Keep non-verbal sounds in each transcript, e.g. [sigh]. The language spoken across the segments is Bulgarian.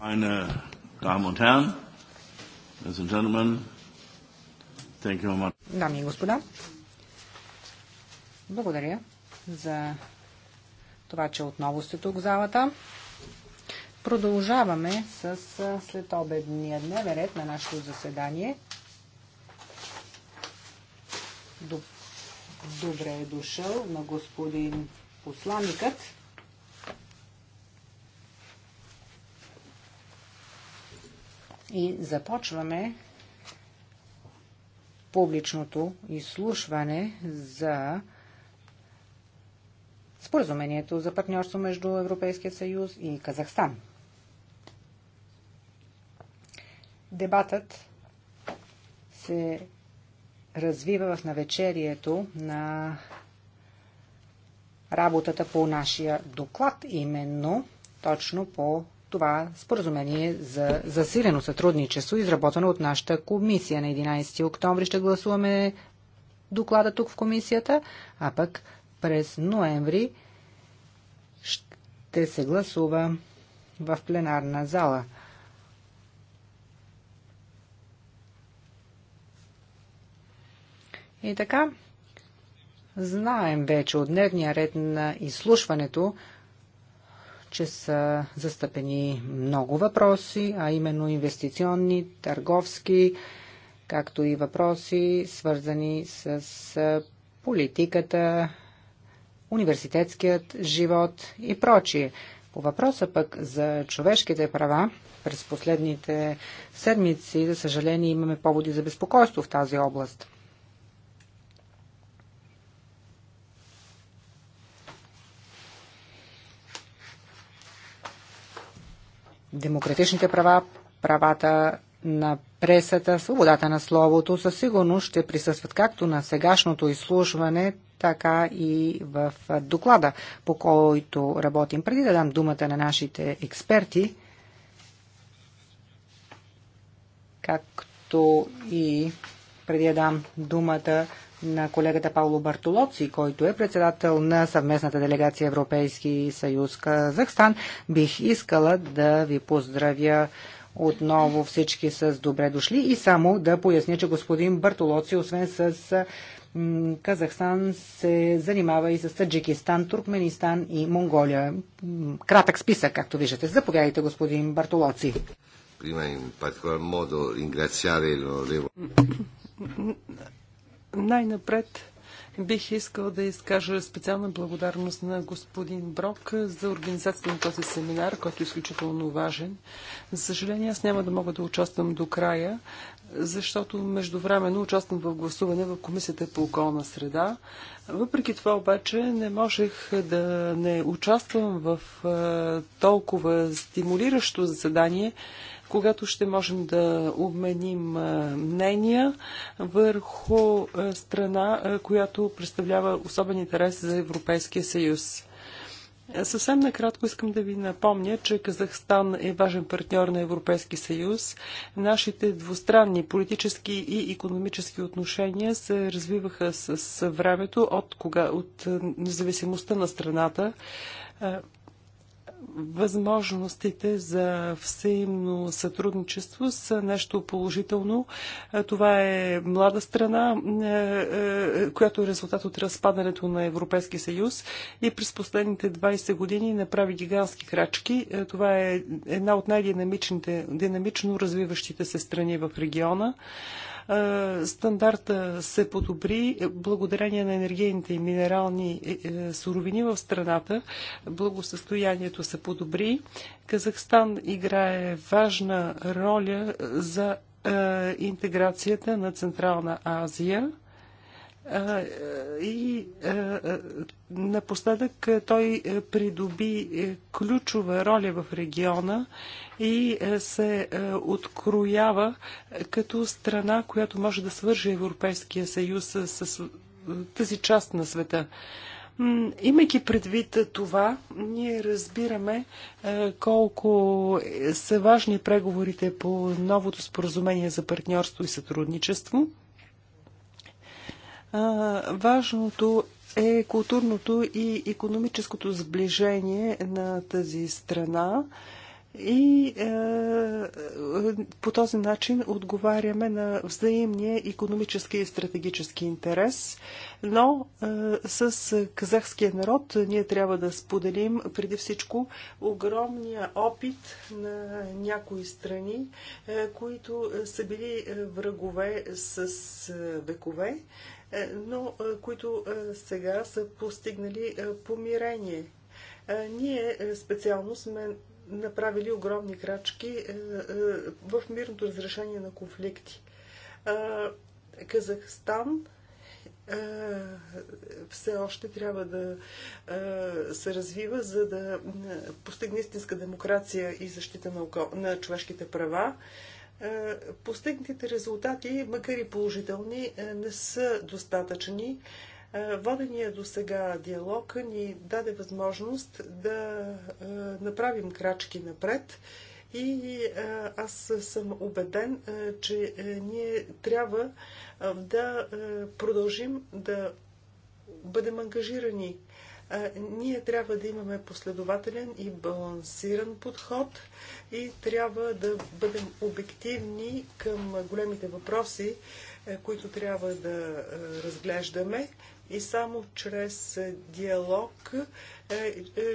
Meine Damen und Herren, Ladies and Gentlemen, thank you very much. Дами и господа, благодаря за това, че отново сте тук в залата. Продължаваме с следобедния дневен ред на нашето заседание. Добре е дошъл на господин посланникът. и започваме публичното изслушване за споразумението за партньорство между Европейския съюз и Казахстан. Дебатът се развива в навечерието на работата по нашия доклад, именно точно по това споразумение за засилено сътрудничество, изработено от нашата комисия. На 11 октомври ще гласуваме доклада тук в комисията, а пък през ноември ще се гласува в пленарна зала. И така, знаем вече от дневния ред на изслушването, че са застъпени много въпроси, а именно инвестиционни, търговски, както и въпроси, свързани с политиката, университетският живот и прочие. По въпроса пък за човешките права, през последните седмици, за съжаление, имаме поводи за безпокойство в тази област. демократичните права, правата на пресата, свободата на словото със сигурност ще присъстват както на сегашното изслушване, така и в доклада, по който работим. Преди да дам думата на нашите експерти, както и преди да дам думата на колегата Пауло Бартолоци, който е председател на съвместната делегация Европейски съюз Казахстан, бих искала да ви поздравя отново всички с добре дошли и само да поясня, че господин Бартолоци, освен с Казахстан се занимава и с Таджикистан, Туркменистан и Монголия. Кратък списък, както виждате. Заповядайте, господин Бартолоци. Prima in particolar modo ringraziare l'onorevole [laughs] Най-напред бих искал да изкажа специална благодарност на господин Брок за организацията на този семинар, който е изключително важен. За съжаление, аз няма да мога да участвам до края, защото междувременно участвам в гласуване в Комисията по околна среда. Въпреки това обаче не можех да не участвам в толкова стимулиращо заседание, когато ще можем да обменим мнения върху страна, която представлява особен интерес за Европейския съюз. Съвсем накратко искам да ви напомня, че Казахстан е важен партньор на Европейски съюз. Нашите двустранни политически и економически отношения се развиваха с, времето от, кога, от независимостта на страната възможностите за взаимно сътрудничество са нещо положително. Е, това е млада страна, е, е, която е резултат от разпадането на Европейския съюз и през последните 20 години направи гигантски крачки. Това е една от най-динамичните, динамично развиващите се страни в региона. Стандарта се подобри благодарение на енергийните и минерални е, е, суровини в страната. Благосъстоянието се подобри. Казахстан играе важна роля за интеграцията на Централна Азия. И напоследък той придоби ключова роля в региона и се откроява като страна, която може да свържи Европейския съюз с тази част на света. Имайки предвид това, ние разбираме колко са важни преговорите по новото споразумение за партньорство и сътрудничество – Важното е културното и економическото сближение на тази страна. И е, по този начин отговаряме на взаимния економически и стратегически интерес, но е, с казахския народ ние трябва да споделим преди всичко огромния опит на някои страни, е, които са били врагове с е, векове, е, но е, които е, сега са постигнали помирение. Ние специално сме направили огромни крачки в мирното разрешение на конфликти. Казахстан все още трябва да се развива, за да постигне истинска демокрация и защита на, човешките права. Е, постигнатите резултати, макар и положителни, е, не са достатъчни. Е, водения до сега диалог ни даде възможност да направим крачки напред и аз съм убеден, че ние трябва да продължим да бъдем ангажирани ние трябва да имаме последователен и балансиран подход и трябва да бъдем обективни към големите въпроси, е, които трябва да е, разглеждаме и само чрез е, диалог,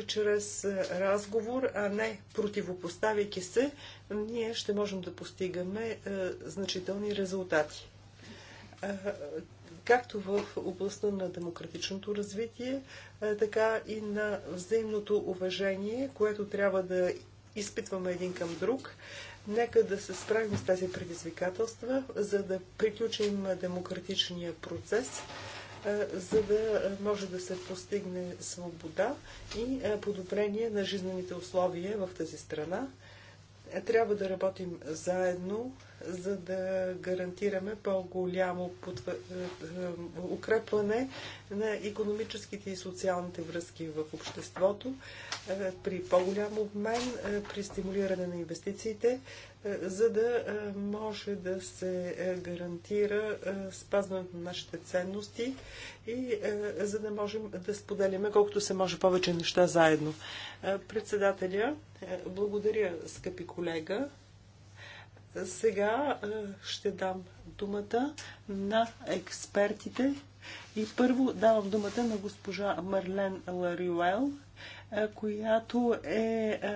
чрез разговор, а не противопоставяйки се, ние ще можем да постигаме значителни резултати както в областта на демократичното развитие, така и на взаимното уважение, което трябва да изпитваме един към друг. Нека да се справим с тези предизвикателства, за да приключим демократичния процес, за да може да се постигне свобода и подобрение на жизнените условия в тази страна. Трябва да работим заедно, за да гарантираме по-голямо е, е, укрепване на економическите и социалните връзки в обществото, е, при по-голям обмен, при стимулиране на инвестициите, е, за да е, може да се е, гарантира спазването на нашите ценности и за да можем да споделяме колкото се може повече неща заедно. Председателя, благодаря, скъпи колега. Сега ще дам думата на експертите. И първо давам думата на госпожа Марлен Ларюел – е, която е, е,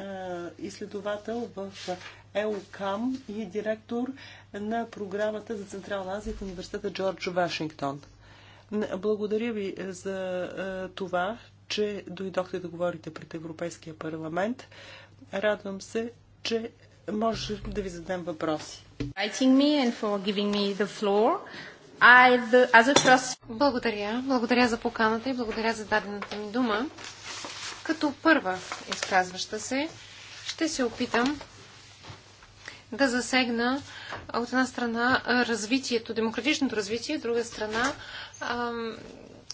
е изследовател в ЕОКАМ и е директор на програмата за Централна Азия в университета Джордж Вашингтон. Благодаря ви за това, че дойдохте да говорите пред Европейския парламент. Радвам се, че може да ви задам въпроси. Благодаря. Благодаря за поканата и благодаря за дадената ми дума. Като първа изказваща се, ще се опитам да засегна от една страна развитието, демократичното развитие, от друга страна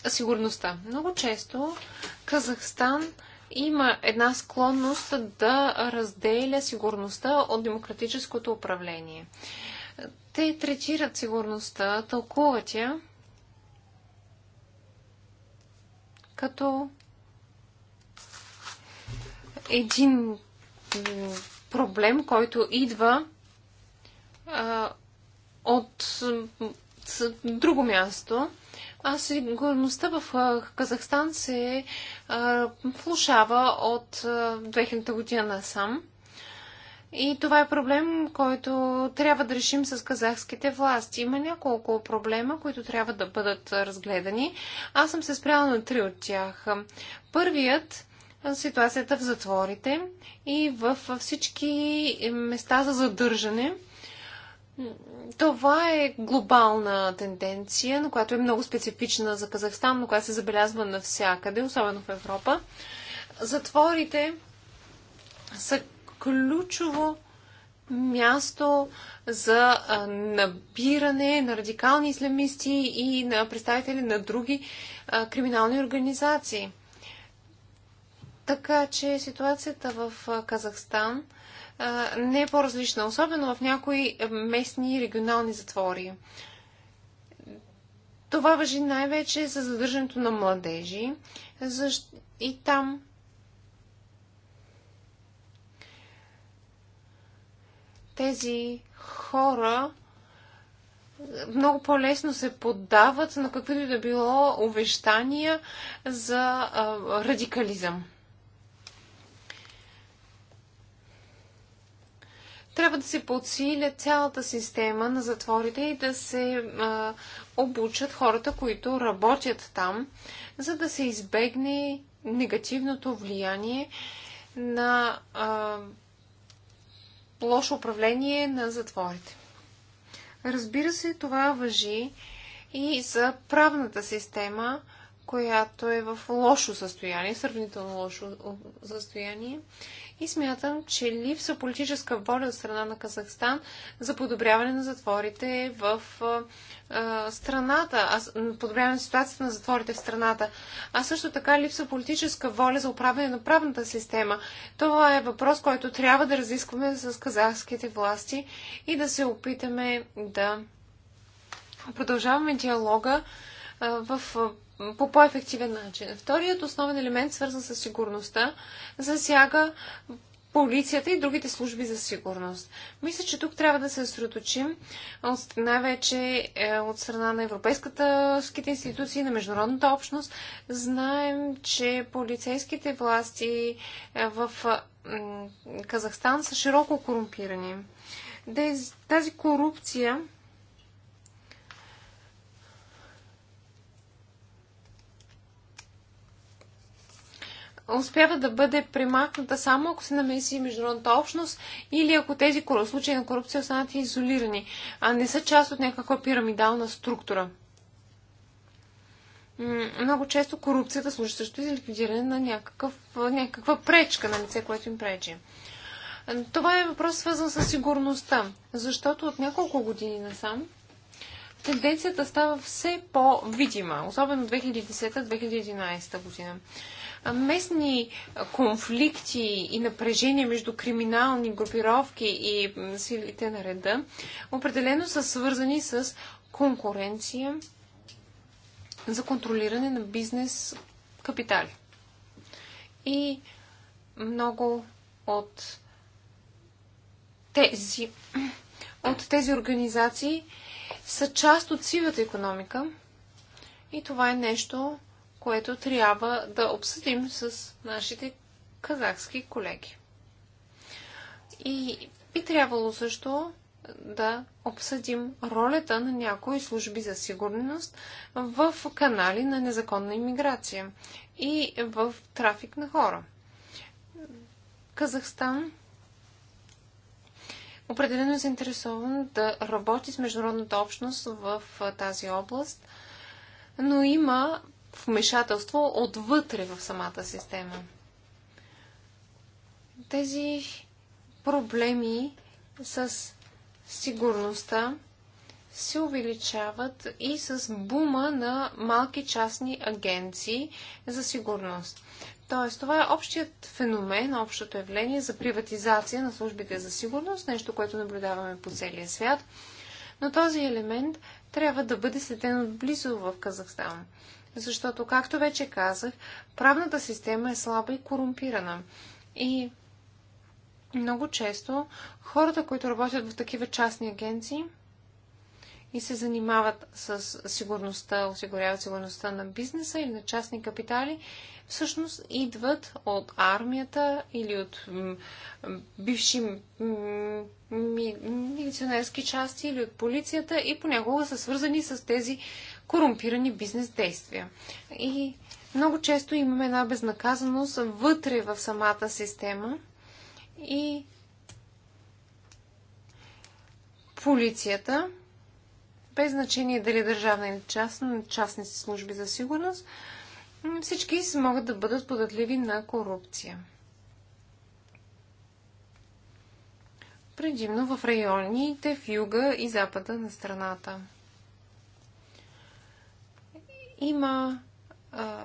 сигурността. Много често Казахстан има една склонност да разделя сигурността от демократическото управление. Те третират сигурността, тълкуват я като един проблем, който идва а, от с, друго място. А сигурността в а, Казахстан се а, влушава от 2000 година насам. И това е проблем, който трябва да решим с казахските власти. Има няколко проблема, които трябва да бъдат разгледани. Аз съм се спряла на три от тях. Първият ситуацията в затворите и в всички места за задържане. Това е глобална тенденция, но която е много специфична за Казахстан, но която се забелязва навсякъде, особено в Европа. Затворите са ключово място за набиране на радикални ислямисти и на представители на други криминални организации. Така че ситуацията в Казахстан не е по-различна, особено в някои местни и регионални затвори. Това въжи най-вече за задържането на младежи и там тези хора много по-лесно се поддават на каквито и да било увещания за а, радикализъм. Трябва да се подсиля цялата система на затворите и да се а, обучат хората, които работят там, за да се избегне негативното влияние на а, лошо управление на затворите. Разбира се, това въжи и за правната система, която е в лошо състояние, сравнително лошо състояние и смятам, че липсва политическа воля от страна на Казахстан за подобряване на затворите в а, страната, а, подобряване на ситуацията на затворите в страната. А също така липсва политическа воля за управление на правната система. Това е въпрос, който трябва да разискваме с казахските власти и да се опитаме да продължаваме диалога а, в по по-ефективен начин. Вторият основен елемент, свързан с сигурността, засяга полицията и другите служби за сигурност. Мисля, че тук трябва да се съсредоточим най-вече е, от страна на европейската институции, на международната общност. Знаем, че полицейските власти е, в е, Казахстан са широко корумпирани. Тази корупция успява да бъде премахната само ако се намеси международната общност или ако тези случаи на корупция останат изолирани, а не са част от някаква пирамидална структура. Много често корупцията служи също и за ликвидиране на някакъв, някаква пречка на лице, което им пречи. Това е въпрос свързан с сигурността, защото от няколко години насам тенденцията става все по-видима, особено 2010-2011 година местни конфликти и напрежения между криминални групировки и силите на реда, определено са свързани с конкуренция за контролиране на бизнес капитали. И много от тези, от тези организации са част от сивата економика и това е нещо, което трябва да обсъдим с нашите казахски колеги. И би трябвало също да обсъдим ролята на някои служби за сигурност в канали на незаконна иммиграция и в трафик на хора. Казахстан определено е заинтересован да работи с международната общност в тази област, но има вмешателство отвътре в самата система. Тези проблеми с сигурността се увеличават и с бума на малки частни агенции за сигурност. Тоест, това е общият феномен, общото явление за приватизация на службите за сигурност, нещо, което наблюдаваме по целия свят. Но този елемент трябва да бъде следен отблизо в Казахстан. Защото, както вече казах, правната система е слаба и корумпирана. И много често хората, които работят в такива частни агенции и се занимават с сигурността, осигуряват сигурността на бизнеса или на частни капитали, всъщност идват от армията или от бивши милиционерски части или от полицията и понякога са свързани с тези корумпирани бизнес действия. И много често имаме една безнаказаност вътре в самата система и полицията, без значение дали държавна или частна, частни служби за сигурност, всички могат да бъдат податливи на корупция. Предимно в районите в юга и запада на страната. Има. А,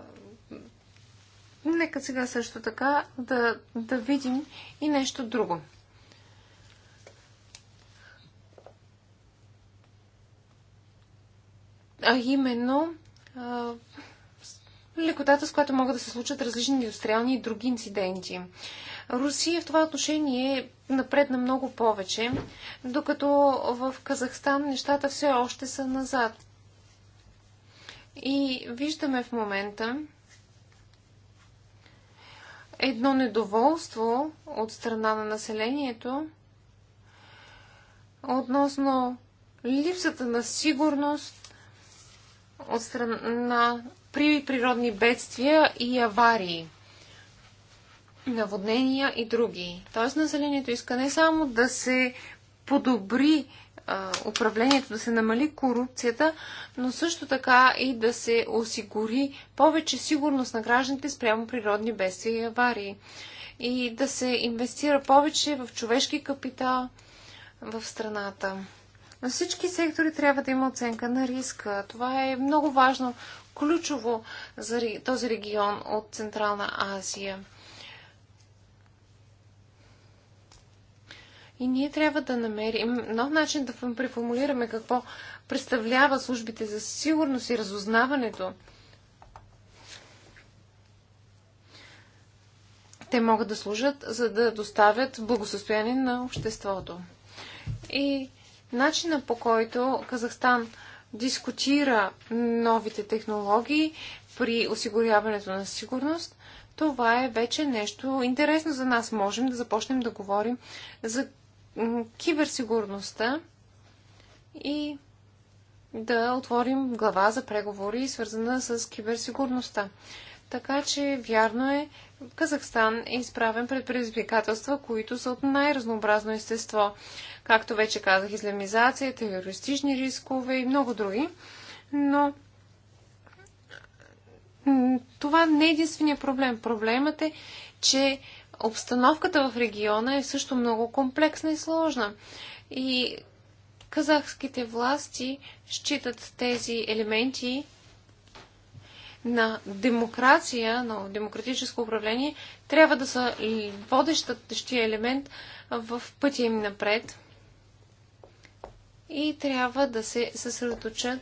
нека сега също така да, да видим и нещо друго. А именно а, лекотата, с която могат да се случат различни индустриални и други инциденти. Русия в това отношение е напредна много повече, докато в Казахстан нещата все още са назад. И виждаме в момента едно недоволство от страна на населението относно липсата на сигурност от страна при природни бедствия и аварии, наводнения и други. Тоест населението иска не само да се подобри управлението, да се намали корупцията, но също така и да се осигури повече сигурност на гражданите спрямо природни бедствия и аварии. И да се инвестира повече в човешки капитал в страната. На всички сектори трябва да има оценка на риска. Това е много важно, ключово за този регион от Централна Азия. И ние трябва да намерим нов начин да преформулираме какво представлява службите за сигурност и разузнаването. Те могат да служат, за да доставят благосостояние на обществото. И начина по който Казахстан дискутира новите технологии при осигуряването на сигурност, това е вече нещо интересно за нас. Можем да започнем да говорим за киберсигурността и да отворим глава за преговори, свързана с киберсигурността. Така че, вярно е, Казахстан е изправен пред предизвикателства, които са от най-разнообразно естество. Както вече казах, исламизация, терористични рискове и много други. Но това не е единствения проблем. Проблемът е, че обстановката в региона е също много комплексна и сложна. И казахските власти считат тези елементи на демокрация, на демократическо управление, трябва да са водещия елемент в пътя им напред. И трябва да се съсредоточат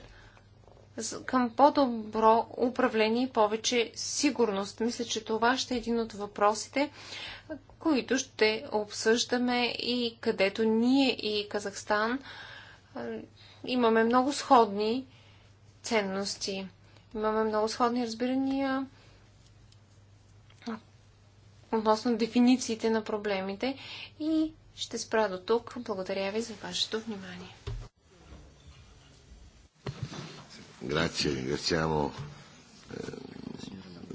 към по-добро управление и повече сигурност. Мисля, че това ще е един от въпросите, които ще обсъждаме и където ние и Казахстан имаме много сходни ценности. Имаме много сходни разбирания относно дефинициите на проблемите и ще спра до тук. Благодаря ви за вашето внимание. Grazie, ringraziamo eh,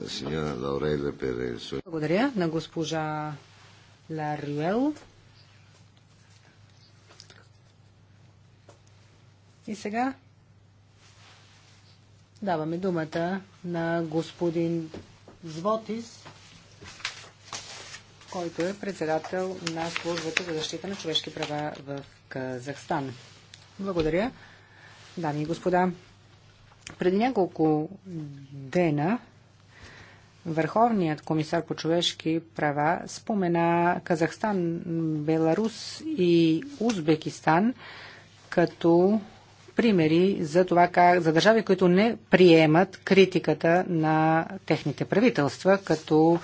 la signora Лаурела per il suo... Благодаря на госпожа Ларюел. И сега даваме думата на господин Звотис, който е председател на службата за защита на човешки права в Казахстан. Благодаря. Дами и господа, преди няколко дена Върховният комисар по човешки права спомена Казахстан, Беларус и Узбекистан като примери за това как, за държави, които не приемат критиката на техните правителства като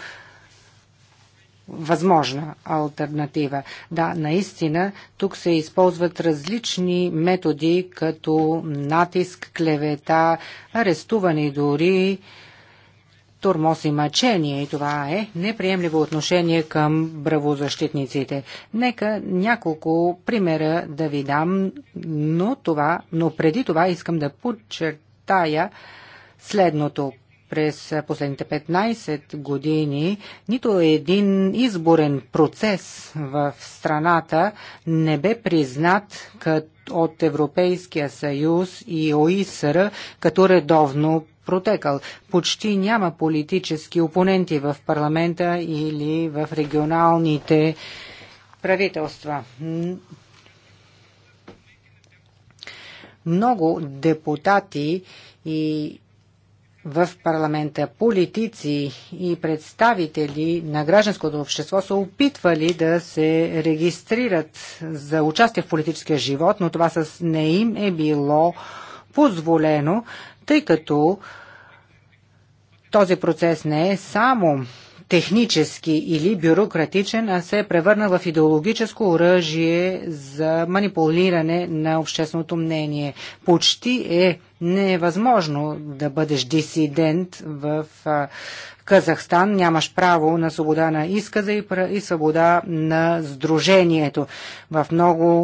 възможна альтернатива. Да, наистина, тук се използват различни методи, като натиск, клевета, арестувани дори, турмоз и мъчение и това е неприемливо отношение към бравозащитниците. Нека няколко примера да ви дам, но, това, но преди това искам да подчертая следното през последните 15 години нито един изборен процес в страната не бе признат от Европейския съюз и ОИСР като редовно протекал. Почти няма политически опоненти в парламента или в регионалните правителства. Много депутати и в парламента политици и представители на гражданското общество са опитвали да се регистрират за участие в политическия живот, но това с не им е било позволено, тъй като този процес не е само технически или бюрократичен, а се превърна в идеологическо оръжие за манипулиране на общественото мнение. Почти е невъзможно да бъдеш дисидент в Казахстан. Нямаш право на свобода на изказа и свобода на сдружението. В много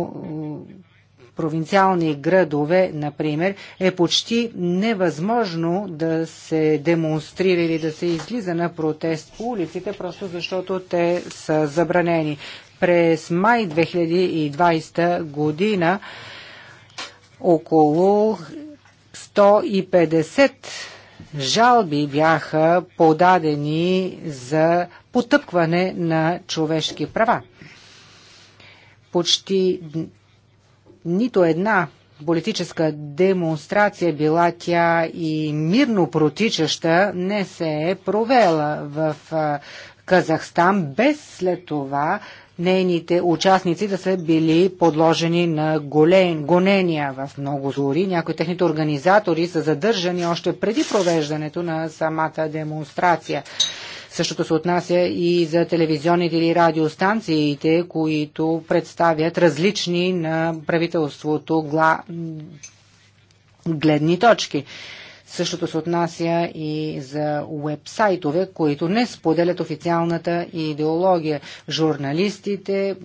провинциални градове, например, е почти невъзможно да се демонстрира или да се излиза на протест по улиците, просто защото те са забранени. През май 2020 година около 150 жалби бяха подадени за потъпкване на човешки права. Почти нито една политическа демонстрация, била тя и мирно протичаща, не се е провела в Казахстан, без след това нейните участници да са били подложени на голен, гонения в много зори. Някои техните организатори са задържани още преди провеждането на самата демонстрация. Същото се отнася и за телевизионните или радиостанциите, които представят различни на правителството гла... гледни точки. Същото се отнася и за уебсайтове, които не споделят официалната идеология. Журналистите,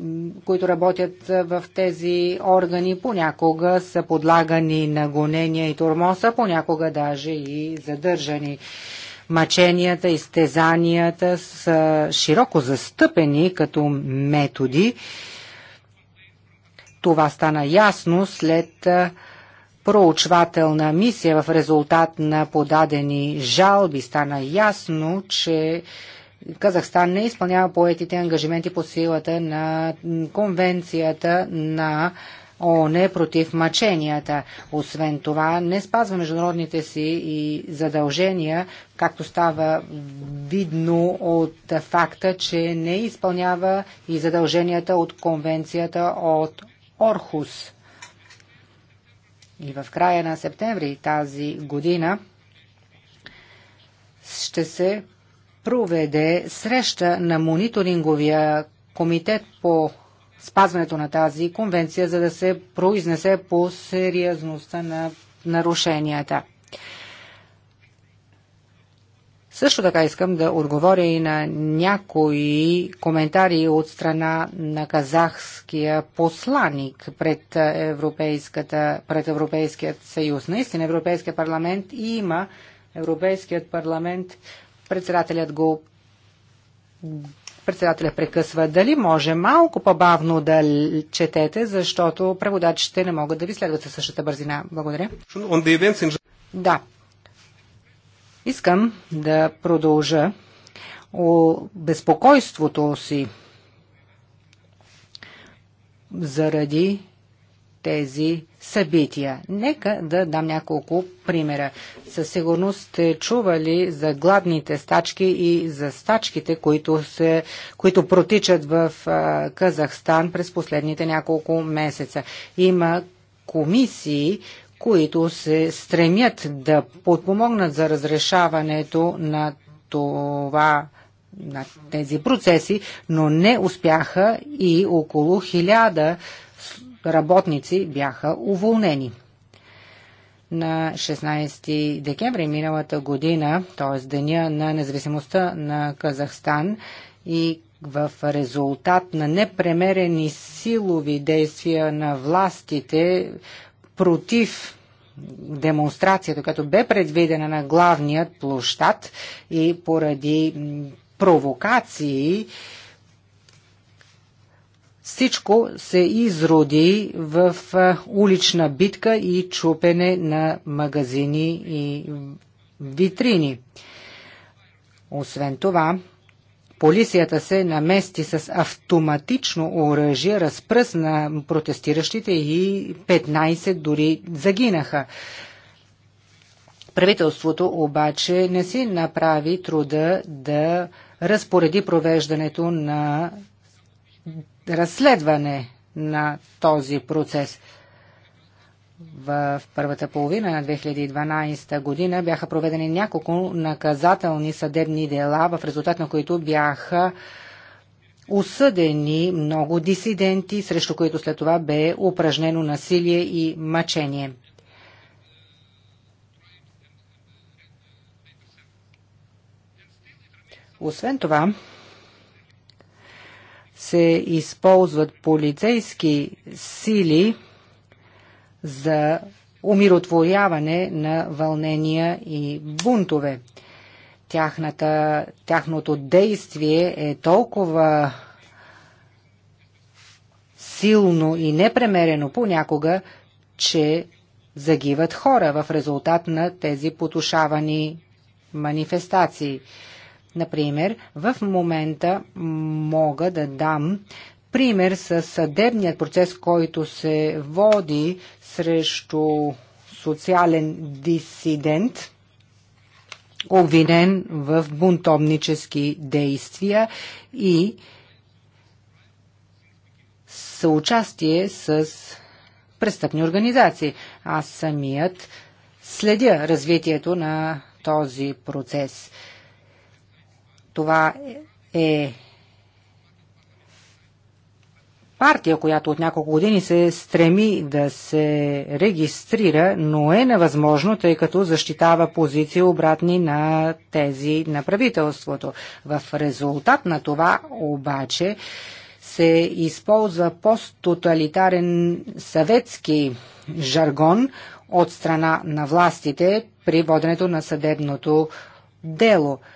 които работят в тези органи, понякога са подлагани на гонения и тормоза, понякога даже и задържани мъченията, изтезанията са широко застъпени като методи. Това стана ясно след проучвателна мисия в резултат на подадени жалби. Стана ясно, че Казахстан не изпълнява поетите ангажименти по силата на конвенцията на ООН е против мъченията. Освен това, не спазва международните си и задължения, както става видно от факта, че не изпълнява и задълженията от конвенцията от Орхус. И в края на септември тази година ще се проведе среща на мониторинговия комитет по спазването на тази конвенция, за да се произнесе по сериозността на нарушенията. Също така искам да отговоря и на някои коментари от страна на казахския посланник пред, Европейската, пред Европейският съюз. Наистина Европейският парламент има Европейският парламент, председателят го Председателя прекъсва. Дали може малко по-бавно да четете, защото преводачите не могат да ви следват със същата бързина. Благодаря. Да. Искам да продължа о безпокойството си заради тези събития. Нека да дам няколко примера. Със сигурност сте чували за гладните стачки и за стачките, които, се, които протичат в Казахстан през последните няколко месеца. Има комисии, които се стремят да подпомогнат за разрешаването на това на тези процеси, но не успяха и около хиляда работници бяха уволнени. На 16 декември миналата година, т.е. деня на независимостта на Казахстан и в резултат на непремерени силови действия на властите против демонстрацията, която бе предвидена на главният площад и поради провокации, всичко се изроди в улична битка и чупене на магазини и витрини. Освен това, полицията се намести с автоматично оръжие, разпръсна протестиращите и 15 дори загинаха. Правителството обаче не си направи труда да разпореди провеждането на разследване на този процес. В първата половина на 2012 година бяха проведени няколко наказателни съдебни дела, в резултат на които бяха осъдени много дисиденти, срещу които след това бе упражнено насилие и мъчение. Освен това, се използват полицейски сили за умиротворяване на вълнения и бунтове. Тяхната, тяхното действие е толкова силно и непремерено понякога, че загиват хора в резултат на тези потушавани манифестации. Например, в момента мога да дам пример с съдебният процес, който се води срещу социален дисидент, обвинен в бунтовнически действия и съучастие с престъпни организации. Аз самият следя развитието на този процес. Това е партия, която от няколко години се стреми да се регистрира, но е невъзможно, тъй като защитава позиции обратни на тези на правителството. В резултат на това обаче се използва посттоталитарен съветски жаргон от страна на властите при воденето на съдебното дело –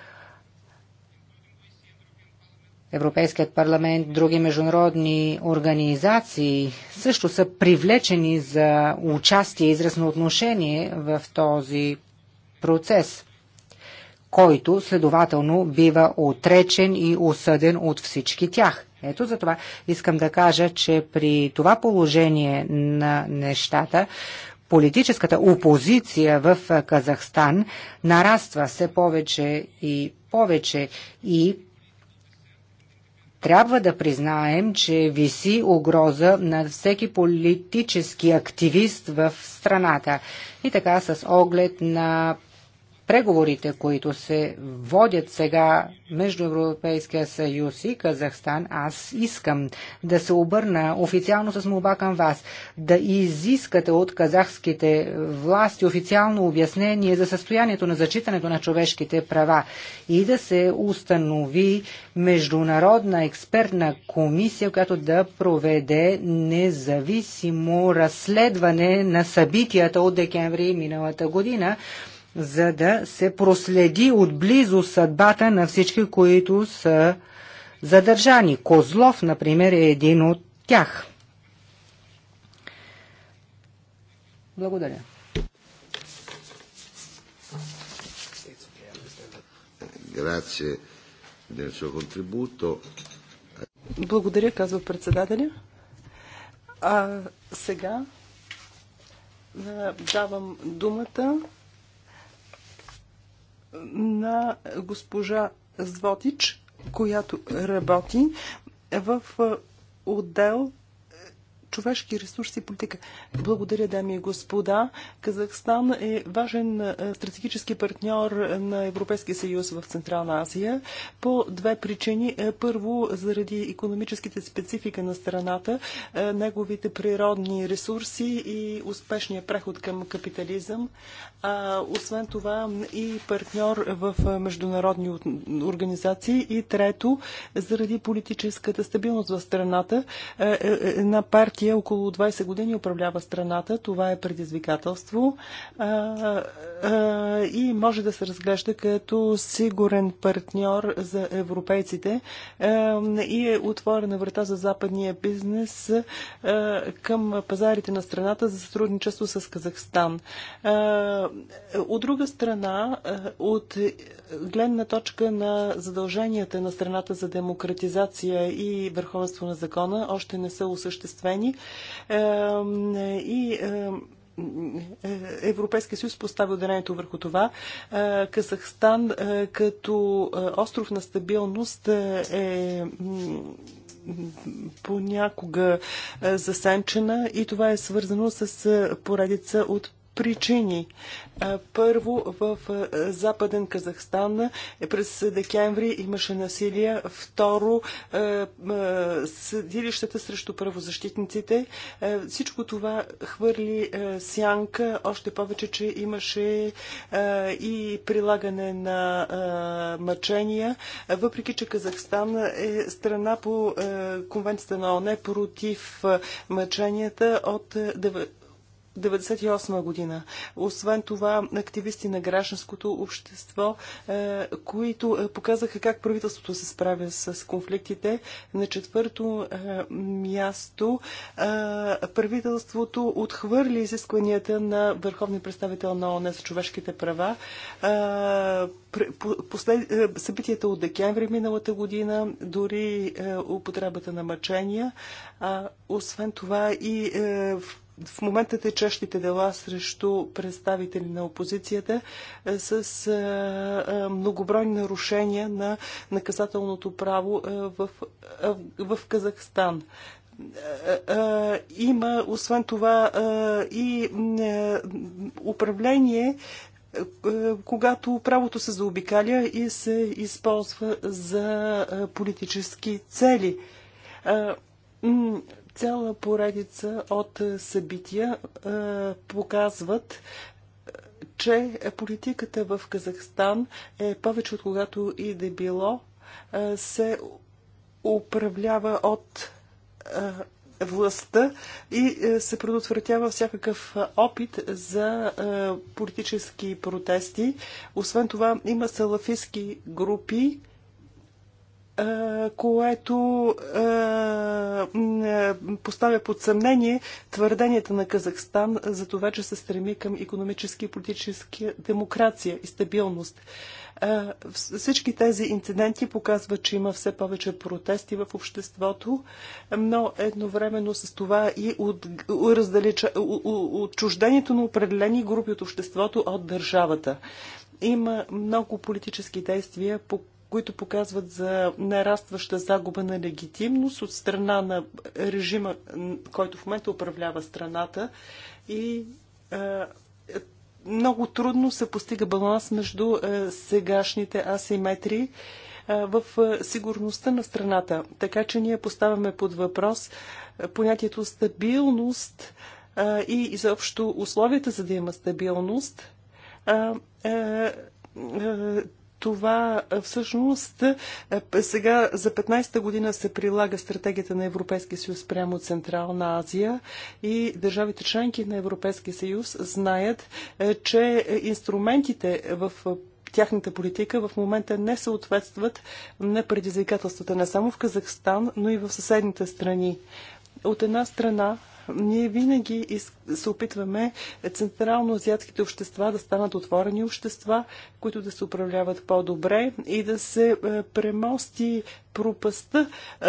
Европейският парламент, други международни организации също са привлечени за участие, изразно отношение в този процес, който следователно бива отречен и осъден от всички тях. Ето за това искам да кажа, че при това положение на нещата политическата опозиция в Казахстан нараства все повече и повече и трябва да признаем, че виси угроза на всеки политически активист в страната. И така, с оглед на преговорите, които се водят сега между Европейския съюз и Казахстан, аз искам да се обърна официално с молба към вас, да изискате от казахските власти официално обяснение за състоянието на зачитането на човешките права и да се установи международна експертна комисия, която да проведе независимо разследване на събитията от декември миналата година, за да се проследи отблизо съдбата на всички, които са задържани. Козлов, например, е един от тях. Благодаря. Благодаря, казва председателя. А сега давам думата на госпожа Звотич, която работи в отдел човешки ресурси и политика. Благодаря, дами и господа. Казахстан е важен е, стратегически партньор на Европейския съюз в Централна Азия по две причини. Е, първо, заради економическите специфика на страната, е, неговите природни ресурси и успешния преход към капитализъм. А, освен това и партньор в международни организации. И трето, заради политическата стабилност в страната, една партия Русия около 20 години управлява страната. Това е предизвикателство и може да се разглежда като сигурен партньор за европейците и е отворена врата за западния бизнес към пазарите на страната за сътрудничество с Казахстан. От друга страна, от гледна точка на задълженията на страната за демократизация и върховенство на закона, още не са осъществени страни и Европейския съюз постави ударението върху това. Казахстан като остров на стабилност е понякога засенчена и това е свързано с поредица от причини. Първо, в Западен Казахстан през декември имаше насилие. Второ, съдилищата срещу правозащитниците. Всичко това хвърли сянка, още повече, че имаше и прилагане на мъчения, въпреки че Казахстан е страна по Конвенцията на ОНЕ против мъченията от 1998 година. Освен това, активисти на гражданското общество, е, които е, показаха как правителството се справя с конфликтите. На четвърто е, място правителството отхвърли изискванията на върховния представител на ОНЕ за човешките права. Послед... Събитията от декември миналата година, дори употребата на мъчения, освен това и в в момента течащите дела срещу представители на опозицията е, с е, е, многобройни нарушения на наказателното право в, в Казахстан има, освен това, и управление, когато правото се заобикаля и се използва за политически цели. Цяла поредица от събития показват, че политиката в Казахстан е повече от когато и да било се управлява от властта и се предотвратява всякакъв опит за политически протести. Освен това има салафистски групи, което поставя под съмнение твърденията на Казахстан за това, че се стреми към економически и политически демокрация и стабилност. Всички тези инциденти показват, че има все повече протести в обществото, но едновременно с това и от, раздалеча, отчуждението на определени групи от обществото от държавата. Има много политически действия, по които показват за нарастваща загуба на легитимност от страна на режима, който в момента управлява страната и много трудно се постига баланс между сегашните асиметрии в сигурността на страната. Така че ние поставяме под въпрос понятието стабилност и изобщо условията за да има стабилност това всъщност сега за 15-та година се прилага стратегията на Европейския съюз прямо Централна Азия и държавите членки на Европейския съюз знаят, че инструментите в тяхната политика в момента не съответстват на предизвикателствата не само в Казахстан, но и в съседните страни. От една страна, ние винаги се опитваме централно-азиатските общества да станат отворени общества, които да се управляват по-добре и да се е, премости пропаста е,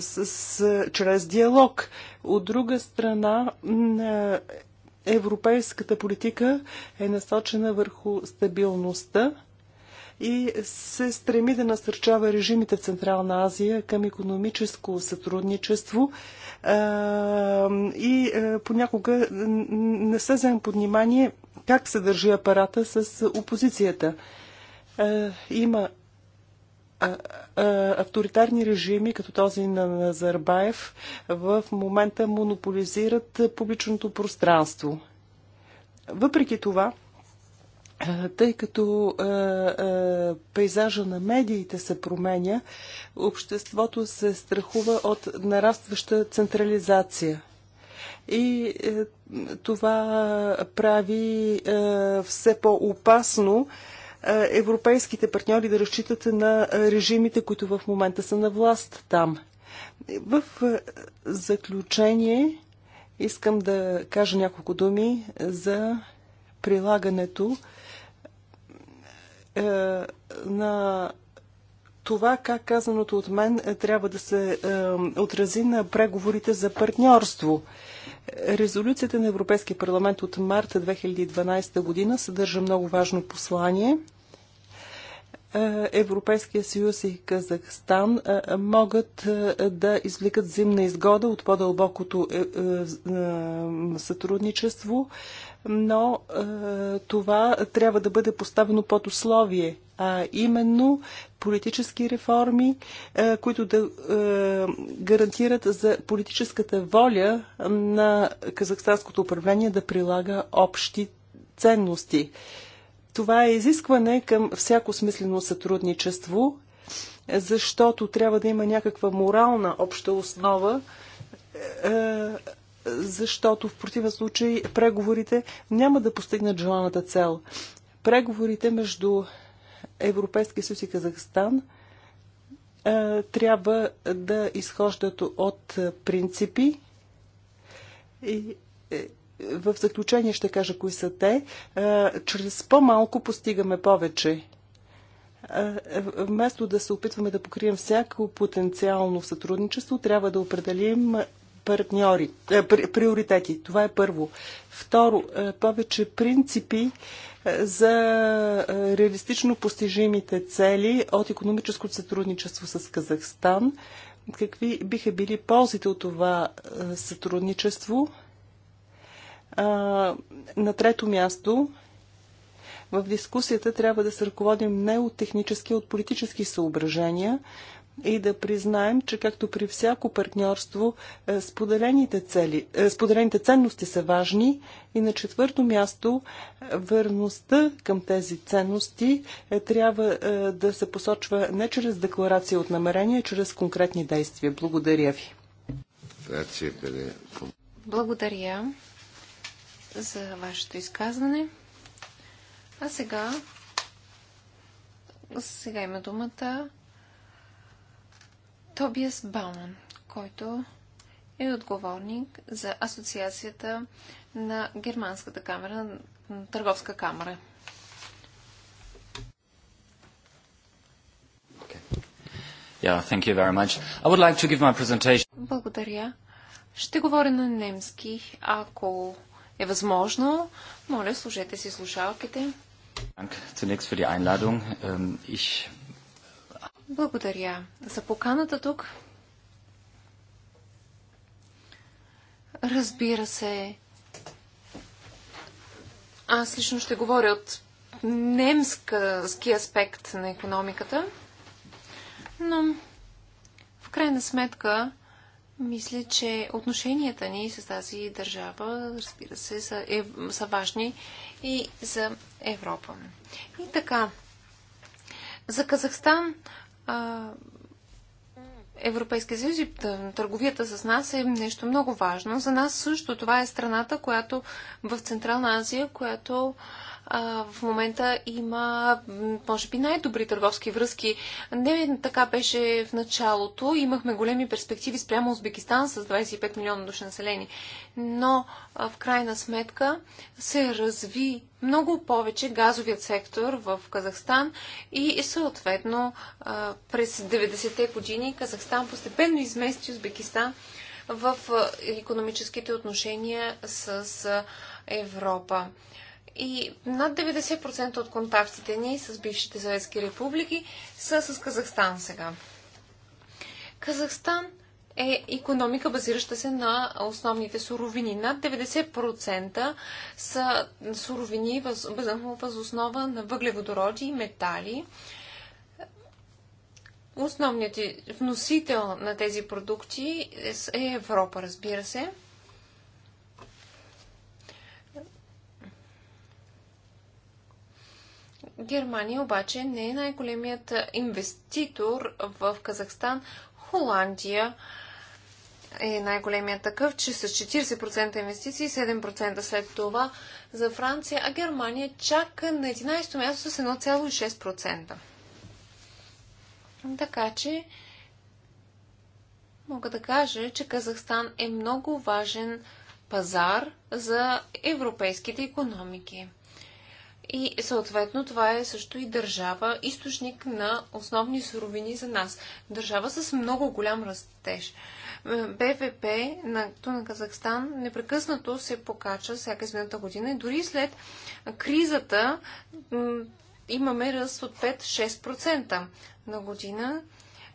с, с, чрез диалог. От друга страна, е, европейската политика е насочена върху стабилността и се стреми да насърчава режимите в Централна Азия към економическо сътрудничество, и е, понякога не се взема под внимание как се държи апарата с опозицията. Е, има авторитарни режими, като този на Назарбаев, в момента монополизират публичното пространство. Въпреки това, тъй като е, е, пейзажа на медиите се променя, обществото се страхува от нарастваща централизация. И е, това прави е, все по-опасно е, европейските партньори да разчитат на режимите, които в момента са на власт там. В е, заключение искам да кажа няколко думи за прилагането е, на това как казаното от мен е, трябва да се е, отрази на преговорите за партньорство. Резолюцията на Европейския парламент от март 2012 година съдържа много важно послание. Е, Европейския съюз и Казахстан могат да извлекат зимна изгода от по-дълбокото сътрудничество но е, това трябва да бъде поставено под условие, а именно политически реформи, е, които да е, гарантират за политическата воля на казахстанското управление да прилага общи ценности. Това е изискване към всяко смислено сътрудничество, защото трябва да има някаква морална обща основа, е, защото в противен случай преговорите няма да постигнат желаната цел. Преговорите между Европейския съюз и Казахстан трябва да изхождат от принципи и е, в заключение ще кажа кои са те. чрез по-малко постигаме повече вместо да се опитваме да покрием всяко потенциално сътрудничество, трябва да определим партньори, е, приоритети. Това е първо. Второ, е, повече принципи е, за реалистично постижимите цели от економическо сътрудничество с Казахстан. Какви биха били ползите от това сътрудничество? На трето място, в дискусията трябва да се ръководим не от технически, а от политически съображения, и да признаем, че както при всяко партньорство, е, споделените, цели, е, споделените ценности са важни и на четвърто място е, върността към тези ценности трябва да се посочва не чрез декларация от намерение, а чрез конкретни действия. Благодаря ви. Благодаря за вашето изказване. А сега сега има думата Тобиас Бауман, който е отговорник за Асоциацията на Германската камера, на Търговска камера. Благодаря. Ще говоря на немски, ако е възможно. Моля, служете си слушалките. Dank zunächst für die Einladung. Ähm, ich благодаря за поканата тук. Разбира се, аз лично ще говоря от немски аспект на економиката, но в крайна сметка мисля, че отношенията ни с тази държава, разбира се, са, е, са важни и за Европа. И така, за Казахстан а, Европейския съюз и търговията с нас е нещо много важно. За нас също това е страната, която в Централна Азия, която а, а, в момента има, може би, най-добри търговски връзки. Не така беше в началото. Имахме големи перспективи спрямо Узбекистан с 25 милиона души населени. Но а, в крайна сметка се разви много повече газовият сектор в Казахстан и съответно а, през 90-те години Казахстан постепенно измести Узбекистан в економическите отношения с Европа и над 90% от контактите ни с бившите съветски републики са с Казахстан сега. Казахстан е економика, базираща се на основните суровини. Над 90% са суровини въз, въз основа на въглеводороди и метали. Основният вносител на тези продукти е Европа, разбира се. Германия обаче не е най-големият инвеститор в Казахстан. Холандия е най-големият такъв, че с 40% инвестиции, 7% след това за Франция, а Германия чак на 11-то място с 1,6%. Така че мога да кажа, че Казахстан е много важен пазар за европейските економики. И съответно това е също и държава, източник на основни суровини за нас. Държава с много голям растеж. Е, БВП на, на Казахстан непрекъснато се покача всяка измината година и дори след кризата имаме ръст от 5-6% на година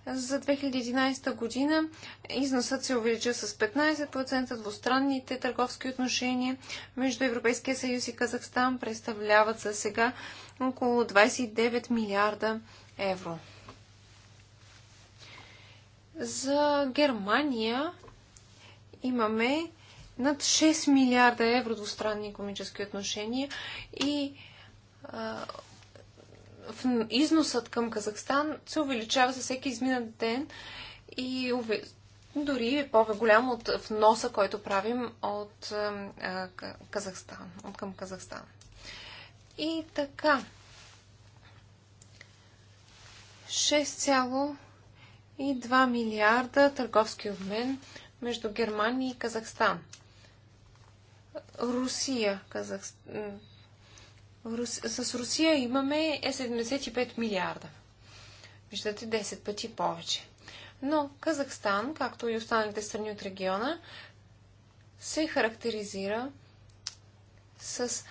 за 2011 година износът се увеличи с 15%, двустранните търговски отношения между Европейския съюз и Казахстан представляват за сега около 29 милиарда евро. За Германия имаме над 6 милиарда евро двустранни економически отношения и а, износът към Казахстан се увеличава за всеки изминат ден и дори е по-голям от вноса, който правим от Казахстан, от към Казахстан. И така. 6,2 милиарда търговски обмен между Германия и Казахстан. Русия, Казахстан, Рус... с Русия имаме 75 е милиарда. Виждате 10 пъти повече. Но Казахстан, както и останалите страни от региона, се характеризира с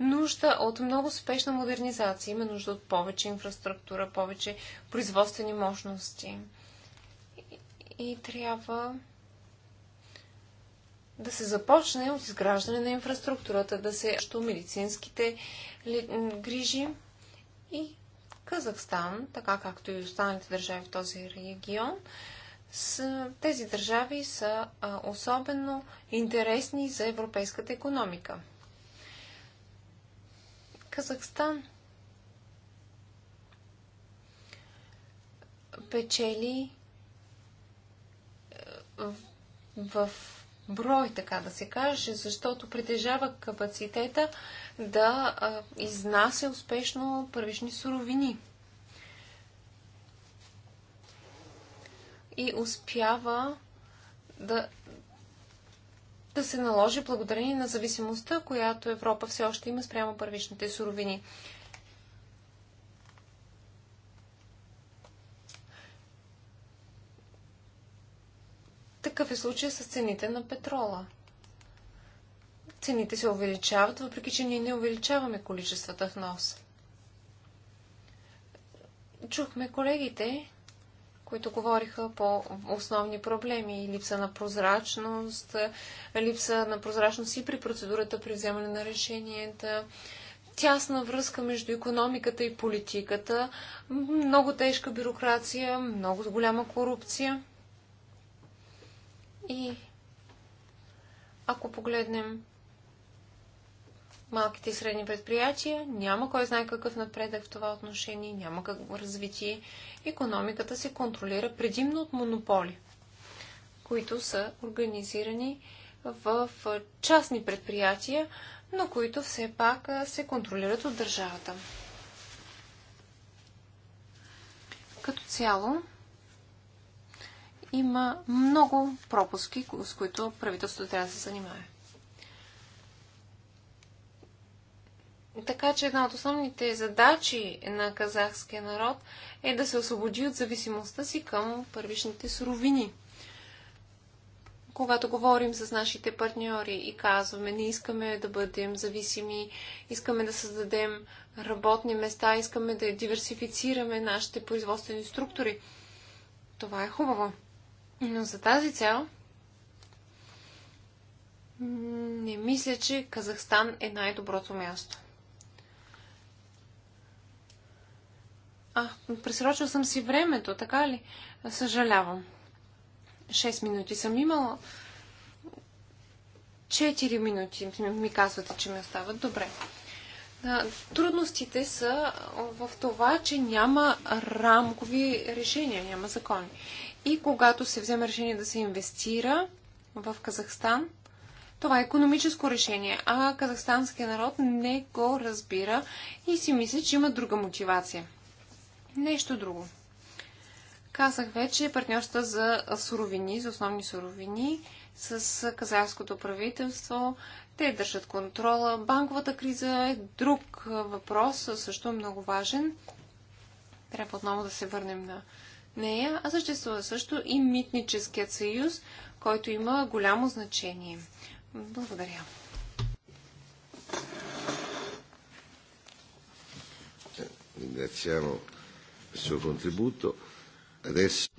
нужда от много спешна модернизация. Има нужда от повече инфраструктура, повече производствени мощности. И, и трябва да се започне от изграждане на инфраструктурата, да се що медицинските грижи и Казахстан, така както и останалите държави в този регион, с, тези държави са а, особено интересни за европейската економика. Казахстан печели е, в, в брой, така да се каже, защото притежава капацитета да изнася успешно първични суровини. И успява да, да се наложи благодарение на зависимостта, която Европа все още има спрямо първичните суровини. Такъв е случай с цените на петрола. Цените се увеличават, въпреки че ние не увеличаваме количествата в нос. Чухме колегите, които говориха по основни проблеми. Липса на прозрачност, липса на прозрачност и при процедурата при вземане на решенията, тясна връзка между економиката и политиката, много тежка бюрокрация, много голяма корупция. И ако погледнем малките и средни предприятия, няма кой знае какъв напредък в това отношение, няма как развитие. Економиката се контролира предимно от монополи, които са организирани в частни предприятия, но които все пак се контролират от държавата. Като цяло, има много пропуски, с които правителството трябва да се занимае. Така че една от основните задачи на казахския народ е да се освободи от зависимостта си към първичните суровини. Когато говорим с нашите партньори и казваме, не искаме да бъдем зависими, искаме да създадем работни места, искаме да диверсифицираме нашите производствени структури, това е хубаво. Но за тази цел не мисля, че Казахстан е най-доброто място. А, пресрочил съм си времето, така ли? Съжалявам. 6 минути съм имала. Четири минути ми казвате, че ми остават. Добре. Трудностите са в това, че няма рамкови решения, няма закони. И когато се вземе решение да се инвестира в Казахстан, това е економическо решение, а казахстанският народ не го разбира и си мисли, че има друга мотивация. Нещо друго. Казах вече партньорства за суровини, за основни суровини с казахското правителство. Те държат контрола. Банковата криза е друг въпрос, също много важен. Трябва отново да се върнем на нея, а съществува също и митническият съюз, който има голямо значение. Благодаря.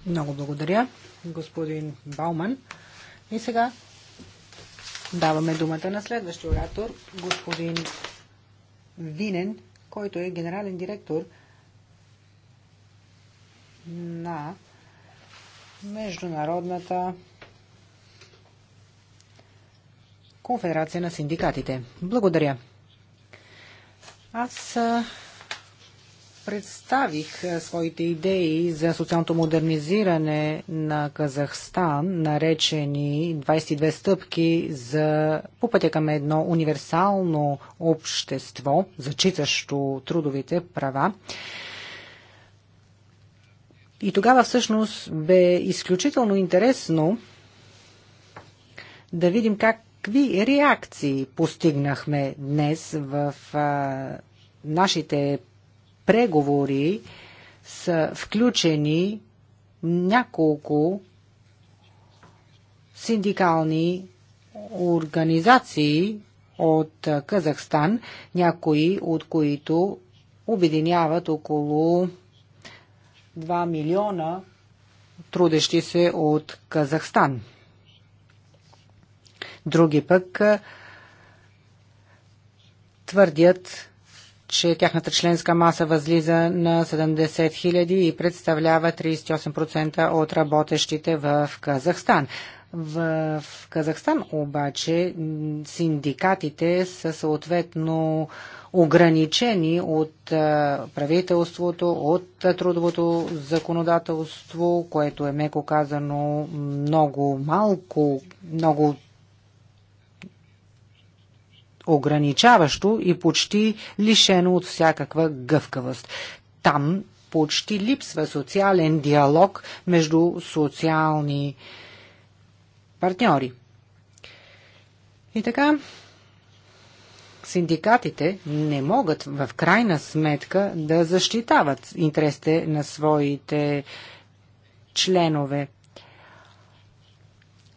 Много благодаря, господин Бауман. И сега даваме думата на следващия оратор, господин Винен, който е генерален директор – на Международната конфедерация на синдикатите. Благодаря. Аз представих своите идеи за социалното модернизиране на Казахстан, наречени 22 стъпки за, по пътя към едно универсално общество, зачитащо трудовите права. И тогава всъщност бе изключително интересно да видим какви реакции постигнахме днес в а, нашите преговори са включени няколко синдикални организации от Казахстан, някои от които обединяват около 2 милиона трудещи се от Казахстан. Други пък твърдят, че тяхната членска маса възлиза на 70 000 и представлява 38% от работещите в Казахстан. В Казахстан обаче синдикатите са съответно ограничени от правителството, от трудовото законодателство, което е меко казано много малко, много ограничаващо и почти лишено от всякаква гъвкавост. Там почти липсва социален диалог между социални партньори. И така, синдикатите не могат в крайна сметка да защитават интересите на своите членове.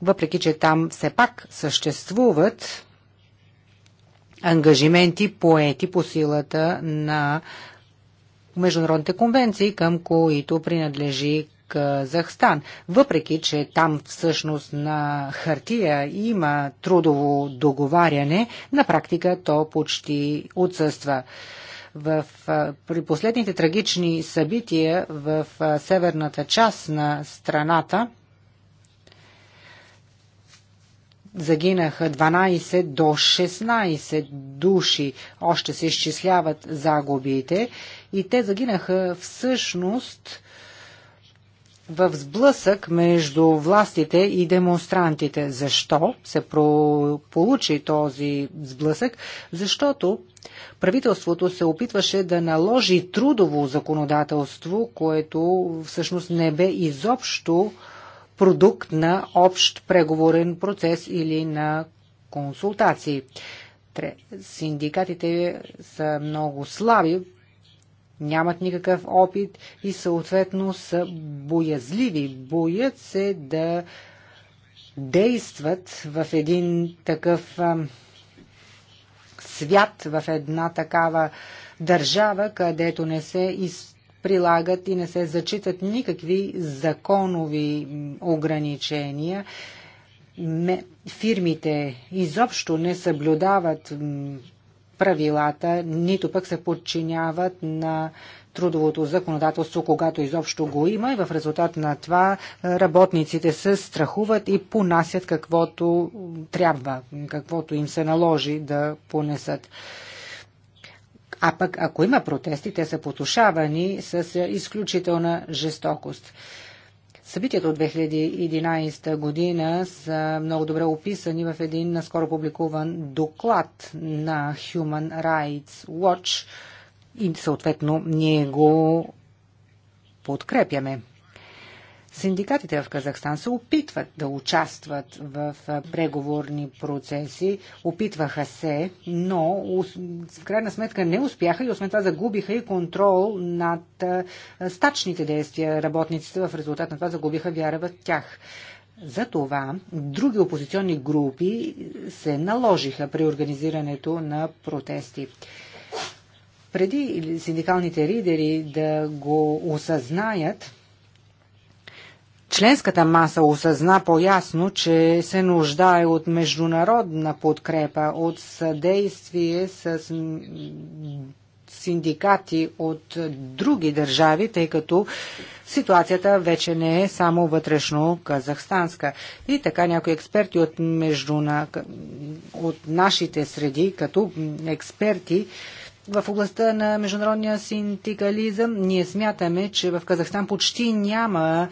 Въпреки, че там все пак съществуват ангажименти поети по силата на международните конвенции, към които принадлежи Казахстан. Въпреки, че там всъщност на хартия има трудово договаряне, на практика то почти отсъства в, при последните трагични събития в северната част на страната загинаха 12 до 16 души. Още се изчисляват загубите и те загинаха всъщност в сблъсък между властите и демонстрантите. Защо се получи този сблъсък? Защото правителството се опитваше да наложи трудово законодателство, което всъщност не бе изобщо продукт на общ преговорен процес или на консултации. Синдикатите са много слаби нямат никакъв опит и съответно са боязливи. Боят се да действат в един такъв свят, в една такава държава, където не се прилагат и не се зачитат никакви законови ограничения. Фирмите изобщо не съблюдават правилата, нито пък се подчиняват на трудовото законодателство, когато изобщо го има и в резултат на това е, работниците се страхуват и понасят каквото трябва, каквото им се наложи да понесат. А пък ако има протести, те са потушавани с е, изключителна жестокост. Събитията от 2011 година са много добре описани в един наскоро публикуван доклад на Human Rights Watch и съответно ние го подкрепяме. Синдикатите в Казахстан се опитват да участват в преговорни процеси, опитваха се, но в крайна сметка не успяха и освен това загубиха и контрол над стачните действия. Работниците в резултат на това загубиха вяра в тях. Затова други опозиционни групи се наложиха при организирането на протести преди синдикалните лидери да го осъзнаят, членската маса осъзна по-ясно, че се нуждае от международна подкрепа, от съдействие с синдикати от други държави, тъй като ситуацията вече не е само вътрешно казахстанска. И така някои експерти от, междуна... от нашите среди, като експерти, в областта на международния синдикализъм ние смятаме, че в Казахстан почти няма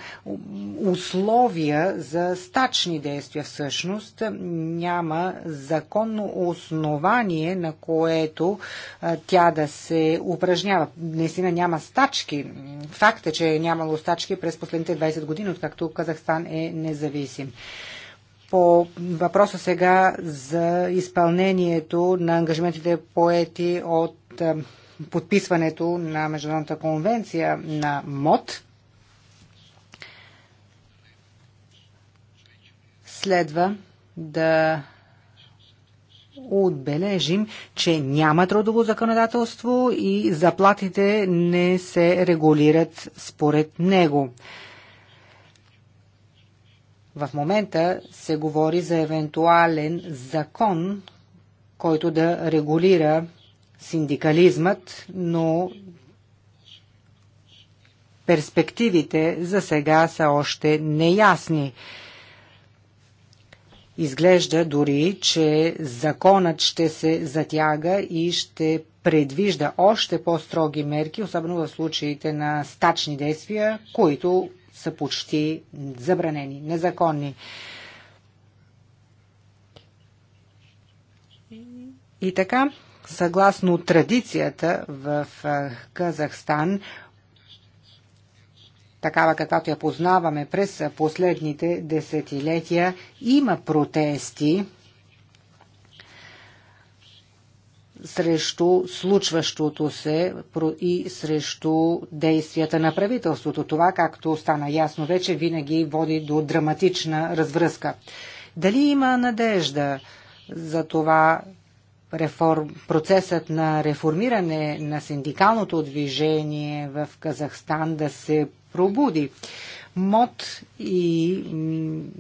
условия за стачни действия. Всъщност няма законно основание, на което тя да се упражнява. Наистина няма стачки. Факт е, че е нямало стачки през последните 20 години, откакто Казахстан е независим по въпроса сега за изпълнението на ангажиментите поети от подписването на Международната конвенция на МОД следва да отбележим, че няма трудово законодателство и заплатите не се регулират според него. В момента се говори за евентуален закон, който да регулира синдикализмът, но перспективите за сега са още неясни. Изглежда дори, че законът ще се затяга и ще предвижда още по-строги мерки, особено в случаите на стачни действия, които са почти забранени, незаконни. И така, съгласно традицията в Казахстан, такава каквато я познаваме през последните десетилетия, има протести срещу случващото се и срещу действията на правителството. Това, както стана ясно вече, винаги води до драматична развръзка. Дали има надежда за това реформ, процесът на реформиране на синдикалното движение в Казахстан да се пробуди. МОД и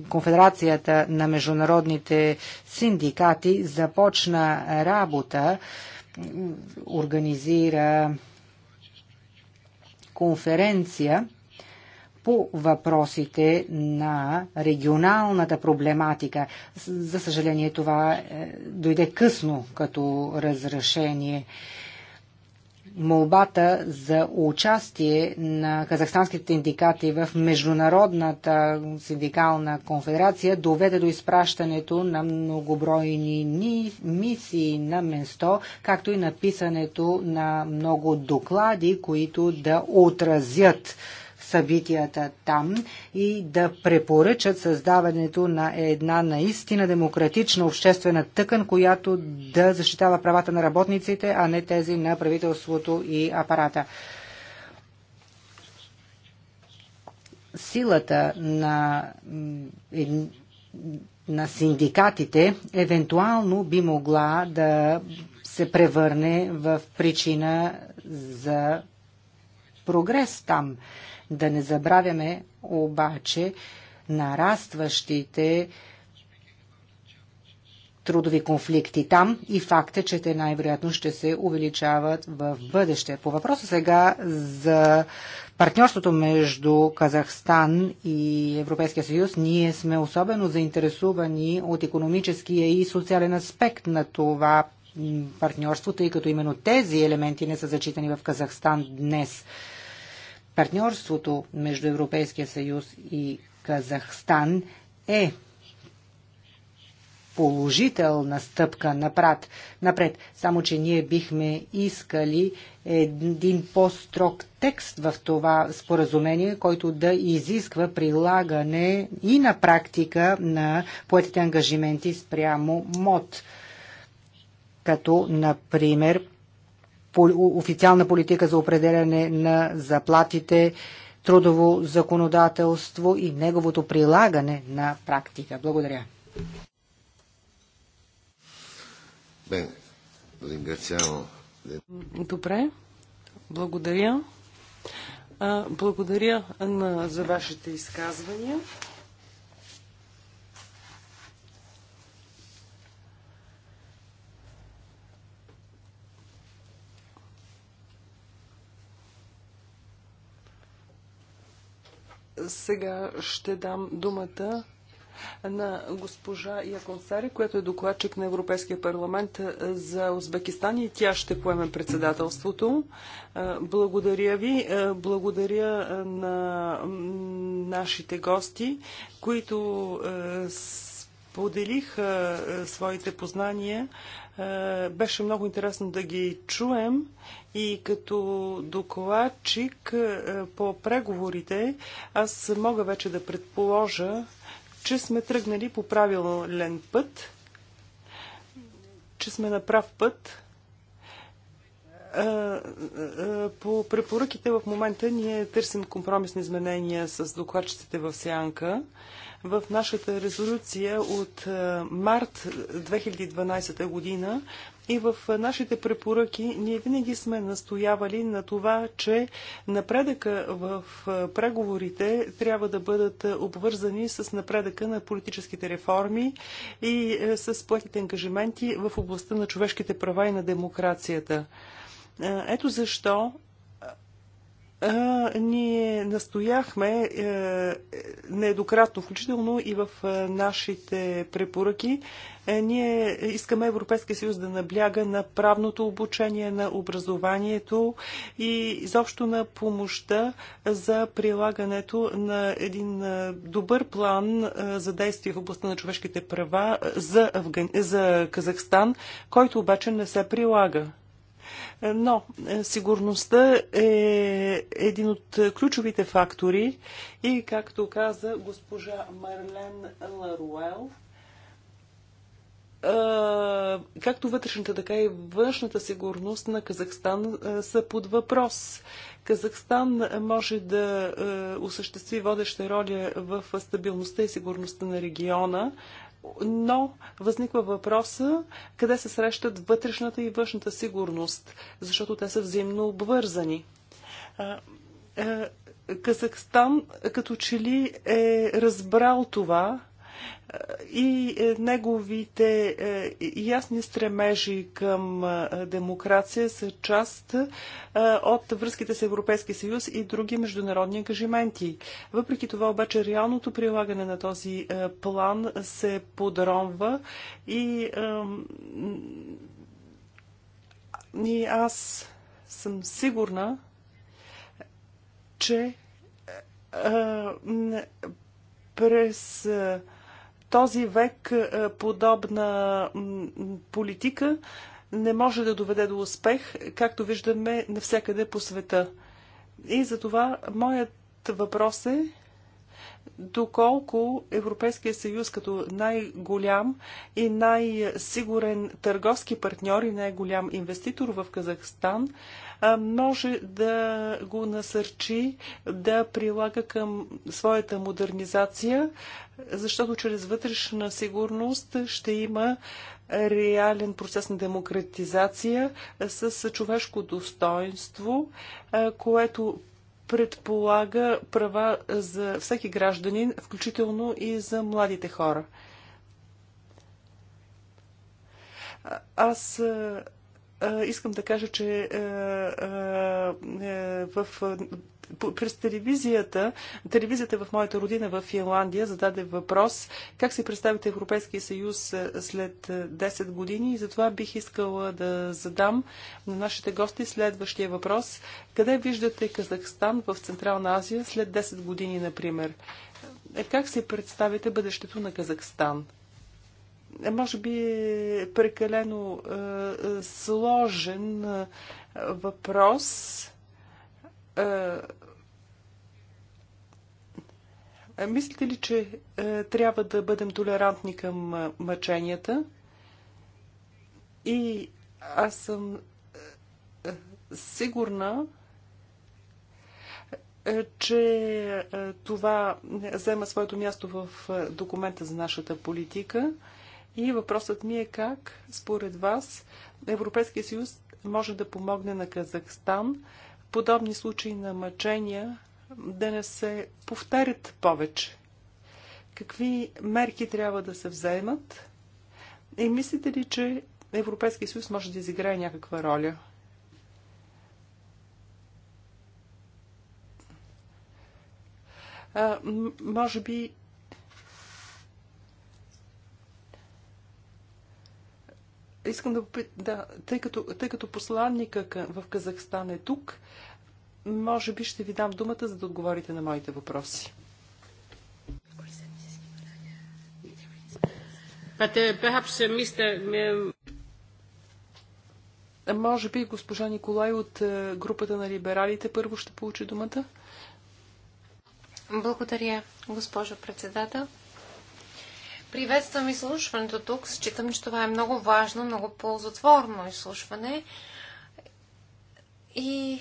Конфедерацията на международните синдикати започна работа, организира конференция по въпросите на регионалната проблематика. За съжаление това е, дойде късно като разрешение молбата за участие на казахстанските синдикати в Международната синдикална конфедерация доведе до изпращането на многобройни мисии на Менсто, както и написането на много доклади, които да отразят събитията там и да препоръчат създаването на една наистина демократична обществена тъкан, която да защитава правата на работниците, а не тези на правителството и апарата. Силата на на синдикатите евентуално би могла да се превърне в причина за прогрес там. Да не забравяме обаче нарастващите трудови конфликти там и факта, че те най-вероятно ще се увеличават в бъдеще. По въпроса сега за партньорството между Казахстан и Европейския съюз, ние сме особено заинтересувани от економическия и социален аспект на това партньорство, тъй като именно тези елементи не са зачитани в Казахстан днес партньорството между Европейския съюз и Казахстан е положителна стъпка напред. напред. Само, че ние бихме искали един по-строг текст в това споразумение, който да изисква прилагане и на практика на поетите ангажименти спрямо МОД. Като, например, официална политика за определяне на заплатите, трудово законодателство и неговото прилагане на практика. Благодаря. Добре, благодаря. Благодаря за вашите изказвания. Сега ще дам думата на госпожа Яконсари, която е докладчик на Европейския парламент за Узбекистан и тя ще поеме председателството. Благодаря ви. Благодаря на нашите гости, които поделиха своите познания е, беше много интересно да ги чуем и като докладчик е, по преговорите аз мога вече да предположа, че сме тръгнали по правилен път, че сме на прав път. Е, по препоръките в момента ние търсим компромисни изменения с докладчиците в Сянка. В нашата резолюция от е, март 2012 година и в нашите препоръки ние винаги сме настоявали на това, че напредъка в е, преговорите трябва да бъдат обвързани с напредъка на политическите реформи и е, с платите ангажименти в областта на човешките права и на демокрацията. Ето защо ние настояхме е, нееднократно, включително и в е, нашите препоръки, е, ние искаме Европейския съюз да набляга на правното обучение, на образованието и изобщо на помощта за прилагането на един е, добър план е, за действие в областта на човешките права е, за, Афгани за Казахстан, който обаче не се прилага. Но е, сигурността е един от ключовите фактори и, както каза госпожа Марлен Ларуел, е, както вътрешната, така и външната сигурност на Казахстан е, са под въпрос. Казахстан може да осъществи водеща роля в стабилността и сигурността на региона, но възниква въпроса къде се срещат вътрешната и външната сигурност, защото те са взаимно обвързани. Казахстан като че ли е разбрал това, и е, неговите е, ясни стремежи към е, демокрация са част от връзките с Европейски съюз и други международни ангажименти. Въпреки това обаче реалното прилагане на този план се подронва и, и аз съм сигурна, че през този век е, подобна политика не може да доведе до успех, както виждаме навсякъде по света. И затова моят въпрос е доколко Европейския съюз като най-голям и най-сигурен търговски партньор и най-голям инвеститор в Казахстан може да го насърчи да прилага към своята модернизация, защото чрез вътрешна сигурност ще има реален процес на демократизация с човешко достоинство, което предполага права за всеки гражданин, включително и за младите хора. Аз искам да кажа, че е, в през телевизията, телевизията в моята родина в Финландия зададе въпрос как се представите Европейския съюз след 10 години и затова бих искала да задам на нашите гости следващия въпрос. Къде виждате Казахстан в Централна Азия след 10 години, например? Е, как се представите бъдещето на Казахстан? може би е прекалено е, сложен е, въпрос. Е, мислите ли, че трябва да бъдем толерантни към мъченията? И аз съм сигурна, че това взема своето място в документа за нашата политика. И въпросът ми е как, според вас, Европейския съюз може да помогне на Казахстан подобни случаи на мъчения да не се повтарят повече? Какви мерки трябва да се вземат? И мислите ли, че Европейския съюз може да изиграе някаква роля? А, може би Искам да попитам, да, тъй като, тъй като посланника в Казахстан е тук, може би ще ви дам думата, за да отговорите на моите въпроси. But, uh, perhaps, uh, Mr. Uh, може би госпожа Николай от е, групата на либералите първо ще получи думата. Благодаря, госпожо председател. Приветствам изслушването тук. Считам, че това е много важно, много ползотворно изслушване. И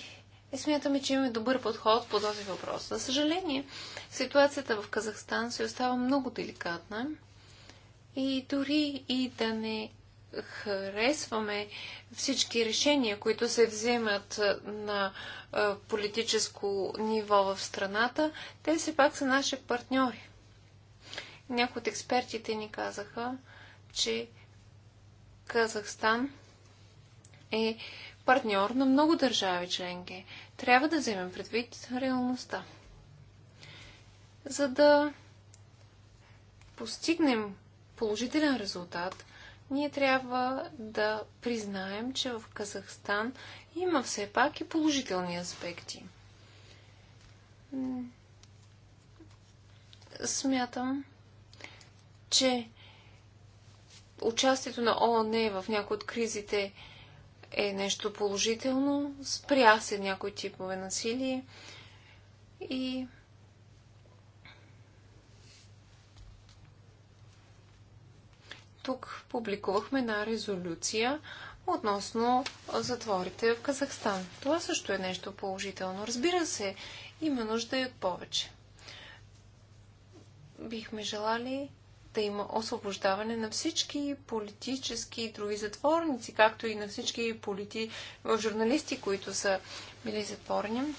смятаме, че имаме добър подход по този въпрос. За съжаление, ситуацията в Казахстан се остава много деликатна. И дори и да не харесваме всички решения, които се вземат на политическо ниво в страната, те все пак са наши партньори. Някои от експертите ни казаха, че Казахстан е партньор на много държави членки. Трябва да вземем предвид реалността. За да постигнем положителен резултат, ние трябва да признаем, че в Казахстан има все пак и положителни аспекти. Смятам, че участието на ООН в някои от кризите е нещо положително, спря се някои типове насилие и тук публикувахме една резолюция относно затворите в Казахстан. Това също е нещо положително. Разбира се, има нужда и от повече. Бихме желали да има освобождаване на всички политически и други затворници, както и на всички полити... журналисти, които са били затворени.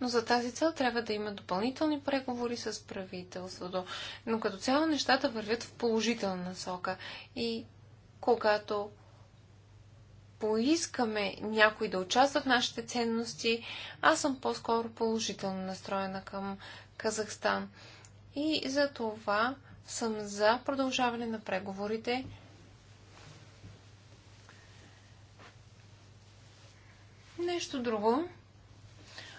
Но за тази цел трябва да има допълнителни преговори с правителството. Но като цяло нещата вървят в положителна насока. И когато поискаме някой да участва в нашите ценности, аз съм по-скоро положително настроена към Казахстан. И за това съм за продължаване на преговорите. Нещо друго.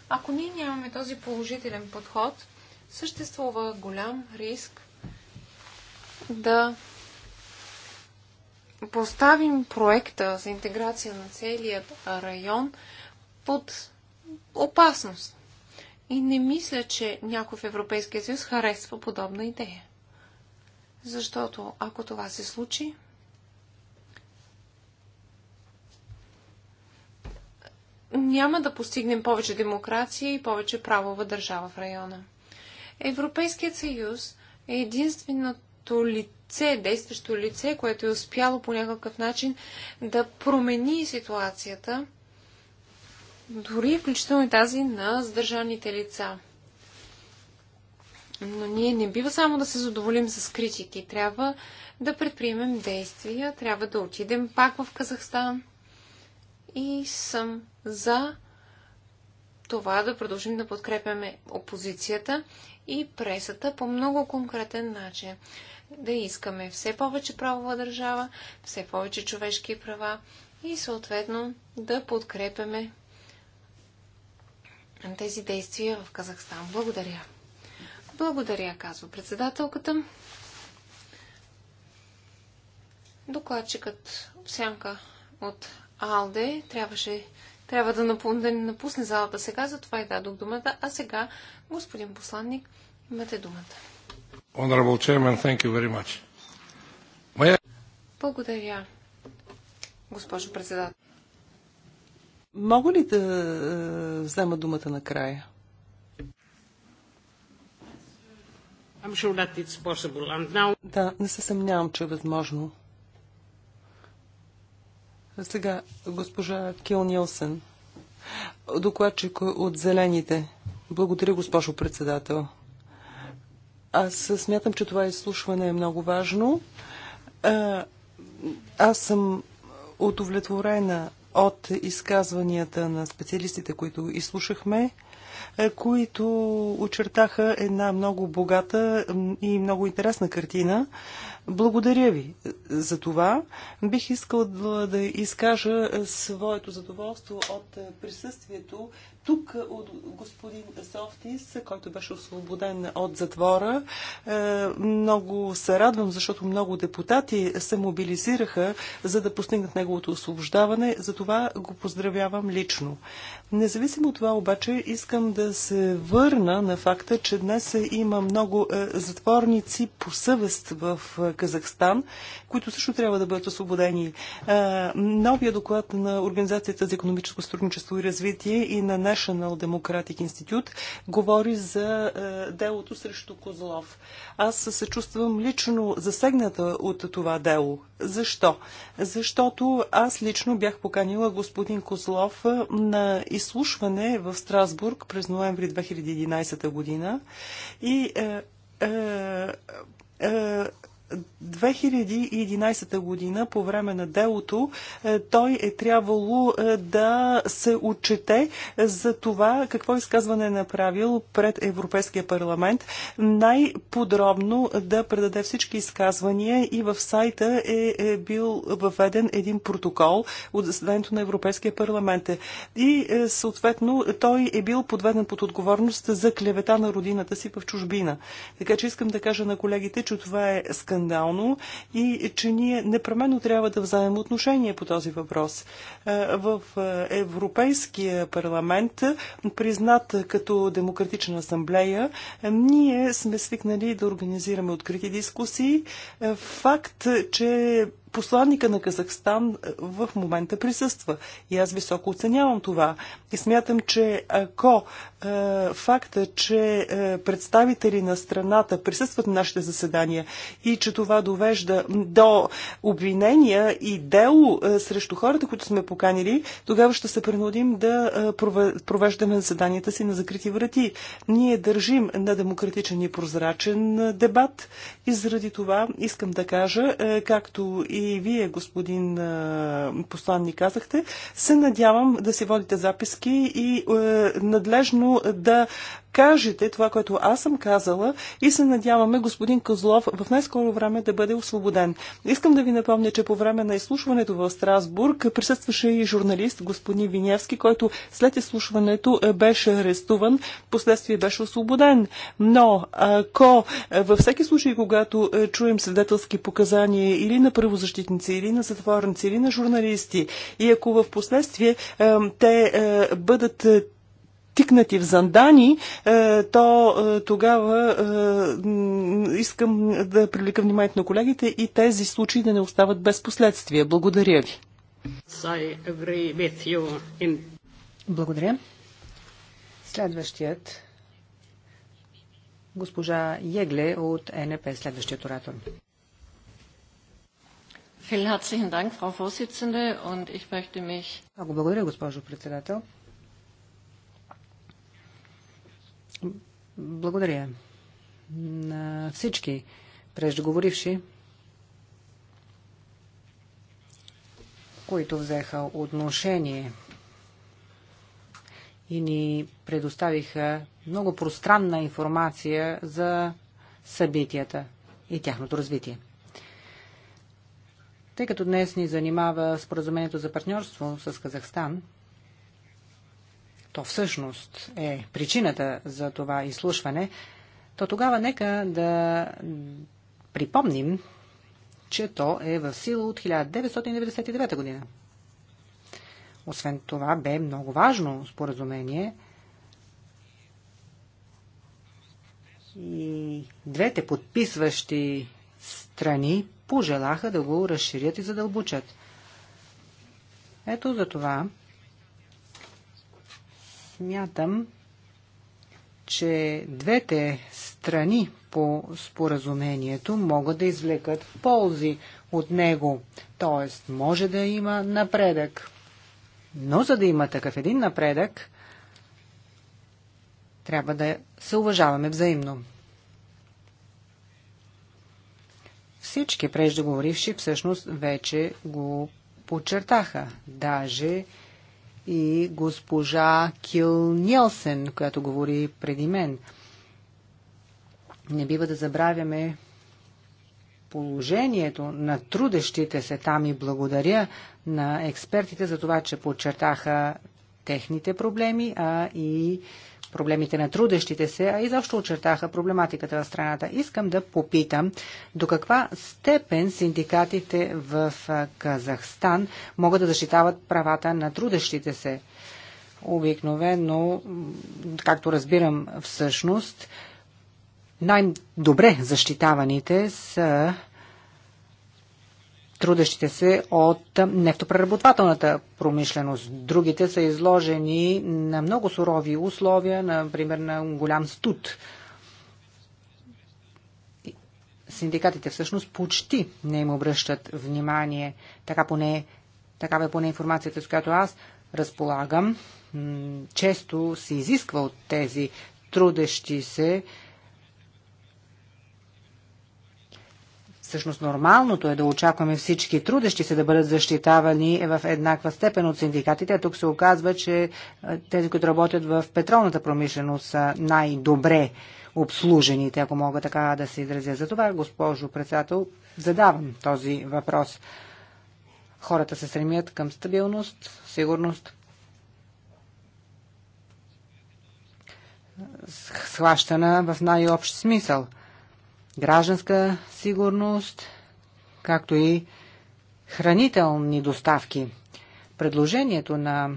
Ако ние нямаме този положителен подход, съществува голям риск да поставим проекта за интеграция на целият район под опасност. И не мисля, че някой в Европейския съюз харесва подобна идея. Защото ако това се случи, няма да постигнем повече демокрация и повече правова държава в района. Европейският съюз е единственото лице, действащо лице, което е успяло по някакъв начин да промени ситуацията – дори включително и тази на задържаните лица. Но ние не бива само да се задоволим с критики. Трябва да предприемем действия, трябва да отидем пак в Казахстан. И съм за това да продължим да подкрепяме опозицията и пресата по много конкретен начин. Да искаме все повече правова държава, все повече човешки права и съответно да подкрепяме на тези действия в Казахстан. Благодаря. Благодаря, казва председателката. Докладчикът Сянка от Алде трябваше, трябва да, напусне, да напусне залата сега, затова и дадох думата. А сега, господин посланник, имате думата. Honorable Chairman, thank you very much. Благодаря, госпожо председател. Мога ли да е, взема думата накрая? Да, не се съмнявам, че е възможно. Сега, госпожа Кил Нилсен, докладчик от Зелените. Благодаря, госпожо председател. Аз смятам, че това изслушване е много важно. Аз съм удовлетворена от изказванията на специалистите, които изслушахме, е, които очертаха една много богата и много интересна картина благодаря ви за това. Бих искала да изкажа своето задоволство от присъствието тук от господин Софтис, който беше освободен от затвора. Е, много се радвам, защото много депутати се мобилизираха, за да постигнат неговото освобождаване. За това го поздравявам лично. Независимо от това обаче, искам да се върна на факта, че днес има много е, затворници по съвест в е, Казахстан, които също трябва да бъдат освободени. Новия доклад на Организацията за економическо сътрудничество и развитие и на National Democratic Institute говори за делото срещу Козлов. Аз се чувствам лично засегната от това дело. Защо? Защото аз лично бях поканила господин Козлов на изслушване в Страсбург през ноември 2011 година и е, е, е, 2011 година по време на делото е, той е трябвало е, да се отчете за това какво изказване е направил пред Европейския парламент. Най-подробно да предаде всички изказвания и в сайта е, е бил въведен един протокол от заседанието на Европейския парламент. И съответно той е бил подведен под отговорност за клевета на родината си в чужбина. Така че искам да кажа на колегите, че това е скандал скандално и че ние непременно трябва да вземем отношение по този въпрос. Е, в е, Европейския парламент, признат като демократична асамблея, ние сме свикнали да организираме открити дискусии. Е, факт, че посланника на Казахстан е, в момента присъства. И аз високо оценявам това. И смятам, че ако е, факта, че е, представители на страната присъстват на нашите заседания и че това довежда до обвинения и дело е, срещу хората, които сме поканили, тогава ще се принудим да е, провеждаме заседанията си на закрити врати. Ние държим на демократичен и прозрачен е, дебат и заради това искам да кажа, е, както и и вие, господин посланник, казахте, се надявам да си водите записки и е, надлежно да кажете това, което аз съм казала и се надяваме господин Козлов в най-скоро време да бъде освободен. Искам да ви напомня, че по време на изслушването в Страсбург присъстваше и журналист господин Виневски, който след изслушването е, беше арестуван, последствие беше освободен. Но ако е, във всеки случай, когато е, чуем свидетелски показания или на правозащитници, или на затворници, или на журналисти, и ако в последствие те бъдат втикнати в зандани, е, то е, тогава е, искам да привлека вниманието на колегите и тези случаи да не остават без последствия. Благодаря ви. Благодаря. Следващият госпожа Егле от НП, следващият оратор. Много благодаря, госпожо председател. Благодаря на всички преждеговоривши, които взеха отношение и ни предоставиха много пространна информация за събитията и тяхното развитие. Тъй като днес ни занимава споразумението за партньорство с Казахстан, то всъщност е причината за това изслушване, то тогава нека да припомним, че то е в сила от 1999 година. Освен това бе много важно споразумение и двете подписващи страни пожелаха да го разширят и задълбочат. Ето за това Смятам, че двете страни по споразумението могат да извлекат ползи от него, т.е. може да има напредък. Но за да има такъв един напредък, трябва да се уважаваме взаимно. Всички преждеговоривши всъщност вече го подчертаха. Даже и госпожа Кил Нилсен, която говори преди мен. Не бива да забравяме положението на трудещите се там и благодаря на експертите за това, че подчертаха техните проблеми, а и проблемите на трудещите се, а и защо очертаха проблематиката в страната. Искам да попитам до каква степен синдикатите в Казахстан могат да защитават правата на трудещите се. Обикновено, както разбирам всъщност, най-добре защитаваните са трудещите се от нефтопреработвателната промишленост. Другите са изложени на много сурови условия, например на голям студ. Синдикатите всъщност почти не им обръщат внимание. Така поне, такава е поне информацията, с която аз разполагам. Често се изисква от тези трудещи се Всъщност нормалното е да очакваме всички трудещи се да бъдат защитавани в еднаква степен от синдикатите. тук се оказва, че е, тези, които работят в петролната промишленост са най-добре обслужените, ако мога така да се изразя. За това, госпожо председател, задавам този въпрос. Хората се стремят към стабилност, сигурност. Схващана в най-общ смисъл – гражданска сигурност, както и хранителни доставки. Предложението на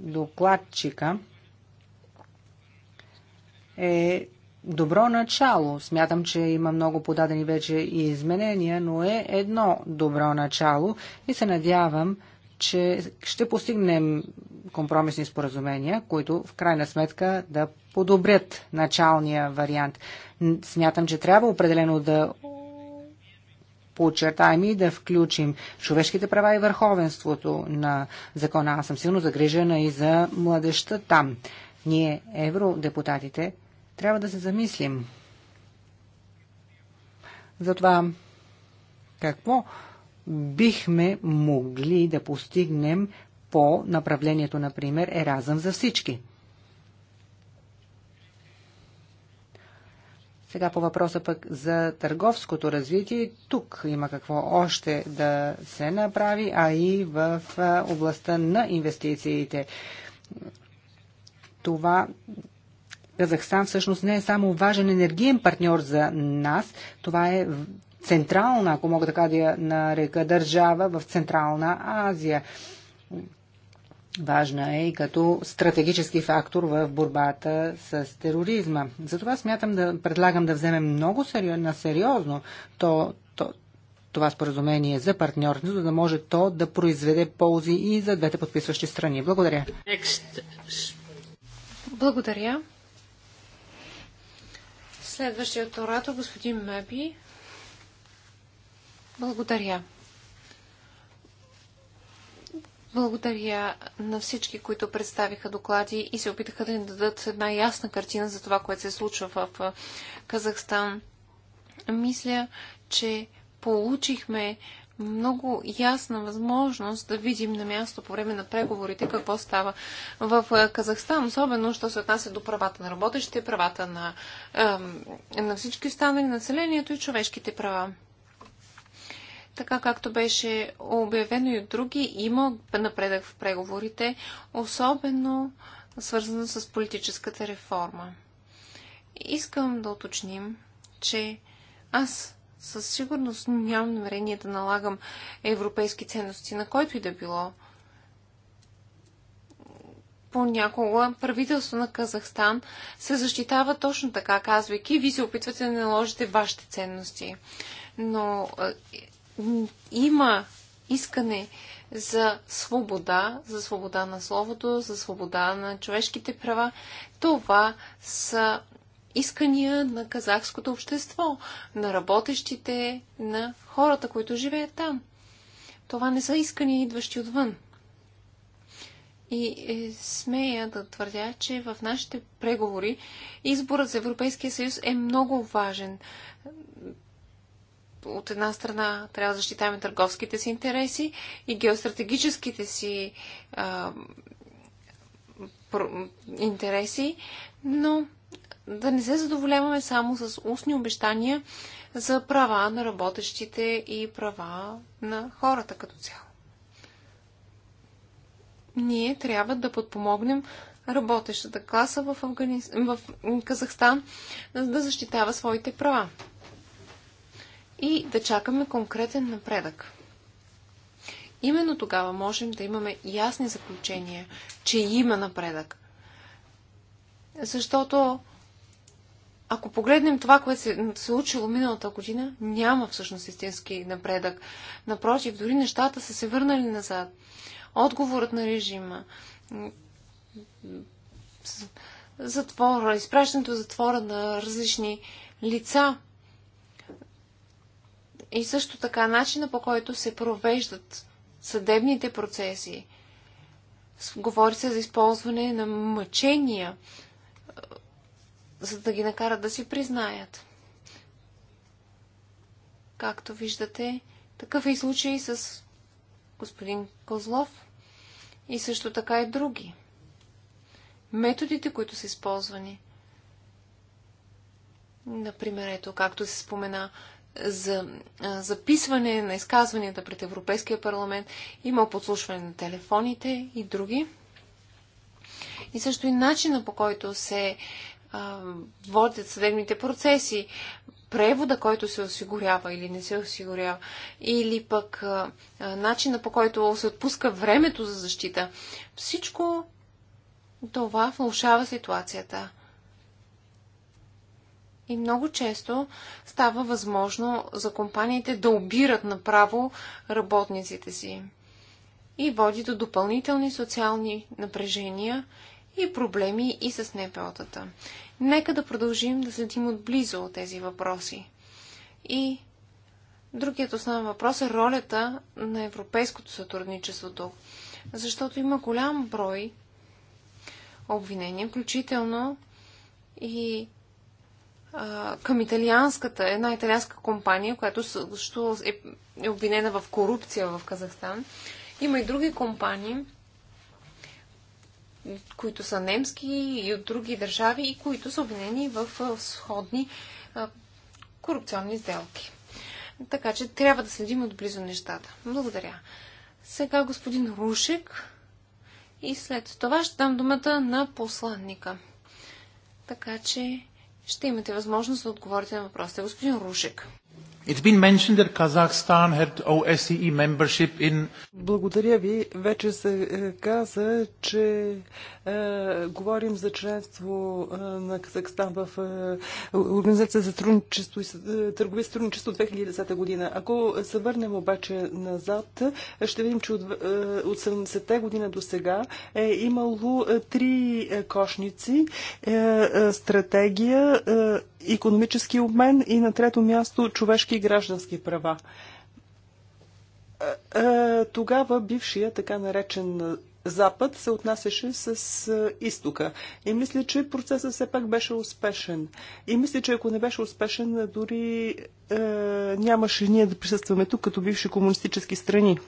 докладчика е добро начало. Смятам, че има много подадени вече и изменения, но е едно добро начало и се надявам, че ще постигнем компромисни споразумения, които в крайна сметка да подобрят началния вариант. Смятам, че трябва определено да подчертаем и да включим човешките права и върховенството на закона. Аз съм силно загрижена и за младеща там. Ние, евродепутатите, трябва да се замислим за това какво бихме могли да постигнем по направлението, например, Еразъм за всички. Сега по въпроса пък за търговското развитие, тук има какво още да се направи, а и в областта на инвестициите. Това Казахстан всъщност не е само важен енергиен партньор за нас, това е централна, ако мога така да я нарека, държава в Централна Азия. Важна е и като стратегически фактор в борбата с тероризма. Затова смятам да предлагам да вземем много на сериозно то, то, това споразумение за партньорство, за да може то да произведе ползи и за двете подписващи страни. Благодаря. Next. Благодаря. Следващият оратор, господин Меби благодаря. Благодаря на всички, които представиха доклади и се опитаха да ни дадат една ясна картина за това, което се случва в Казахстан. Мисля, че получихме много ясна възможност да видим на място по време на преговорите какво става в Казахстан, особено що се отнася до правата на работещите, правата на, на всички останали населението и човешките права. Така както беше обявено и от други, има напредък в преговорите, особено свързано с политическата реформа. Искам да уточним, че аз със сигурност нямам намерение да налагам европейски ценности на който и да било. Понякога правителство на Казахстан се защитава точно така, казвайки, ви се опитвате да наложите вашите ценности. Но е, има искане за свобода, за свобода на словото, за свобода на човешките права. Това са искания на казахското общество, на работещите, на хората, които живеят там. Това не са искания, идващи отвън. И е, смея да твърдя, че в нашите преговори изборът за Европейския съюз е много важен от една страна трябва да защитаваме търговските си интереси и геостратегическите си а, интереси, но да не се задоволяваме само с устни обещания за права на работещите и права на хората като цяло. Ние трябва да подпомогнем работещата класа в, Афгани... в Казахстан да защитава своите права и да чакаме конкретен напредък. Именно тогава можем да имаме ясни заключения, че има напредък. Защото ако погледнем това, което се случило миналата година, няма всъщност истински напредък. Напротив, дори нещата са се върнали назад. Отговорът на режима, затвора, изпращането затвора на различни лица – и също така начина по който се провеждат съдебните процеси. Говори се за използване на мъчения, е, за да ги накарат да си признаят. Както виждате, такъв е и случай с господин Козлов и също така и други. Методите, които са използвани. Например, ето, както се спомена, за записване на изказванията пред Европейския парламент, има подслушване на телефоните и други. И също и начина по който се а, водят съдебните процеси, превода, който се осигурява или не се осигурява, или пък а, начина по който се отпуска времето за защита. Всичко това влушава ситуацията. И много често става възможно за компаниите да обират направо работниците си. И води до допълнителни социални напрежения и проблеми и с НПО-тата. Нека да продължим да следим отблизо тези въпроси. И другият основен въпрос е ролята на европейското сътрудничество тук. Защото има голям брой обвинения, включително и към италианската, една италианска компания, която също е, е, обвинена в корупция в Казахстан. Има и други компании, които са немски и от други държави, и които са обвинени в сходни корупционни сделки. Така че трябва да следим отблизо нещата. Благодаря. Сега господин Рушек и след това ще дам думата на посланника. Така че ще имате възможност да отговорите на въпросите. Господин Рушек. It's been mentioned that Kazakhstan had OSCE membership in... Благодаря ви. Вече се е, каза, че е, говорим за членство е, на Казахстан в е, Организация за трудничество и е, търговия сътрудничество 2010 година. Ако се върнем обаче назад, ще видим, че от, е, от 70-те година до сега е имало е, три е, кошници, е, е, стратегия, е, економически обмен и на трето място човешки всички граждански права. Е, е, тогава бившия така наречен Запад се отнасяше с е, изтока. И мисля, че процесът все пак беше успешен. И мисля, че ако не беше успешен, дори е, нямаше ние да присъстваме тук като бивши комунистически страни.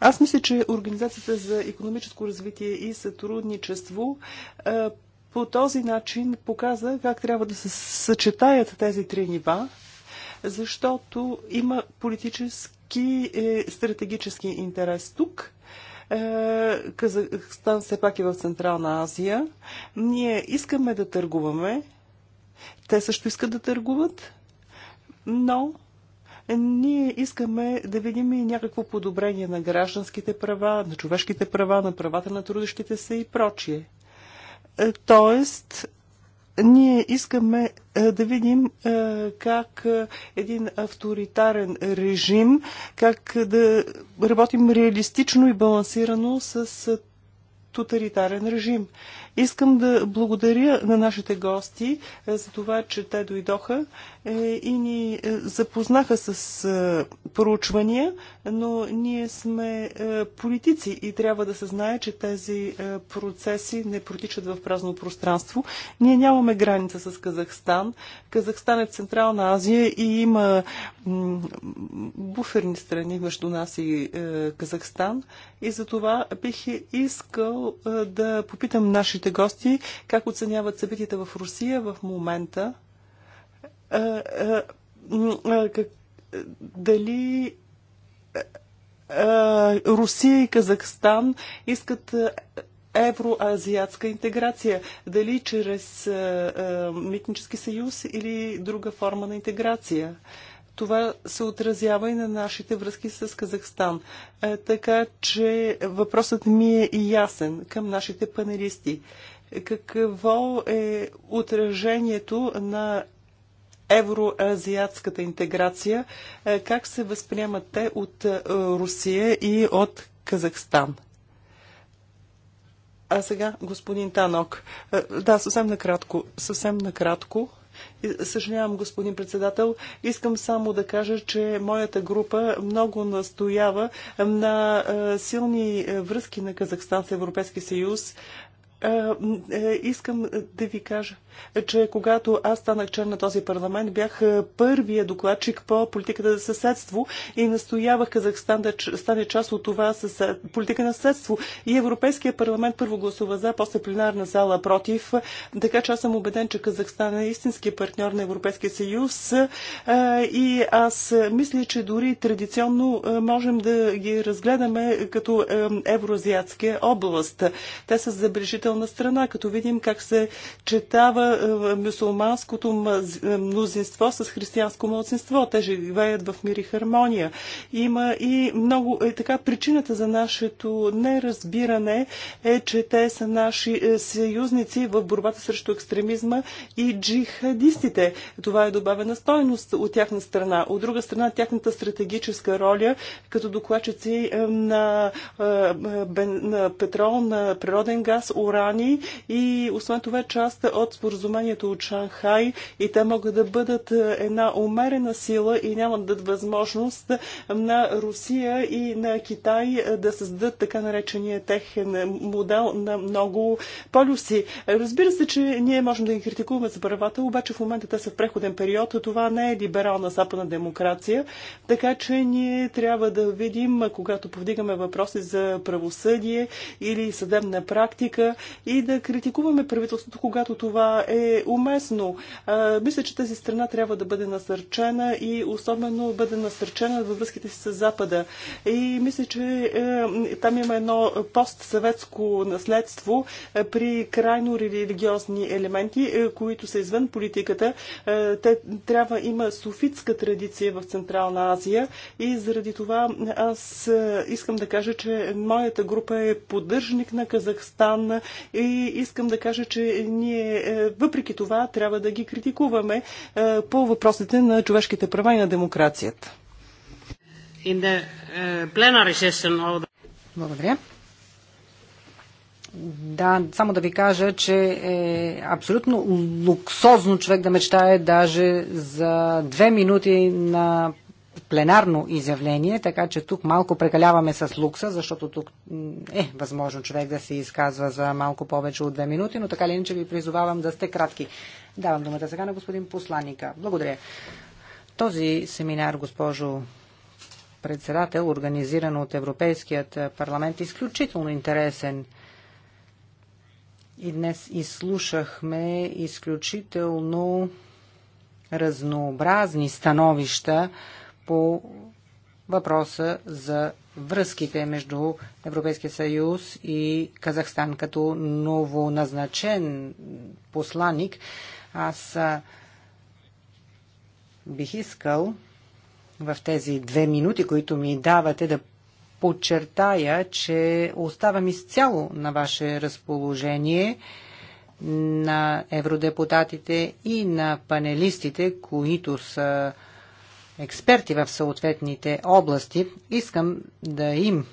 Аз мисля, че Организацията за економическо развитие и сътрудничество е, по този начин показа как трябва да се съчетаят тези три нива защото има политически е, стратегически интерес тук. Е, Казахстан все пак е в Централна Азия. Ние искаме да търгуваме. Те също искат да търгуват, но ние искаме да видим и някакво подобрение на гражданските права, на човешките права, на правата на трудещите се и прочие. Е, тоест, ние искаме е, да видим е, как е, един авторитарен режим, как да работим реалистично и балансирано с тоталитарен режим. Искам да благодаря на нашите гости е, за това, че те дойдоха е, и ни е, запознаха с проучвания, но ние сме политици и трябва да се знае, че тези процеси не протичат в празно пространство. Ние нямаме граница с Казахстан. Казахстан е в Централна Азия и има буферни страни между нас и Казахстан. И за това бих искал да попитам нашите нашите гости как оценяват събитията в Русия в момента. Дали Русия и Казахстан искат евроазиатска интеграция. Дали чрез митнически съюз или друга форма на интеграция. Това се отразява и на нашите връзки с Казахстан. Е, така че въпросът ми е и ясен към нашите панелисти. Какво е отражението на евроазиатската интеграция? Е, как се възприемат те от е, Русия и от Казахстан? А сега, господин Танок, да, съвсем накратко, съвсем накратко, Съжалявам, господин председател. Искам само да кажа, че моята група много настоява на силни връзки на Казахстан с Европейския съюз. Е, е, искам да ви кажа, че когато аз станах член на този парламент, бях е, първия докладчик по политиката за съседство и настоявах Казахстан да стане част от това съсед... политика на съседство. И Европейския парламент първо гласува за, после пленарна зала против. Така че аз съм убеден, че Казахстан е истински партньор на Европейския съюз. И аз мисля, че дори традиционно можем да ги разгледаме като евроазиатския област. Те са забележителни положителна страна, като видим как се четава е, мюсулманското е, мнозинство с християнско младсинство. Те живеят в мир и хармония. Има и много... И е, така, причината за нашето неразбиране е, че те са наши съюзници в борбата срещу екстремизма и джихадистите. Това е добавена стойност от тяхна страна. От друга страна, тяхната стратегическа роля като докладчици на, на петрол, на природен газ, уран, забрани и освен това част от споразумението от Шанхай и те могат да бъдат е, една умерена сила и няма да дадат възможност на Русия и на Китай е, да създадат така наречения техен модел на много полюси. Разбира се, че ние можем да ги критикуваме за правата, обаче в момента те са в преходен период. Това не е либерална западна демокрация, така че ние трябва да видим, когато повдигаме въпроси за правосъдие или съдебна практика, и да критикуваме правителството, когато това е уместно. Мисля, че тази страна трябва да бъде насърчена и особено бъде насърчена във връзките си с Запада. И мисля, че е, там има едно постсъветско наследство е, при крайно религиозни елементи, е, които са извън политиката. Те трябва има суфитска традиция в Централна Азия и заради това аз искам да кажа, че моята група е поддържник на Казахстан, и искам да кажа, че ние е, въпреки това трябва да ги критикуваме е, по въпросите на човешките права и на демокрацията. Е, Благодаря. Да, само да ви кажа, че е абсолютно луксозно човек да мечтае даже за две минути на пленарно изявление, така че тук малко прекаляваме с лукса, защото тук е възможно човек да се изказва за малко повече от две минути, но така ли иначе ви призовавам да сте кратки. Давам думата сега на господин посланника. Благодаря. Този семинар, госпожо председател, организиран от Европейският парламент, е изключително интересен. И днес изслушахме изключително разнообразни становища по въпроса за връзките между Европейския съюз и Казахстан като новоназначен посланник. Аз бих искал в тези две минути, които ми давате, да подчертая, че оставам изцяло на ваше разположение на евродепутатите и на панелистите, които са експерти в съответните области, искам да им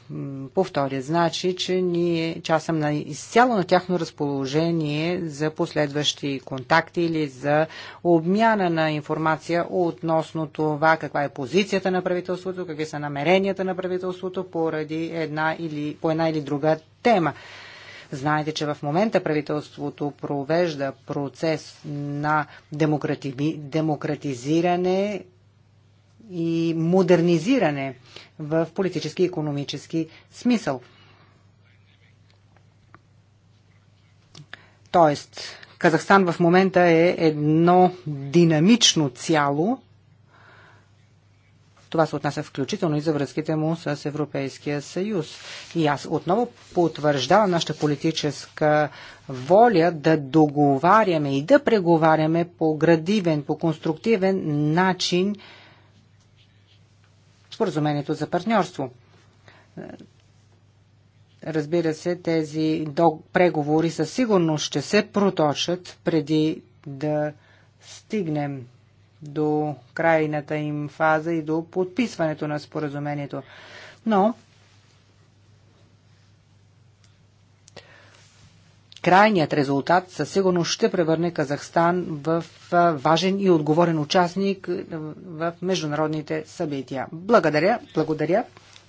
повторя. Значи, че, ние, че аз съм на, изцяло на тяхно разположение за последващи контакти или за обмяна на информация относно това каква е позицията на правителството, какви са намеренията на правителството поради една или, по една или друга тема. Знаете, че в момента правителството провежда процес на демократи... демократизиране и модернизиране в политически и економически смисъл. Тоест, Казахстан в момента е едно динамично цяло. Това се отнася включително и за връзките му с Европейския съюз. И аз отново потвърждавам нашата политическа воля да договаряме и да преговаряме по градивен, по конструктивен начин споразумението за партньорство. Разбира се, тези преговори със сигурност ще се проточат преди да стигнем до крайната им фаза и до подписването на споразумението. Но крайният резултат със сигурност ще превърне Казахстан в важен и отговорен участник в международните събития. Благодаря, благодаря,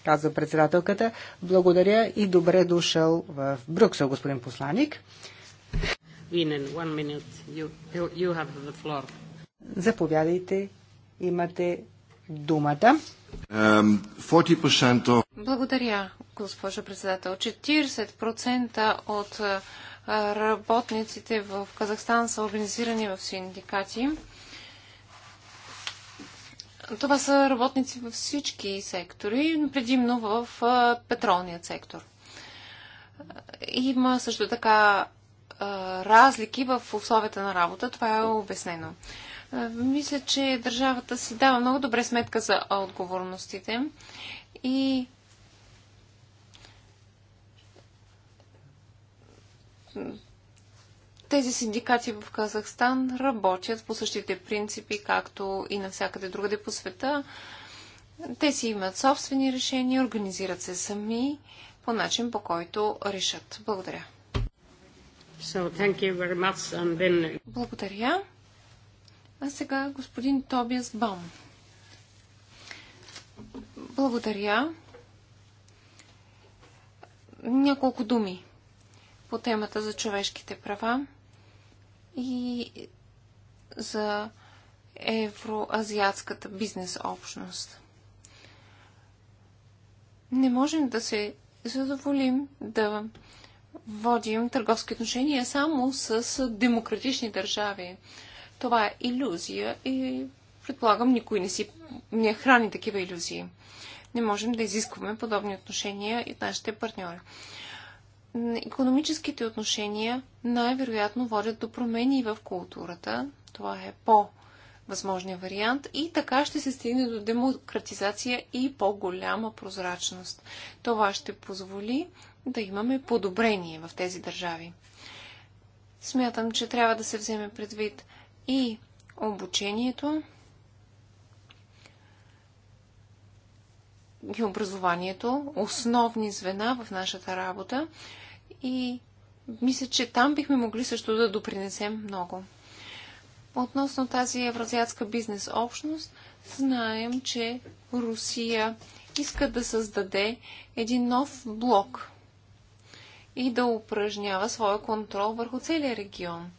казва председателката. Благодаря и добре дошъл в Брюксел, господин посланик. Заповядайте, имате думата. Благодаря, госпожо председател. 40% от работниците в Казахстан са организирани в синдикати. Това са работници във всички сектори, предимно в петролният сектор. Има също така разлики в условията на работа. Това е обяснено. Мисля, че държавата си дава много добре сметка за отговорностите и тези синдикати в Казахстан работят по същите принципи, както и навсякъде другаде по света. Те си имат собствени решения, организират се сами по начин, по който решат. Благодаря. So, thank you very much. And then... Благодаря. А сега господин Тобиас Бам. Благодаря. Няколко думи по темата за човешките права и за евроазиатската бизнес общност. Не можем да се задоволим да водим търговски отношения само с демократични държави. Това е иллюзия и предполагам никой не си не храни такива иллюзии. Не можем да изискваме подобни отношения и от нашите партньори економическите отношения най-вероятно водят до промени в културата. Това е по- възможния вариант и така ще се стигне до демократизация и по-голяма прозрачност. Това ще позволи да имаме подобрение в тези държави. Смятам, че трябва да се вземе предвид и обучението, и образованието, основни звена в нашата работа, и мисля, че там бихме могли също да допринесем много. Относно тази евразиатска бизнес общност, знаем, че Русия иска да създаде един нов блок и да упражнява своя контрол върху целия регион.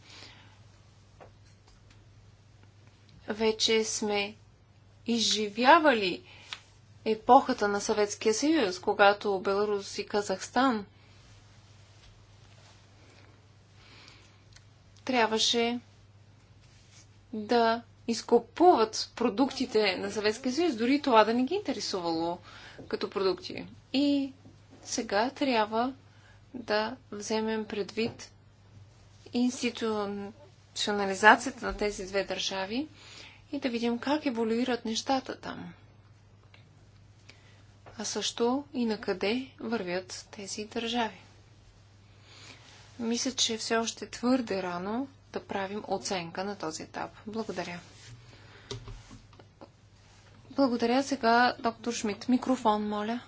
Вече сме изживявали епохата на Съветския съюз, когато Беларус и Казахстан – трябваше да изкупуват продуктите на Съветския съюз, дори това да не ги интересувало като продукти. И сега трябва да вземем предвид институционализацията на тези две държави и да видим как еволюират нещата там. А също и на къде вървят тези държави. Мисля, че е все още е твърде рано да правим оценка на този етап. Благодаря. Благодаря сега, доктор Шмидт. Микрофон, моля.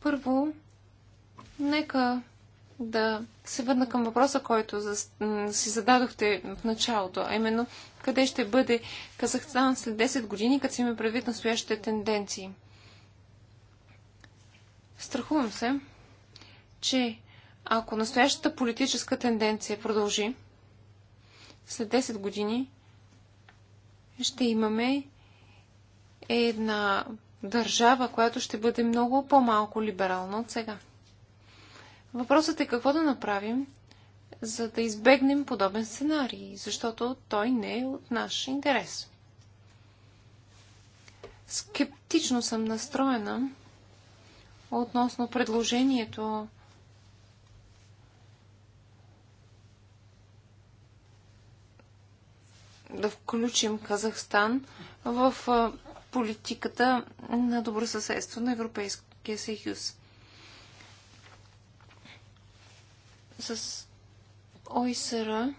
Първо, нека да се върна към въпроса, който си зададохте в началото, а именно къде ще бъде Казахстан след 10 години, като си има предвид настоящите тенденции – Страхувам се, че ако настоящата политическа тенденция продължи, след 10 години ще имаме една държава, която ще бъде много по-малко либерална от сега. Въпросът е какво да направим, за да избегнем подобен сценарий, защото той не е от наш интерес. Скептично съм настроена относно предложението да включим Казахстан в политиката на добросъседство на Европейския съюз. С ОИСР,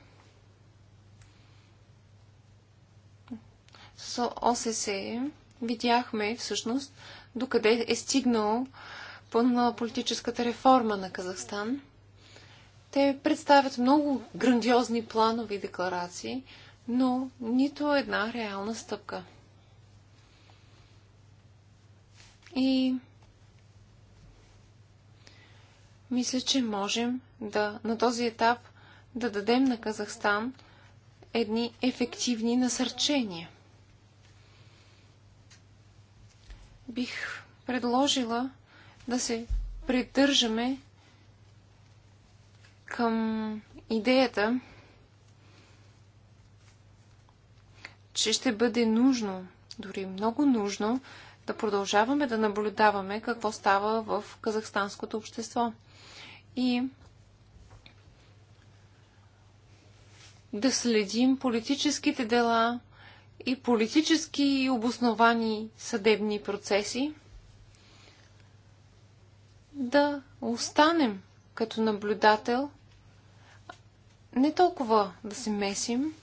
с ОССЕ видяхме всъщност докъде е стигнал на политическата реформа на Казахстан. Те представят много грандиозни планови декларации, но нито една реална стъпка. И мисля, че можем да на този етап да дадем на Казахстан едни ефективни насърчения. Бих предложила да се придържаме към идеята, че ще бъде нужно, дори много нужно, да продължаваме да наблюдаваме какво става в казахстанското общество. И да следим политическите дела и политически обосновани съдебни процеси – да останем като наблюдател, не толкова да се месим,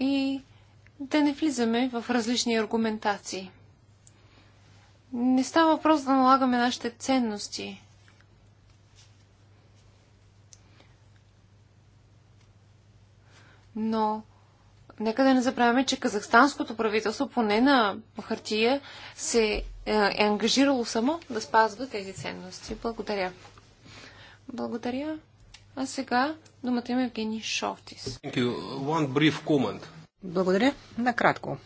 и да не влизаме в различни аргументации. Не става въпрос да налагаме нашите ценности. Но Нека да не забравяме, че казахстанското правителство, поне на хартия, се е, е ангажирало само да спазва тези ценности. Благодаря. Благодаря. А сега думата има Евгений Шофтис. Благодаря. Накратко.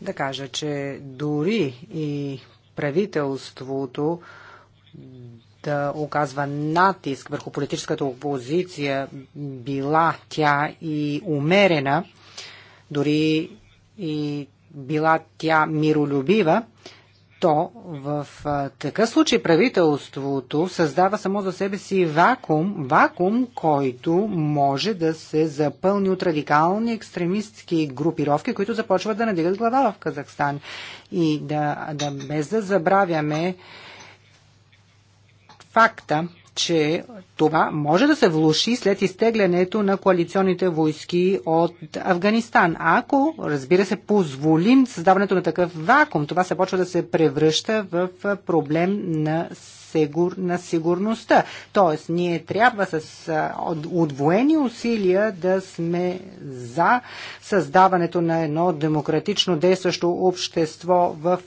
Да кажа, че дори и правителството да оказва натиск върху политическата опозиция, била тя и умерена, дори и била тя миролюбива, то в такъв случай правителството създава само за себе си вакуум, вакуум, който може да се запълни от радикални екстремистски групировки, които започват да надигат глава в Казахстан. И да, да без да забравяме факта, че това може да се влуши след изтеглянето на коалиционните войски от Афганистан. Ако, разбира се, позволим създаването на такъв вакуум, това се почва да се превръща в проблем на на сигурността. Тоест, ние трябва с отвоени усилия да сме за създаването на едно демократично действащо общество в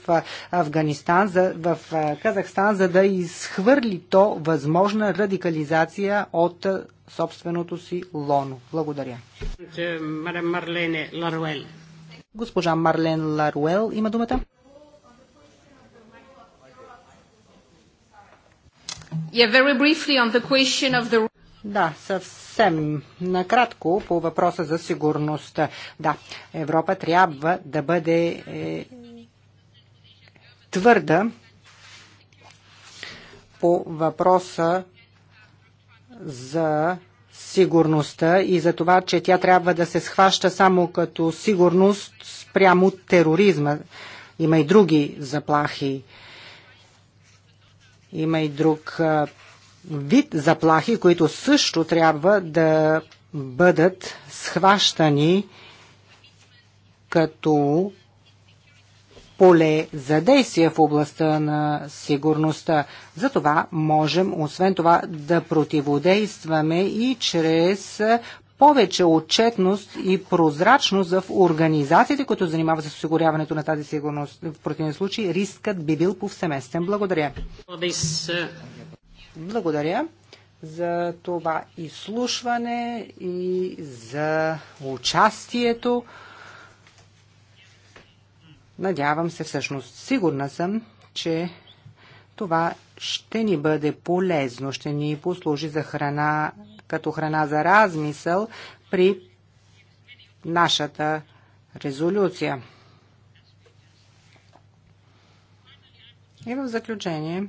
Афганистан, в Казахстан, за да изхвърли то възможна радикализация реализация от собственото си лоно. Благодаря. Госпожа Марлен Ларуел има думата. Yeah, very briefly on the question of the... Да, съвсем накратко по въпроса за сигурността. Да, Европа трябва да бъде е, твърда по въпроса за сигурността и за това, че тя трябва да се схваща само като сигурност спрямо тероризма. Има и други заплахи. Има и друг вид заплахи, които също трябва да бъдат схващани като поле за действие в областта на сигурността. Затова можем, освен това, да противодействаме и чрез повече отчетност и прозрачност в организациите, които занимават с осигуряването на тази сигурност. В противен случай рискът би бил повсеместен. Благодаря. Благодаря за това изслушване и за участието. Надявам се всъщност, сигурна съм, че това ще ни бъде полезно, ще ни послужи за храна, като храна за размисъл при нашата резолюция. И в заключение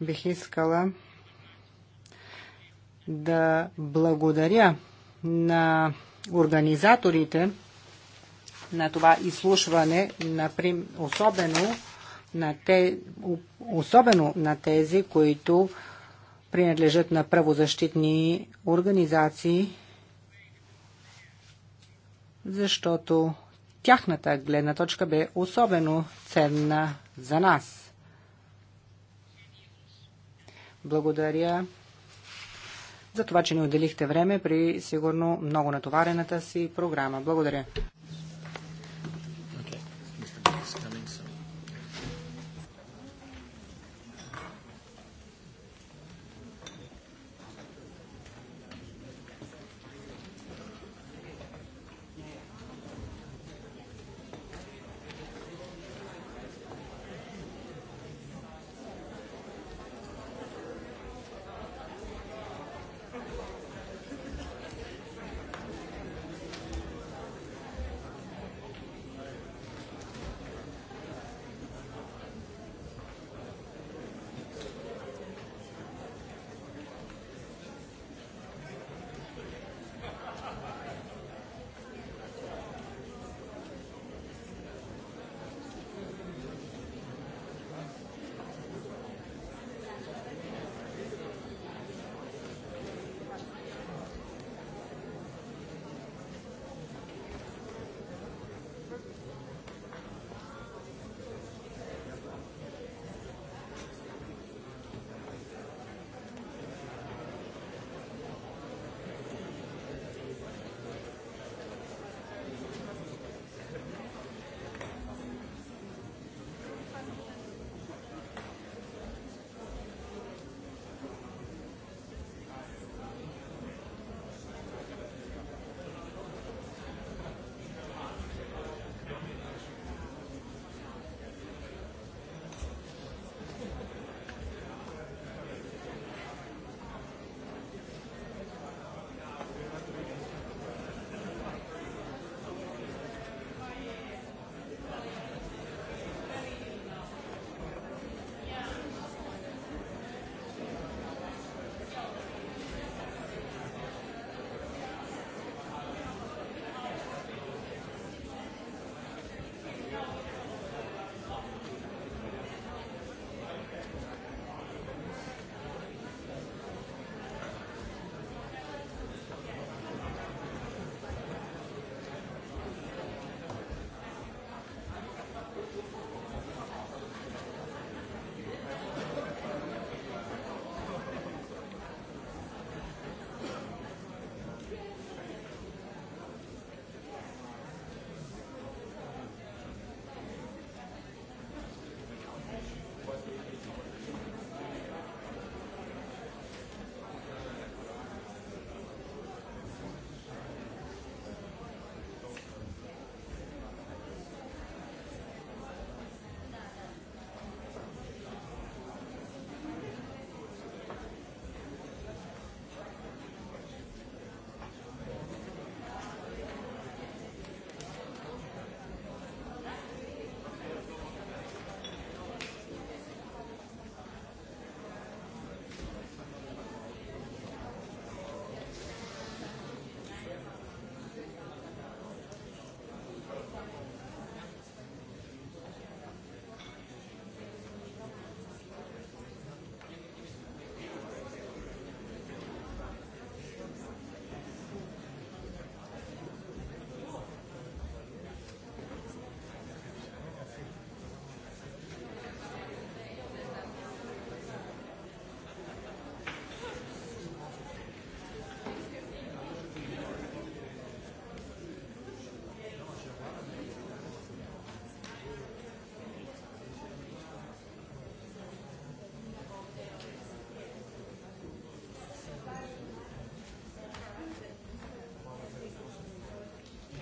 бих искала да благодаря на организаторите на това изслушване, наприм, особено на, те, особено на тези, които принадлежат на правозащитни организации, защото тяхната гледна точка бе особено ценна за нас. Благодаря за това, че ни отделихте време при сигурно много натоварената си програма. Благодаря.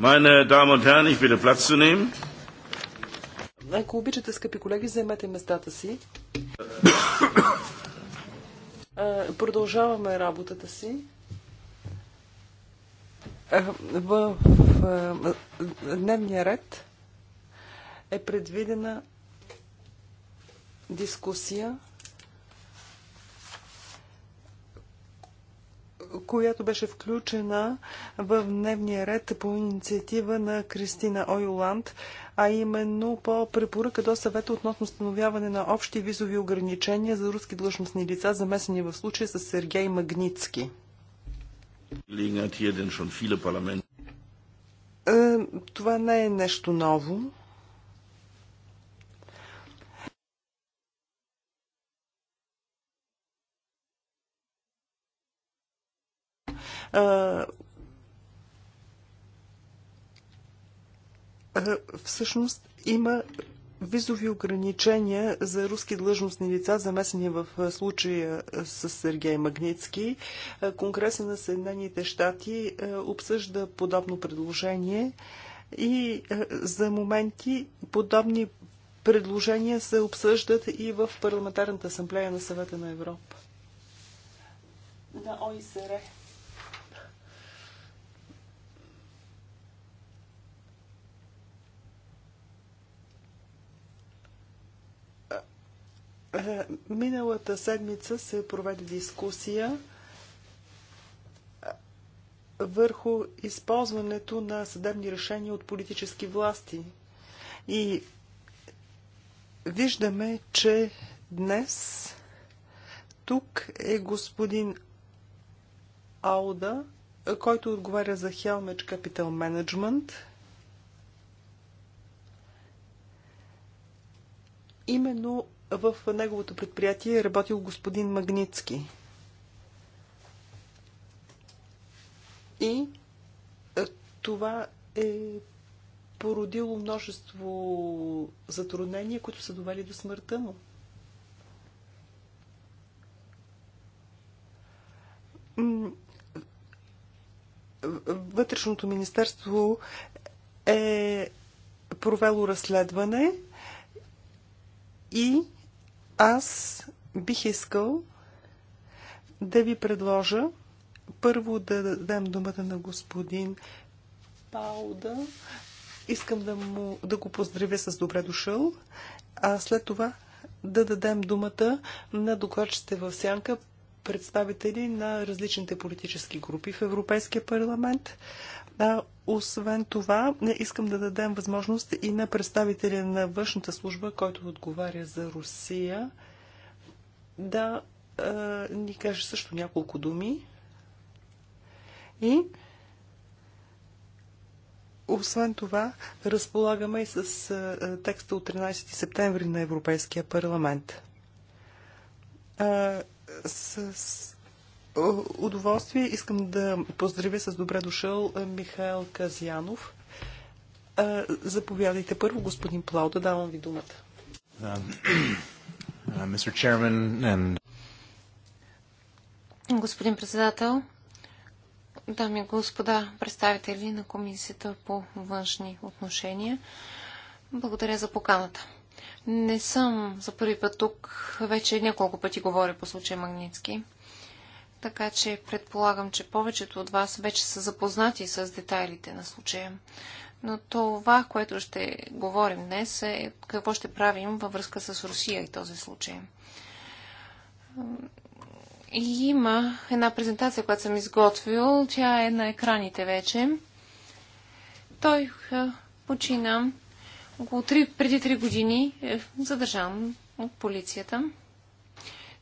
Meine Damen und Herren, ich bitte Platz zu nehmen. Ако обичате, скъпи колеги, займете местата си. Продължаваме работата си. В, дневния ред е предвидена дискусия която беше включена в дневния ред по инициатива на Кристина Ойоланд, а именно по препоръка до съвета относно становяване на общи визови ограничения за руски длъжностни лица, замесени в случая с Сергей Магницки. Е е, това не е нещо ново. всъщност има визови ограничения за руски длъжностни лица, замесени в случая с Сергей Магницки. Конгреса на Съединените щати обсъжда подобно предложение и за моменти подобни предложения се обсъждат и в Парламентарната асамблея на съвета на Европа. На ОИСР. Е, миналата седмица се проведе дискусия е, върху използването на съдебни решения от политически власти. И виждаме, че днес тук е господин Ауда, който отговаря за Хелмеч Capital Management. Именно в неговото предприятие е работил господин Магницки. И е, това е породило множество затруднения, които са довели до смъртта му. Вътрешното министерство е провело разследване и аз бих искал да ви предложа първо да дадем думата на господин Пауда. Искам да, му, да го поздравя с добре дошъл, а след това да дадем думата на докладчите в сянка представители на различните политически групи в Европейския парламент. А, освен това, искам да дадем възможност и на представителя на външната служба, който отговаря за Русия, да а, ни каже също няколко думи. И освен това, разполагаме и с а, текста от 13 септември на Европейския парламент. С, е, удоволствие искам да поздравя с добре дошъл е, Михаил Казянов. Е, заповядайте първо, господин Плау, да давам ви думата. Uh, uh, господин председател, дами и господа, представители на Комисията по външни отношения, благодаря за поканата. Не съм за първи път тук. Вече няколко пъти говоря по случай Магницки. Така че предполагам, че повечето от вас вече са запознати с детайлите на случая. Но това, което ще говорим днес е какво ще правим във връзка с Русия и този случай. И има една презентация, която съм изготвил. Тя е на екраните вече. Той почина около 3, преди 3 години е задържан от полицията.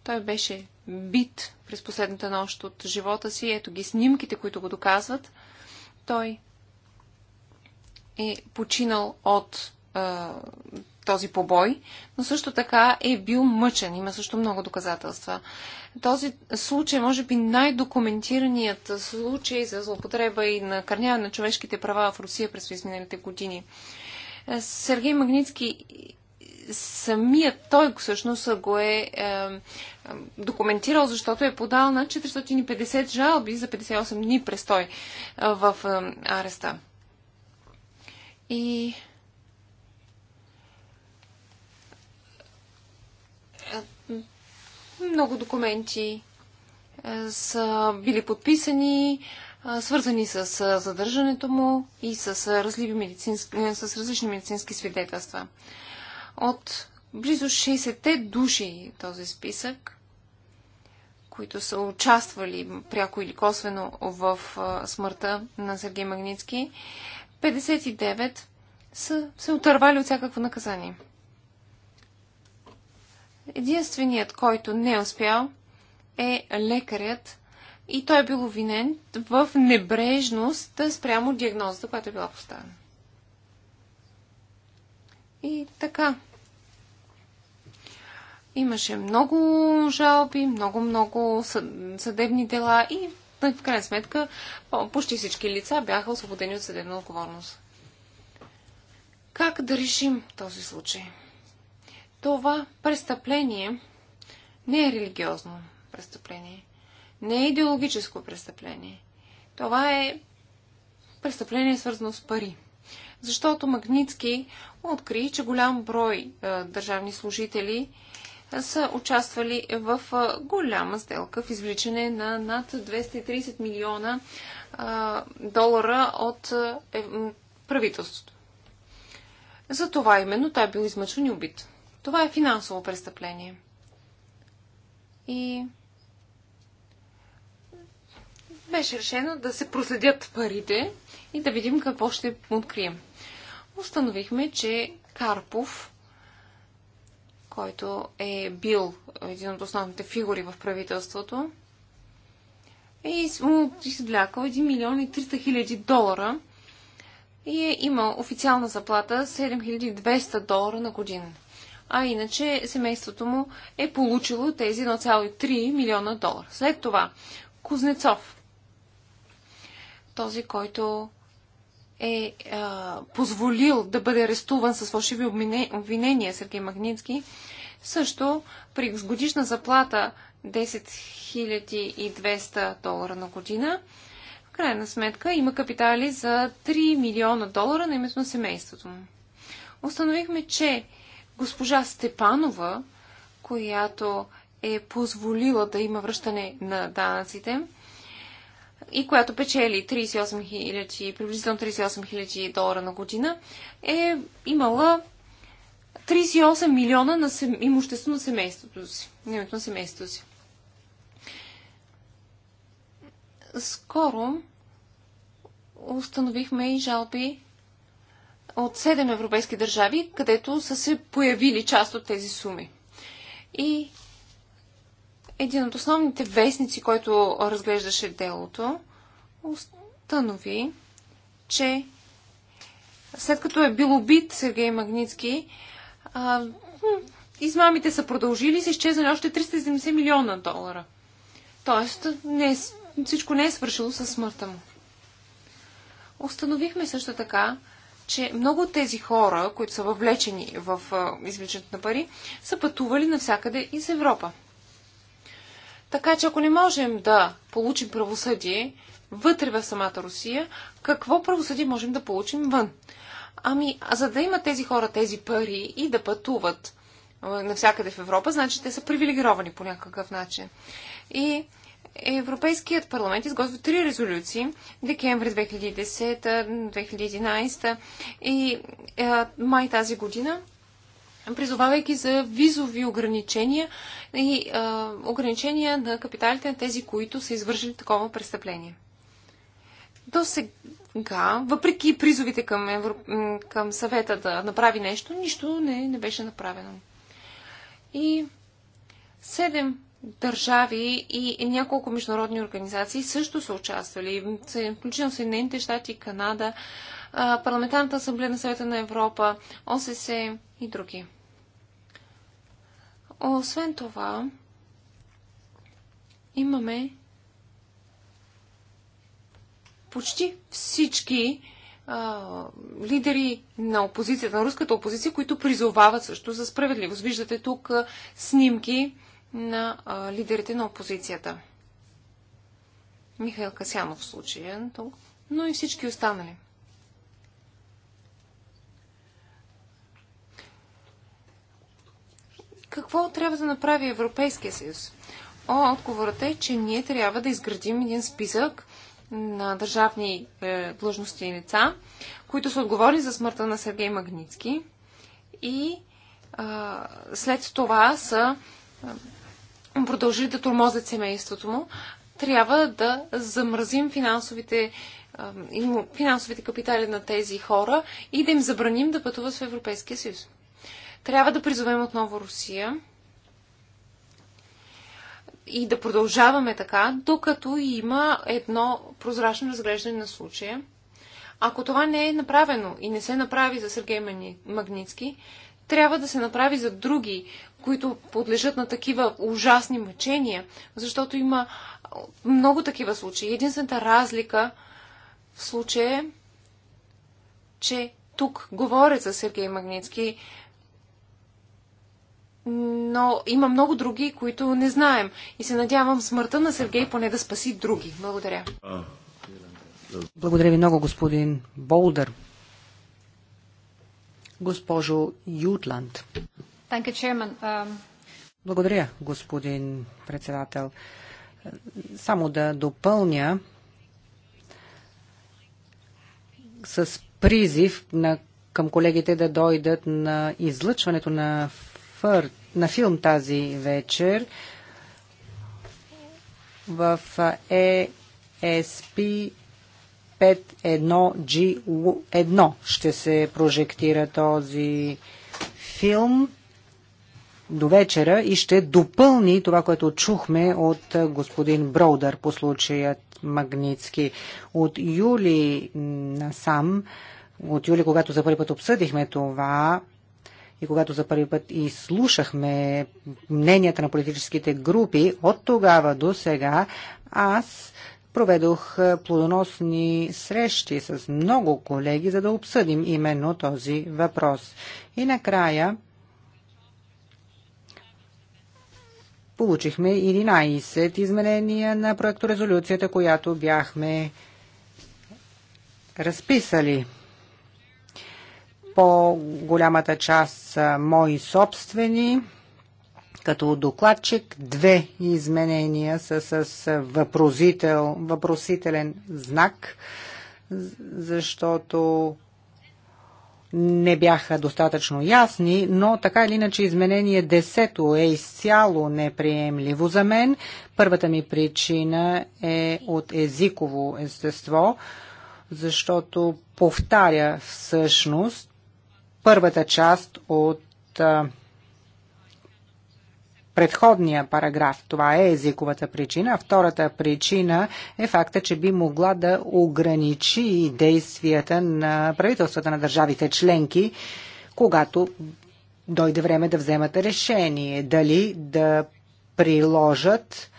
Той беше бит през последната нощ от живота си. Ето ги снимките, които го доказват. Той е починал от а, този побой, но също така е бил мъчен. Има също много доказателства. Този случай, е, може би най-документираният случай за злоупотреба и накърняване на човешките права в Русия през изминалите години. Сергей Магницки самият той всъщност го е, е, документирал, защото е подал на 450 жалби за 58 дни престой е, в е, ареста. И е, много документи е, са били подписани, свързани с задържането му и с, разливи медицински, е, с различни медицински свидетелства. От близо 60-те души този списък, които са участвали пряко или косвено в смъртта на Сергей Магницки, 59 са се отървали от всякакво наказание. Единственият, който не е успял, е лекарят и той е бил обвинен в небрежност спрямо диагнозата, която е била поставена. И така. Имаше много жалби, много-много съдебни дела и в крайна сметка почти всички лица бяха освободени от съдебна отговорност. Как да решим този случай? Това престъпление не е религиозно престъпление не е идеологическо престъпление. Това е престъпление свързано с пари. Защото Магницки откри, че голям брой а, държавни служители а, са участвали в а, голяма сделка в извличане на над 230 милиона долара от е, правителството. За това именно той е бил измъчен и убит. Това е финансово престъпление. И беше решено да се проследят парите и да видим какво ще открием. Установихме, че Карпов, който е бил един от основните фигури в правителството, е извлякал 1 милион и 300 хиляди долара и е имал официална заплата 7200 долара на година. А иначе семейството му е получило тези 1,3 милиона долара. След това Кузнецов този, който е а, позволил да бъде арестуван с фалшиви обвинения Сергей Магницки. Също при годишна заплата 10 200 долара на година, в крайна сметка има капитали за 3 милиона долара на името на семейството му. Установихме, че госпожа Степанова, която е позволила да има връщане на данъците, и която печели 38 000, приблизително 38 000 долара на година, е имала 38 милиона на сем... имущество на семейството си, името на семейството си. Скоро установихме и жалби от 7 европейски държави, където са се появили част от тези суми. И един от основните вестници, който разглеждаше делото, установи, че след като е бил убит Сергей Магницки, а, измамите са продължили и са изчезнали още 370 милиона долара. Тоест, не е, всичко не е свършило със смъртта му. Установихме също така, че много от тези хора, които са въвлечени в извличането на пари, са пътували навсякъде из Европа. Така че ако не можем да получим правосъдие вътре в самата Русия, какво правосъдие можем да получим вън? Ами, за да имат тези хора тези пари и да пътуват навсякъде в Европа, значи те са привилегировани по някакъв начин. И Европейският парламент изготви три резолюции декември 2010, 2011 и май тази година призовавайки за визови ограничения и а, ограничения на капиталите на тези, които са извършили такова престъпление. До сега, въпреки призовите към, Евро... към съвета да направи нещо, нищо не, не беше направено. И седем държави и няколко международни организации също са участвали, включително Съединените щати, Канада, Парламентарната асамблея на съвета на Европа, ОССЕ и други. Освен това, имаме почти всички а, лидери на опозицията, на руската опозиция, които призовават също за справедливост. Виждате тук а, снимки на а, лидерите на опозицията. Михаил Касянов в случая тук, но и всички останали. Какво трябва да направи Европейския съюз? О, отговорът е, че ние трябва да изградим един списък на държавни е, длъжности и лица, които са отговорни за смъртта на Сергей Магницки и е, след това са е, продължили да тормозят семейството му. Трябва да замразим финансовите, финансовите капитали на тези хора и да им забраним да пътуват в Европейския съюз. Трябва да призовем отново Русия и да продължаваме така, докато има едно прозрачно разглеждане на случая. Ако това не е направено и не се направи за Сергей Магницки, трябва да се направи за други, които подлежат на такива ужасни мъчения, защото има много такива случаи. Единствената разлика в случая е, че тук говорят за Сергей Магницки, но има много други, които не знаем. И се надявам смъртта на Сергей поне да спаси други. Благодаря. Благодаря ви много, господин Болдър. Госпожо Ютланд. Um, Благодаря, господин председател. Само да допълня с призив на, към колегите да дойдат на излъчването на фър, на филм тази вечер в ESP 51G1 ще се прожектира този филм до вечера и ще допълни това, което чухме от господин Броудър по случаят Магницки. От юли насам, от юли, когато за първи път обсъдихме това, и когато за първи път изслушахме мненията на политическите групи, от тогава до сега аз проведох е, плодоносни срещи с много колеги, за да обсъдим именно този въпрос. И накрая получихме 11 изменения на проекторезолюцията, която бяхме разписали по-голямата част са мои собствени. Като докладчик две изменения са с въпросител, въпросителен знак, защото не бяха достатъчно ясни, но така или иначе изменение 10 е изцяло неприемливо за мен. Първата ми причина е от езиково естество, защото повтаря всъщност първата част от предходния параграф. Това е езиковата причина. А втората причина е факта, че би могла да ограничи действията на правителствата на държавите членки, когато дойде време да вземат решение дали да приложат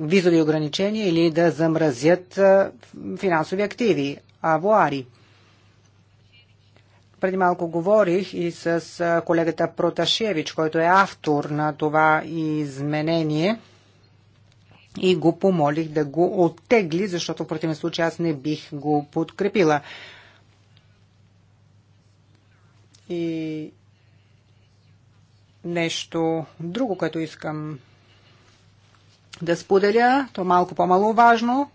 визови ограничения или да замразят финансови активи, авуари. Преди малко говорих и с колегата Проташевич, който е автор на това изменение и го помолих да го оттегли, защото в противен случай аз не бих го подкрепила. И нещо друго, което искам да споделя, то малко по-маловажно,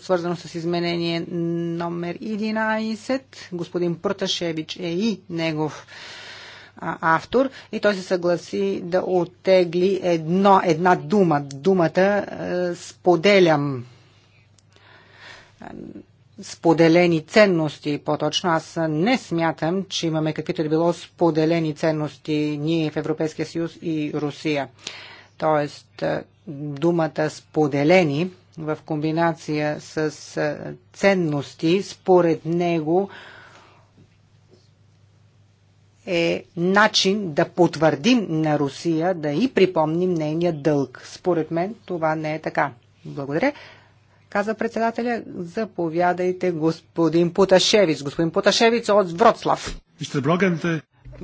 свързано с изменение номер 11. Господин Пърташевич е и негов автор и той се съгласи да оттегли едно, една дума. Думата е, споделям споделени ценности. По-точно аз не смятам, че имаме каквито да било споделени ценности ние в Европейския съюз и Русия. Тоест, е, думата споделени в комбинация с ценности, според него е начин да потвърдим на Русия, да и припомним нейния дълг. Според мен това не е така. Благодаря. Каза председателя, заповядайте господин Поташевич. Господин Поташевич от Вроцлав.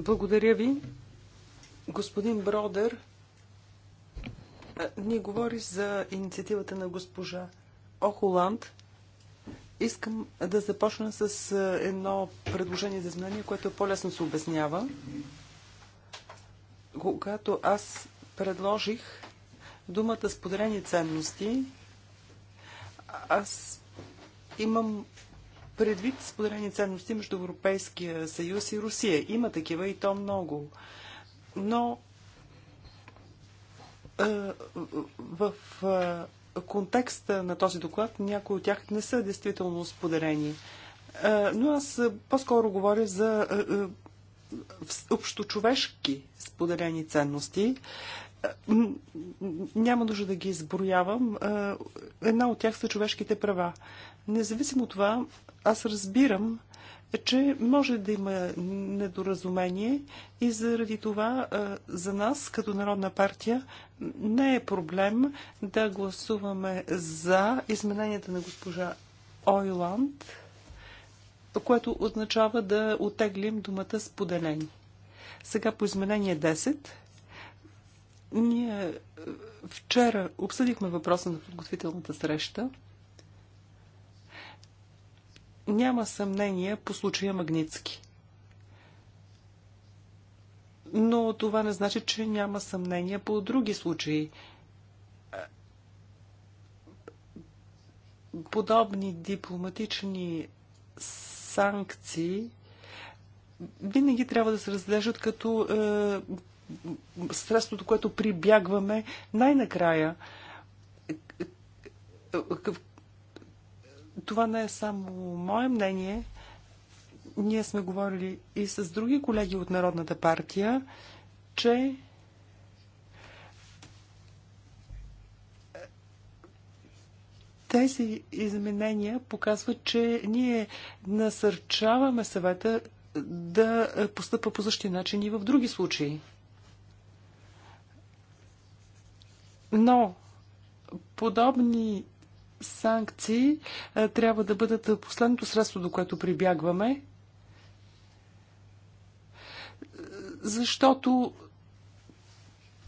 Благодаря ви. Господин Бродер, ние говори за инициативата на госпожа Охоланд. Искам да започна с едно предложение за знание, което е по-лесно се обяснява. Когато аз предложих думата споделени ценности, аз имам предвид споделени ценности между Европейския съюз и Русия. Има такива и то много. Но е, в е, контекста на този доклад някои от тях не са действително споделени. Е, но аз по-скоро говоря за общочовешки споделени ценности. Няма нужда да ги изброявам. Една от тях са човешките права. Независимо от това, аз разбирам, е, че може да има недоразумение и заради това е, за нас като Народна партия не е проблем да гласуваме за измененията на госпожа Ойланд, което означава да отеглим думата споделени. Сега по изменение 10. Ние е, вчера обсъдихме въпроса на подготвителната среща. Няма съмнение по случая Магницки. Но това не значи, че няма съмнение по други случаи. Подобни дипломатични санкции винаги трябва да се разглеждат като е, средството, което прибягваме най-накрая това не е само мое мнение. Ние сме говорили и с други колеги от Народната партия, че е, тези изменения показват, че ние насърчаваме съвета да е, постъпва по същия начин и в други случаи. Но подобни санкции е, трябва да бъдат последното средство, до което прибягваме, защото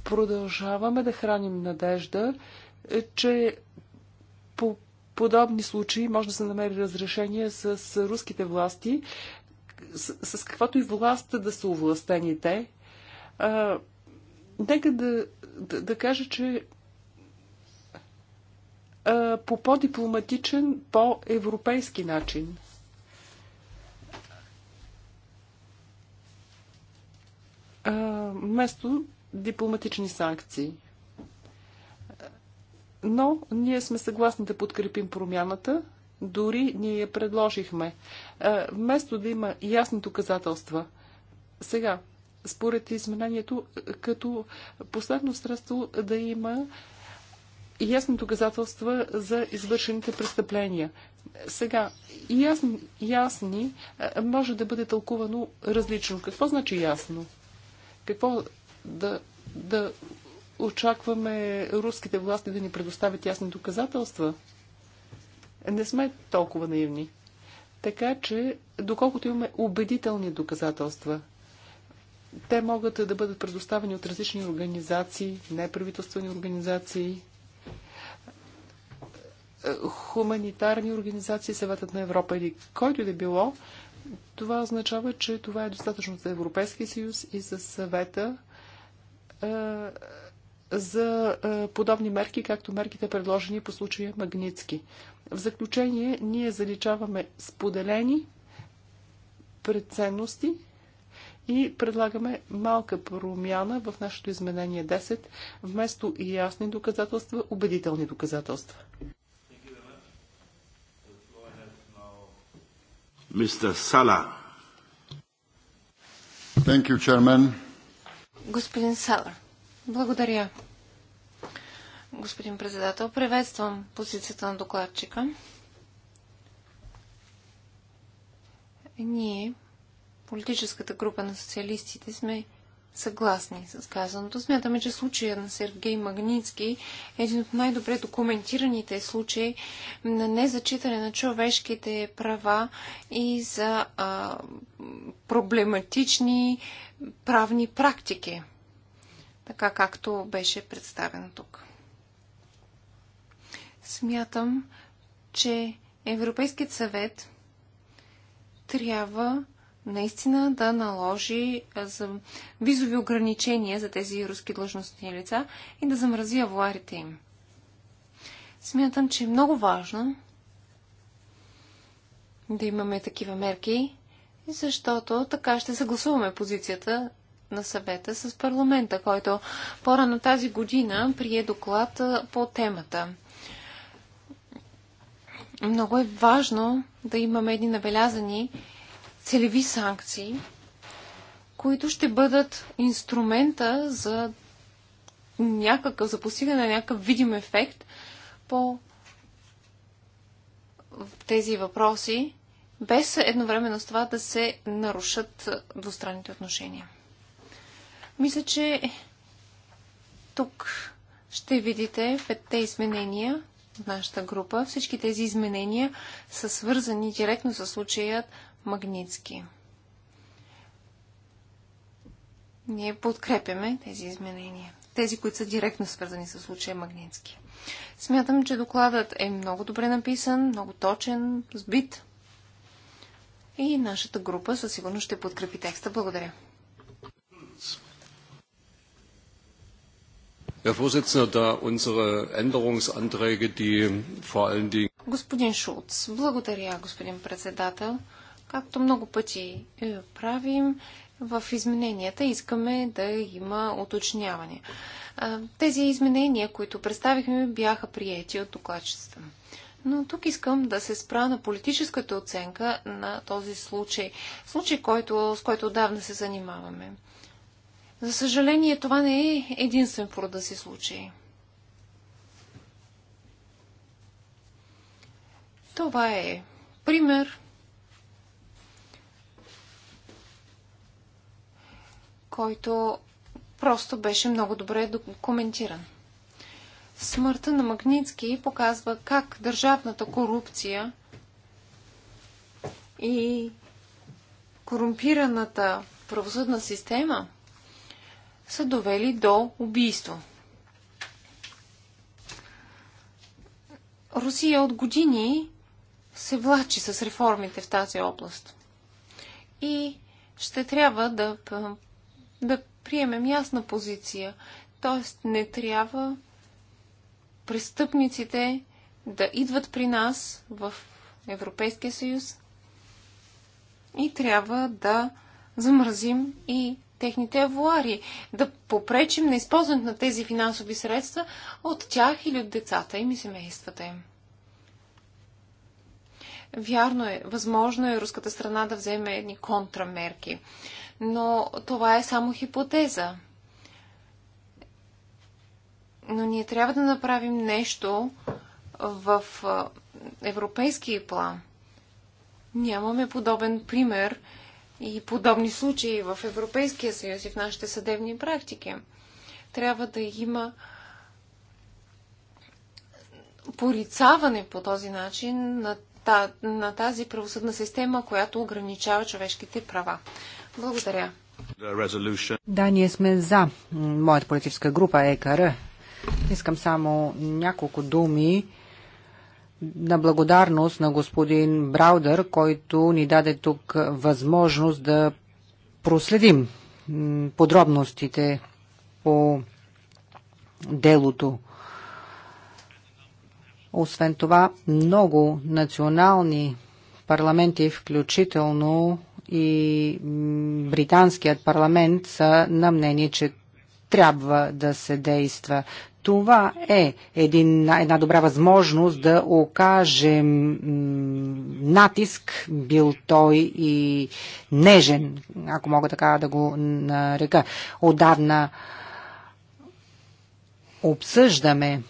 продължаваме да храним надежда, е, че по подобни случаи може да се намери разрешение с руските власти, с, с каквато и власт да са овластените. А, нека да, да, да кажа, че по по-дипломатичен, по-европейски начин. Вместо дипломатични санкции. Но ние сме съгласни да подкрепим промяната, дори ние я предложихме. Вместо да има ясни доказателства. Сега, според изменението, като последно средство да има ясни доказателства за извършените престъпления. Сега, ясни, ясни може да бъде тълкувано различно. Какво значи ясно? Какво да, да очакваме руските власти да ни предоставят ясни доказателства? Не сме толкова наивни. Така че, доколкото имаме убедителни доказателства, те могат да бъдат предоставени от различни организации, неправителствени организации, е, хуманитарни организации, съветът на Европа или който да било, това означава, че това е достатъчно за Европейския съюз и за съвета е, за е, подобни мерки, както мерките предложени по случая Магницки. В заключение, ние заличаваме споделени предценности и предлагаме малка промяна в нашето изменение 10, вместо и ясни доказателства, убедителни доказателства. Mr. Sala. Thank you, Chairman. Господин Салър, благодаря. Господин председател, приветствам позицията на докладчика. Ние, политическата група на социалистите, сме съгласни с казаното. Смятаме, че случая на Сергей Магницки е един от най-добре документираните случаи на незачитане на човешките права и за а, проблематични правни практики, така както беше представено тук. Смятам, че Европейският съвет трябва наистина да наложи за визови ограничения за тези руски длъжностни лица и да замрази авуарите им. Смятам, че е много важно да имаме такива мерки, защото така ще съгласуваме позицията на съвета с парламента, който по-рано тази година прие доклад по темата. Много е важно да имаме едни набелязани целеви санкции, които ще бъдат инструмента за някакъв, за постигане на някакъв видим ефект по тези въпроси, без едновременно с това да се нарушат двустранните отношения. Мисля, че тук ще видите петте изменения в нашата група. Всички тези изменения са свързани директно с случаят Магницки. Ние подкрепяме тези изменения. Тези, които са директно свързани с случая Магницки. Смятам, че докладът е много добре написан, много точен, сбит. И нашата група със сигурност ще подкрепи текста. Благодаря. Господин Шулц, благодаря, господин председател. Както много пъти е, правим, в измененията искаме да има уточняване. Тези изменения, които представихме, бяха приети от докладчеството. Но тук искам да се спра на политическата оценка на този случай. Случай, който, с който отдавна се занимаваме. За съжаление, това не е единствен по да си случай. Това е пример който просто беше много добре документиран. Смъртта на Магницки показва как държавната корупция и корумпираната правосъдна система са довели до убийство. Русия от години се влачи с реформите в тази област. И ще трябва да да приемем ясна позиция. Тоест не трябва престъпниците да идват при нас в Европейския съюз и трябва да замразим и техните авуари, да попречим на използването на тези финансови средства от тях или от децата им и семействата им. Вярно е, възможно е руската страна да вземе едни контрамерки но това е само хипотеза. Но ние трябва да направим нещо в европейски план. Нямаме подобен пример и подобни случаи в Европейския съюз и в нашите съдебни практики. Трябва да има порицаване по този начин на, на тази правосъдна система, която ограничава човешките права. Благодаря. Да, ние сме за. Моята политическа група ЕКР. Искам само няколко думи на благодарност на господин Браудър, който ни даде тук възможност да проследим подробностите по делото. Освен това, много национални парламенти, включително и британският парламент са на мнение, че трябва да се действа. Това е един, една добра възможност да окажем натиск, бил той и нежен, ако мога така да го нарека. Отдавна обсъждаме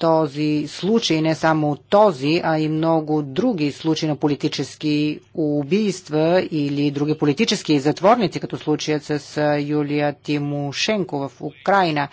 този случай, не само този, а и много други случаи на политически убийства или други политически затворници, като случаят с Юлия Тимошенко в Украина.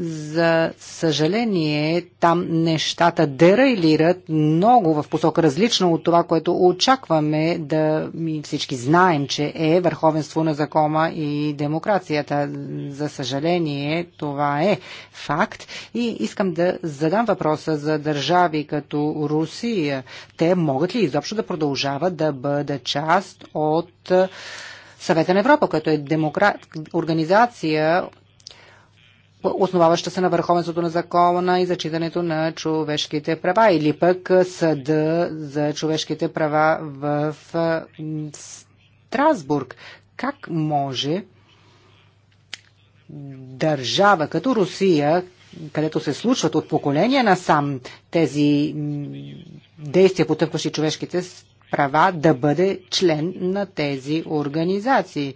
За съжаление, там нещата дерайлират много в посока различна от това, което очакваме да всички знаем, че е върховенство на закона и демокрацията. За съжаление, това е факт и искам да задам въпроса за държави като Русия. Те могат ли изобщо да продължават да бъдат част от Съвета на Европа, като е демокра... организация, основаваща се на върховенството на закона и зачитането на човешките права или пък съда за човешките права в Страсбург. Как може държава като Русия, където се случват от поколения на сам тези действия, потъпващи човешките права, да бъде член на тези организации?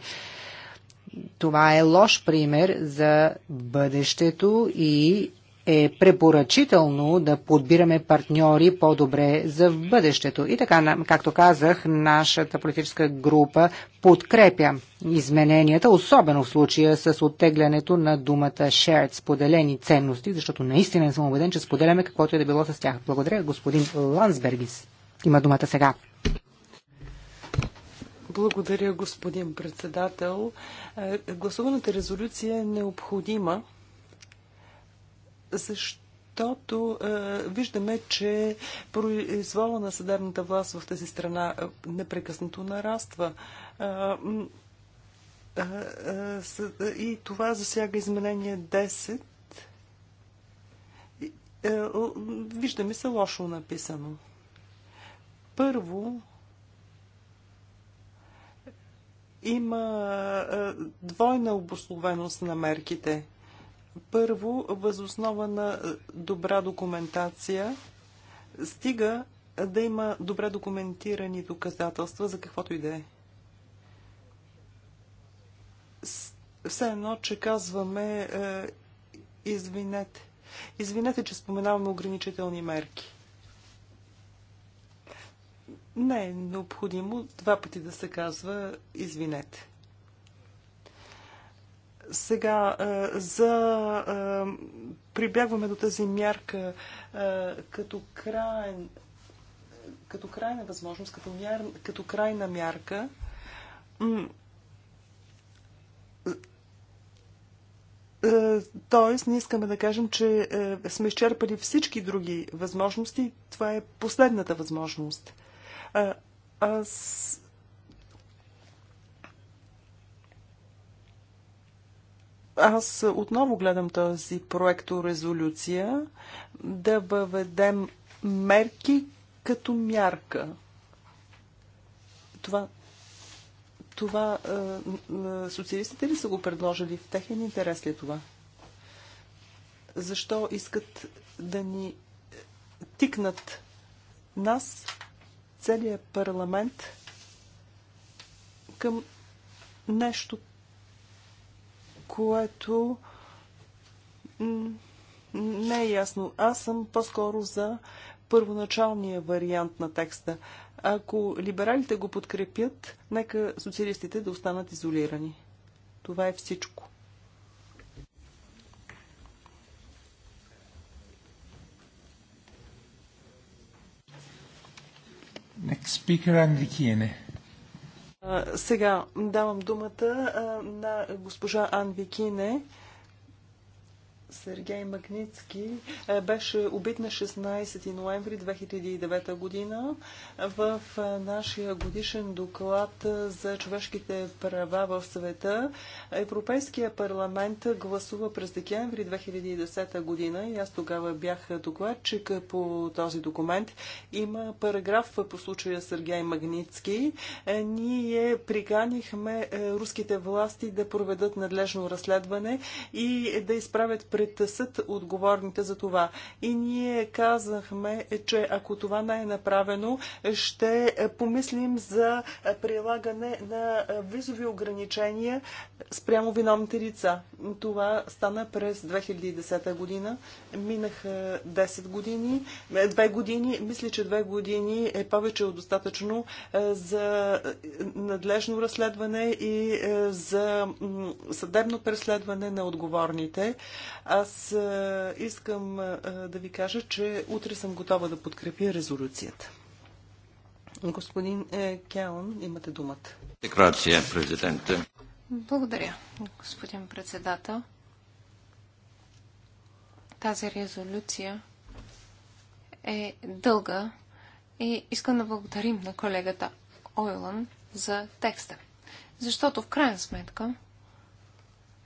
това е лош пример за бъдещето и е препоръчително да подбираме партньори по-добре за в бъдещето. И така, както казах, нашата политическа група подкрепя измененията, особено в случая с оттеглянето на думата shared, споделени ценности, защото наистина не съм убеден, че споделяме каквото е да било с тях. Благодаря, господин Лансбергис. Има думата сега. Благодаря, господин председател. Е, гласуваната резолюция е необходима, защото е, виждаме, че произвола на съдебната власт в тази страна е, непрекъснато нараства. И това засяга изменение 10. Виждаме се лошо написано. Първо, Има двойна обословеност на мерките. Първо, възоснова на добра документация, стига да има добре документирани доказателства за каквото и да е. Все едно, че казваме, е, извинете. Извинете, че споменаваме ограничителни мерки. Не е необходимо два пъти да се казва извинете. Сега, за прибягваме до тази мярка като крайен като крайна възможност, като, мяр, като крайна мярка, Тоест, не искаме да кажем, че сме изчерпали всички други възможности. Това е последната възможност. Аз аз отново гледам този проекто резолюция да въведем мерки като мярка. Това, това е, социалистите ли са го предложили в техен интерес ли е това? Защо искат да ни тикнат нас целият парламент към нещо, което не е ясно. Аз съм по-скоро за първоначалния вариант на текста. Ако либералите го подкрепят, нека социалистите да останат изолирани. Това е всичко. Next speaker, Сега давам думата на госпожа Анвикине. Викине Сергей Магницки е, беше убит на 16 ноември 2009 година. В е, нашия годишен доклад е, за човешките права в света Европейския парламент гласува през декември 2010 година и аз тогава бях докладчик по този документ. Има параграф по случая Сергей Магницки. Ние приганихме руските власти да проведат надлежно разследване и да изправят пред претъсат отговорните за това. И ние казахме, че ако това не е направено, ще помислим за прилагане на визови ограничения спрямо виновните лица. Това стана през 2010 година. Минаха 10 години, 2 е, години. Мисля, че две години е повече от достатъчно е, за надлежно разследване и е, за съдебно преследване на отговорните. Аз искам да ви кажа, че утре съм готова да подкрепя резолюцията. Господин е, Кялан, имате думата. Декларация, президенте. Благодаря, господин председател. Тази резолюция е дълга и искам да благодарим на колегата Ойлан за текста. Защото в крайна сметка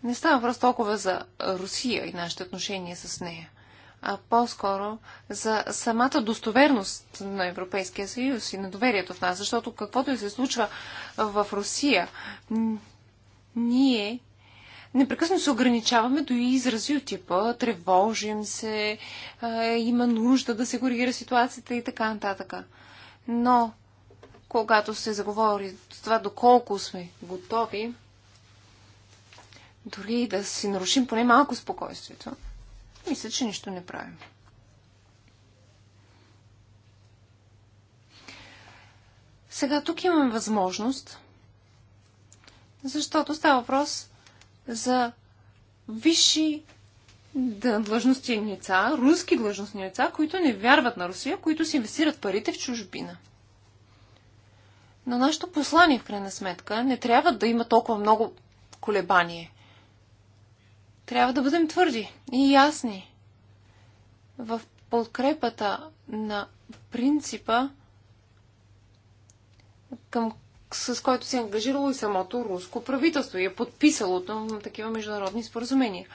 не става просто толкова за Русия и нашите отношения с нея, а по-скоро за самата достоверност на Европейския съюз и на доверието в нас, защото каквото и се случва в Русия, ние непрекъснато се ограничаваме до изрази от типа тревожим се, има нужда да се коригира ситуацията и така нататък. Но, когато се заговори това доколко сме готови, дори да си нарушим поне малко спокойствието, мисля, че нищо не правим. Сега тук имаме възможност, защото става въпрос за висши длъжностни лица, руски длъжностни лица, които не вярват на Русия, които си инвестират парите в чужбина. Но нашето послание, в крайна сметка, не трябва да има толкова много колебание. Трябва да бъдем твърди и ясни в подкрепата на принципа, към, с който се е ангажирало и самото руско правителство и е подписало на такива международни споразумения.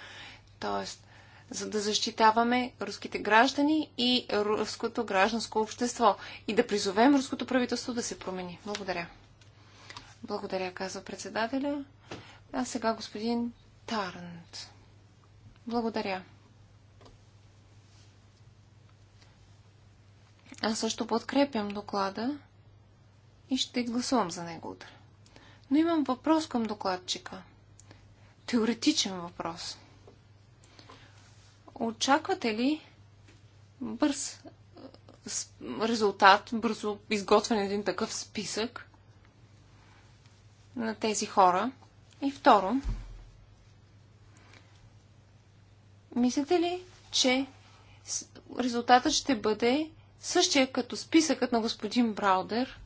Тоест, за да защитаваме руските граждани и руското гражданско общество и да призовем руското правителство да се промени. Благодаря. Благодаря, казва председателя. А сега господин Тарант. Благодаря. Аз също подкрепям доклада и ще гласувам за него утре. Но имам въпрос към докладчика. Теоретичен въпрос. Очаквате ли бърз е, резултат, бързо изготвяне един такъв списък на тези хора? И второ, Мислите ли, че резултатът ще бъде същия като списъкът на господин Браудер?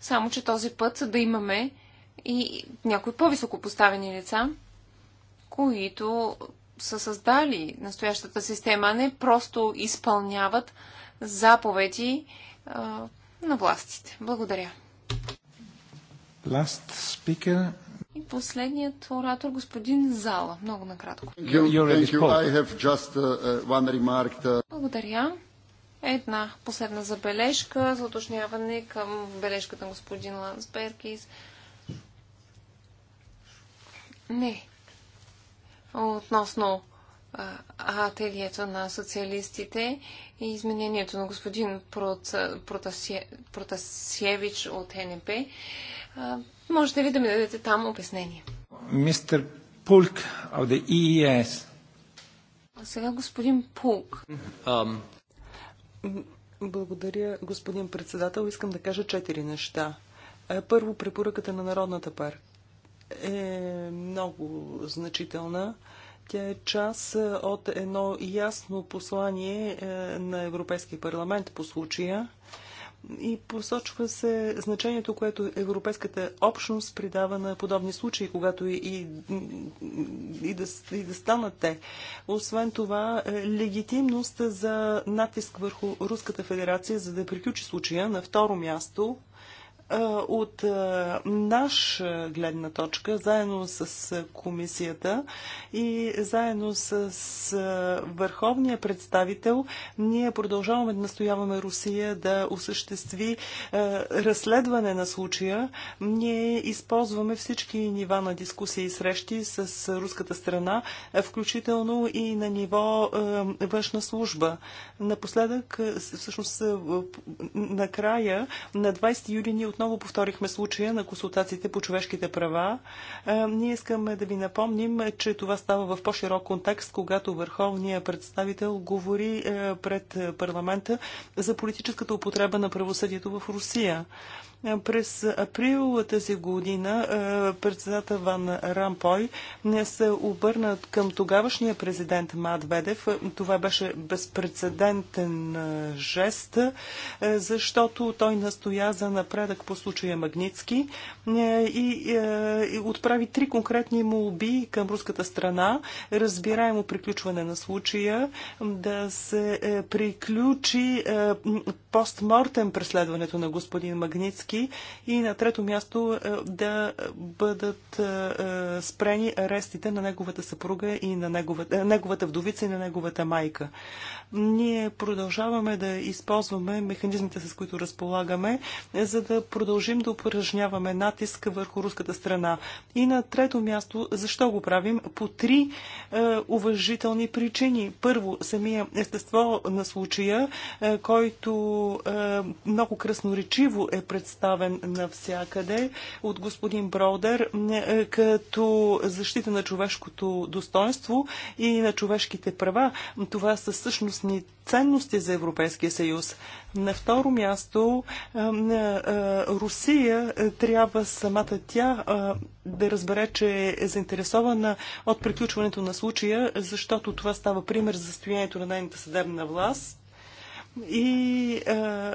Само, че този път да имаме и някои по-високо поставени лица, които са създали настоящата система, а не просто изпълняват заповеди а, на властите. Благодаря. Last speaker, и последният оратор, господин Зала. Много накратко. Uh, uh, uh, Благодаря. Една последна забележка за уточняване към бележката на господин Лансбергис. Не. Относно ателието на социалистите и изменението на господин Протасевич от НП можете ли да ми дадете там обяснение? Мистер Пулк от EES. E а сега господин Пулк. Um... Благодаря, господин председател. Искам да кажа четири неща. Е, първо, препоръката на Народната партия е много значителна. Тя е част е, от едно ясно послание е, на Европейския парламент по случая и посочва се значението, което Европейската общност придава на подобни случаи, когато и, и, и, да, и да станат те. Освен това, е, легитимност за натиск върху Руската федерация, за да приключи случая на второ място – от наша гледна точка, заедно с комисията и заедно с върховния представител, ние продължаваме да настояваме Русия да осъществи разследване на случая. Ние използваме всички нива на дискусии и срещи с руската страна, включително и на ниво външна служба. Напоследък, всъщност, накрая, на 20 юли ние отново повторихме случая на консултациите по човешките права. Е, ние искаме да ви напомним, че това става в по-широк контекст, когато върховният представител говори е, пред парламента за политическата употреба на правосъдието в Русия. През април тази година е, председател Ван Рампой не се обърна към тогавашния президент Мадведев. Това беше безпредседентен е, жест, е, защото той настоя за напредък по случая Магницки и отправи три конкретни молби към руската страна. Разбираемо приключване на случая, да се приключи постмортем преследването на господин Магницки връзки и на трето място е, да бъдат е, е, спрени арестите на неговата съпруга и на неговата, неговата вдовица и на неговата майка. Ние продължаваме да използваме механизмите, с които разполагаме, за да продължим да упражняваме натиск върху руската страна. И на трето място, защо го правим? По три е, уважителни причини. Първо, самия естество на случая, е, който е, много красноречиво е представен представен навсякъде от господин Бродер е, като защита на човешкото достоинство и на човешките права. Това са същностни ценности за Европейския съюз. На второ място, е, е, Русия трябва самата тя да разбере, че е заинтересована от приключването на случая, защото това става пример за състоянието на нейната съдебна власт и а, е,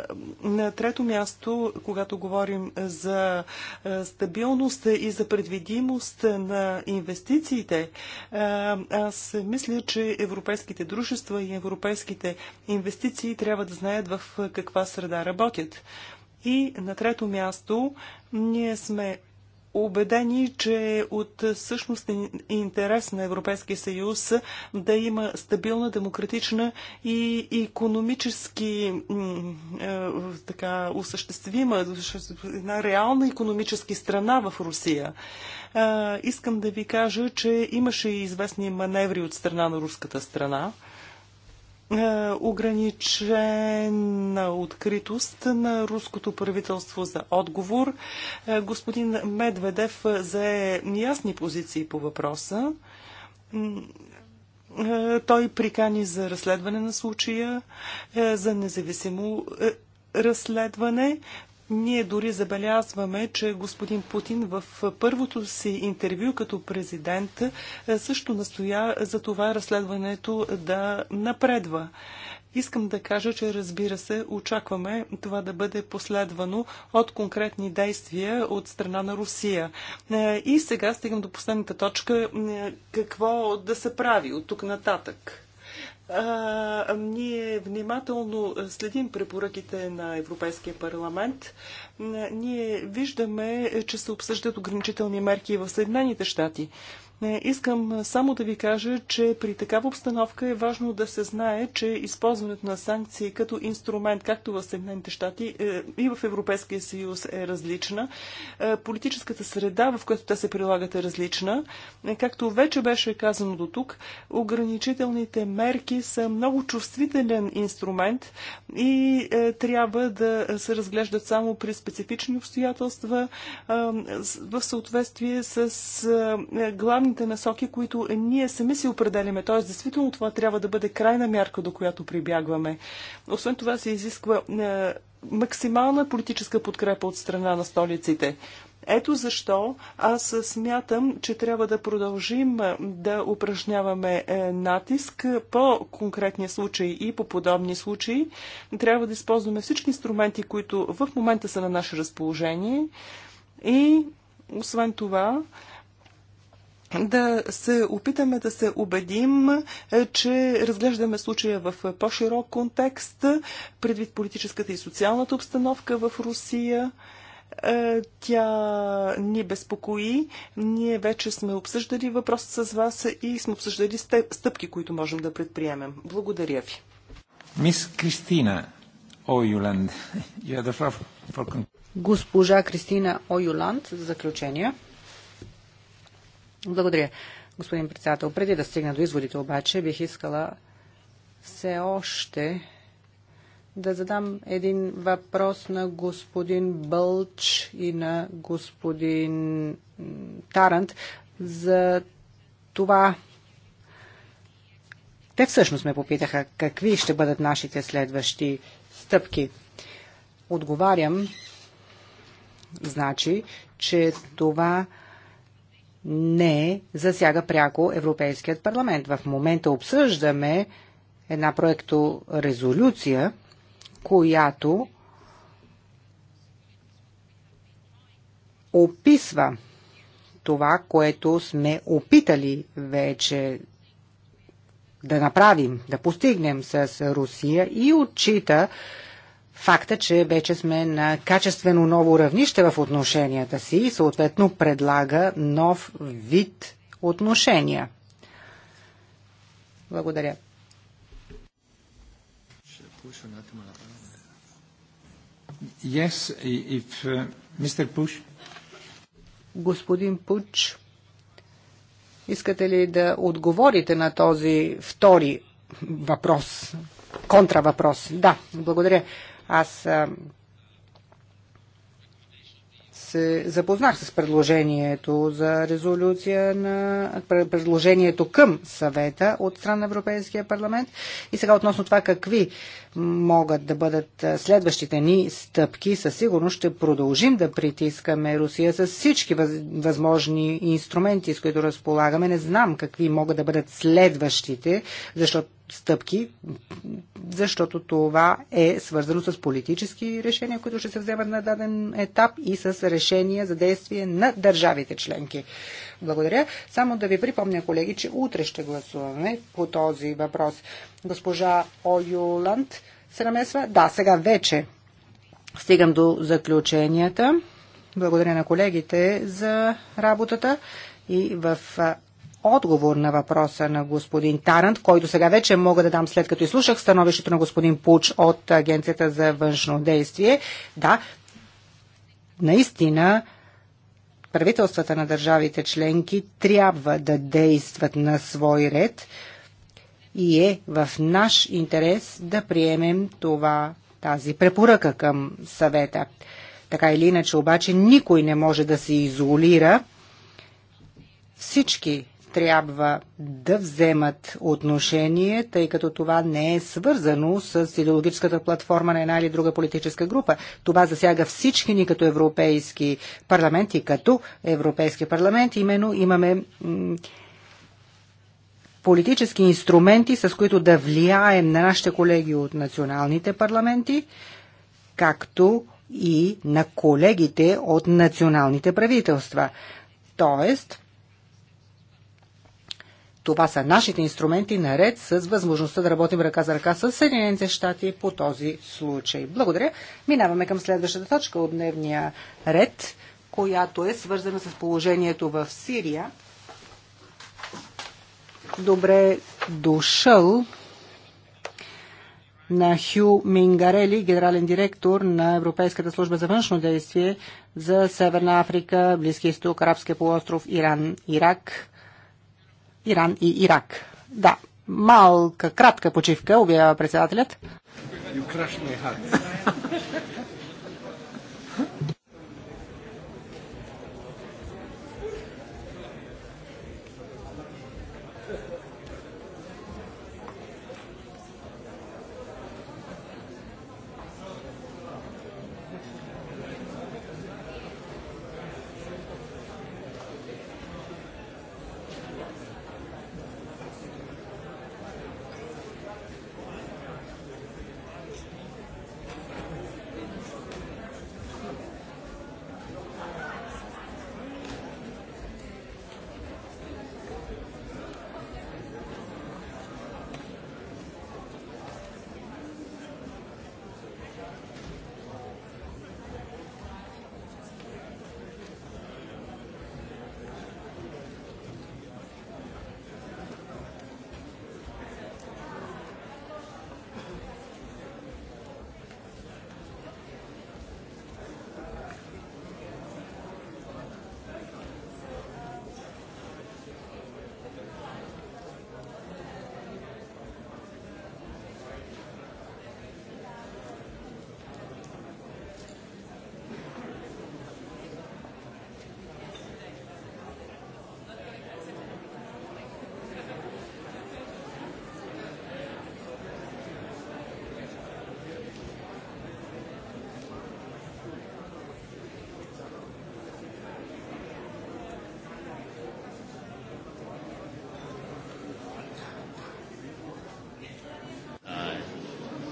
на трето място, когато говорим за е, стабилност и за предвидимост на инвестициите, а, е, аз мисля, че европейските дружества и европейските инвестиции трябва да знаят в каква среда работят. И на трето място, ние сме убедени, че от същност интерес на Европейския съюз да има стабилна, демократична и економически е, така осъществима, една реална економически страна в Русия. Е, искам да ви кажа, че имаше известни маневри от страна на руската страна. Е, ограничена откритост на руското правителство за отговор. Е, господин Медведев зае ясни позиции по въпроса. Е, той прикани за разследване на случая, за независимо разследване. Ние дори забелязваме, че господин Путин в първото си интервю като президент е, също настоя за това разследването да напредва. Искам да кажа, че разбира се, очакваме това да бъде последвано от конкретни действия от страна на Русия. Е, и сега стигам до последната точка. Е, какво да се прави от тук нататък? А, ние внимателно следим препоръките на Европейския парламент. Ние виждаме, че се обсъждат ограничителни мерки в Съединените щати. Искам само да ви кажа, че при такава обстановка е важно да се знае, че използването на санкции като инструмент, както в Съединените щати е, и в Европейския съюз е различна. Е, политическата среда, в която те се прилагат е различна. Е, както вече беше казано до тук, ограничителните мерки са много чувствителен инструмент и трябва да се разглеждат само при специфични обстоятелства в съответствие с главни бюджетните насоки, които ние сами си определяме, Т.е. действително това трябва да бъде крайна мярка, до която прибягваме. Освен това се изисква е, максимална политическа подкрепа от страна на столиците. Ето защо аз смятам, че трябва да продължим е, да упражняваме е, натиск по конкретния случай и по подобни случаи. Трябва да използваме всички инструменти, които в момента са на наше разположение. И освен това, да се опитаме да се убедим, е, че разглеждаме случая в по-широк контекст, предвид политическата и социалната обстановка в Русия. Е, тя ни безпокои. Ние вече сме обсъждали въпроса с вас и сме обсъждали стъпки, които можем да предприемем. Благодаря ви. Мис Кристина Оюланд. [laughs] Госпожа Кристина Ойюланд, за заключение. Благодаря, господин председател. Преди да стигна до изводите обаче, бих искала все още да задам един въпрос на господин Бълч и на господин Тарант за това. Те всъщност ме попитаха какви ще бъдат нашите следващи стъпки. Отговарям, значи, че това не засяга пряко Европейският парламент. В момента обсъждаме една проекто резолюция, която описва това, което сме опитали вече да направим, да постигнем с Русия и отчита факта, че вече сме на качествено ново равнище в отношенията си и съответно предлага нов вид отношения. Благодаря. Yes, if, uh, Mr. Push. Господин Пуч, искате ли да отговорите на този втори въпрос, контравъпрос? Да, благодаря. Аз се запознах с предложението за резолюция на предложението към съвета от страна на Европейския парламент и сега относно това какви могат да бъдат следващите ни стъпки, със сигурност ще продължим да притискаме Русия с всички възможни инструменти, с които разполагаме. Не знам какви могат да бъдат следващите, защото стъпки, защото това е свързано с политически решения, които ще се вземат на даден етап и с решения за действие на държавите членки. Благодаря. Само да ви припомня, колеги, че утре ще гласуваме по този въпрос. Госпожа Оюланд се намесва. Да, сега вече стигам до заключенията. Благодаря на колегите за работата и в отговор на въпроса на господин Тарант, който сега вече мога да дам след като изслушах становището на господин Пуч от Агенцията за външно действие. Да, наистина правителствата на държавите членки трябва да действат на свой ред и е в наш интерес да приемем това, тази препоръка към съвета. Така или иначе обаче никой не може да се изолира. Всички трябва да вземат отношение, тъй като това не е свързано с идеологическата платформа на една или друга политическа група. Това засяга всички ни като Европейски парламенти и като Европейски парламент. Именно имаме политически инструменти, с които да влияем на нашите колеги от националните парламенти, както и на колегите от националните правителства. Тоест, това са нашите инструменти, наред с възможността да работим ръка за ръка с Съединените щати по този случай. Благодаря. Минаваме към следващата точка от дневния ред, която е свързана с положението в Сирия. Добре дошъл на Хю Мингарели, генерален директор на Европейската служба за външно действие за Северна Африка, Близки изток, Арабския полуостров, Иран, Ирак, Иран и Ирак. Да, малка, кратка почивка, обявява председателят.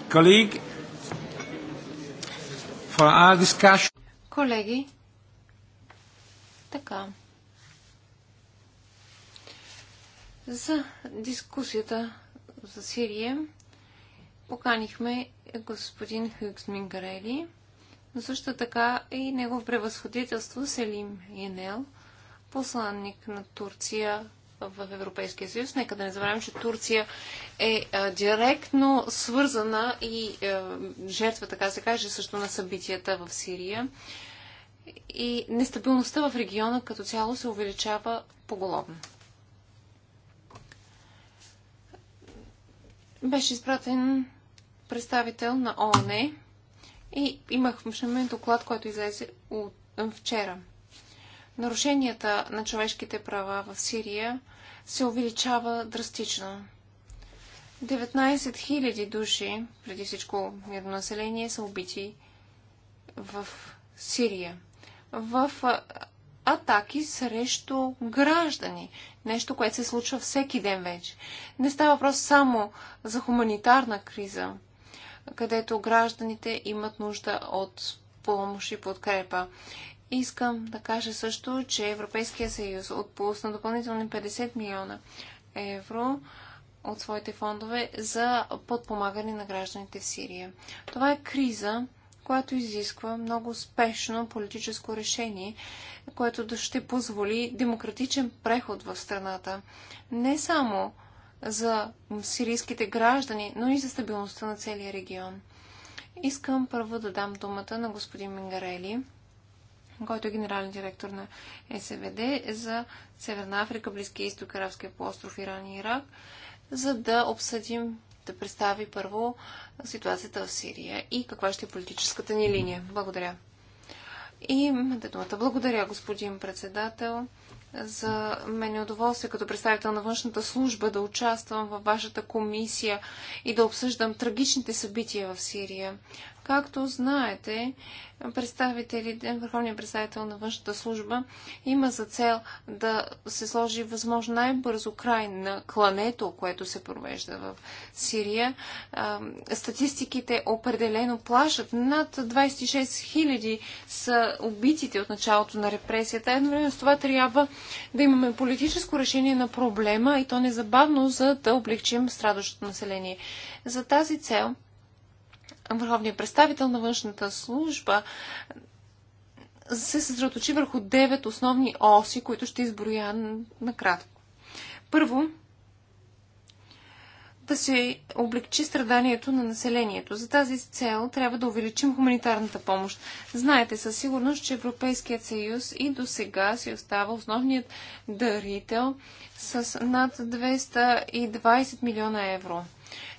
colleague, for our discussion. Колеги, така. За дискусията за Сирия поканихме господин Хюкс Мингарели, но също така и негов превъзходителство Селим Енел, посланник на Турция в Европейския съюз. Нека да не забравим, че Турция е директно свързана и жертва, така се каже, също на събитията в Сирия. И нестабилността в региона като цяло се увеличава поголовно. Беше изпратен представител на ООН и имахме доклад, който излезе от, вчера. Нарушенията на човешките права в Сирия се увеличава драстично. 19 000 души, преди всичко мирно население, са убити в Сирия. В атаки срещу граждани. Нещо, което се случва всеки ден вече. Не става въпрос само за хуманитарна криза, където гражданите имат нужда от помощ и подкрепа. Искам да кажа също, че Европейския съюз отпусна допълнителни 50 милиона евро от своите фондове за подпомагане на гражданите в Сирия. Това е криза, която изисква много спешно политическо решение, което да ще позволи демократичен преход в страната. Не само за сирийските граждани, но и за стабилността на целия регион. Искам първо да дам думата на господин Мингарели който е генерален директор на СВД за Северна Африка, Близкия изток, Арабския полуостров, Иран и Ирак, за да обсъдим, да представи първо ситуацията в Сирия и каква ще е политическата ни линия. Благодаря. И да думата. Благодаря, господин председател. За мен е удоволствие като представител на външната служба да участвам във вашата комисия и да обсъждам трагичните събития в Сирия. Както знаете, представителите, върховният представител на външната служба има за цел да се сложи възможно най-бързо край на клането, което се провежда в Сирия. Статистиките определено плашат. Над 26 000 са убитите от началото на репресията. Едновременно с това трябва да имаме политическо решение на проблема и то незабавно, за да облегчим страдащото население. За тази цел върховният представител на външната служба се съсредоточи върху девет основни оси, които ще изброя накратко. Първо, да се облегчи страданието на населението. За тази цел трябва да увеличим хуманитарната помощ. Знаете със сигурност, че Европейският съюз и до сега си остава основният дарител с над 220 милиона евро.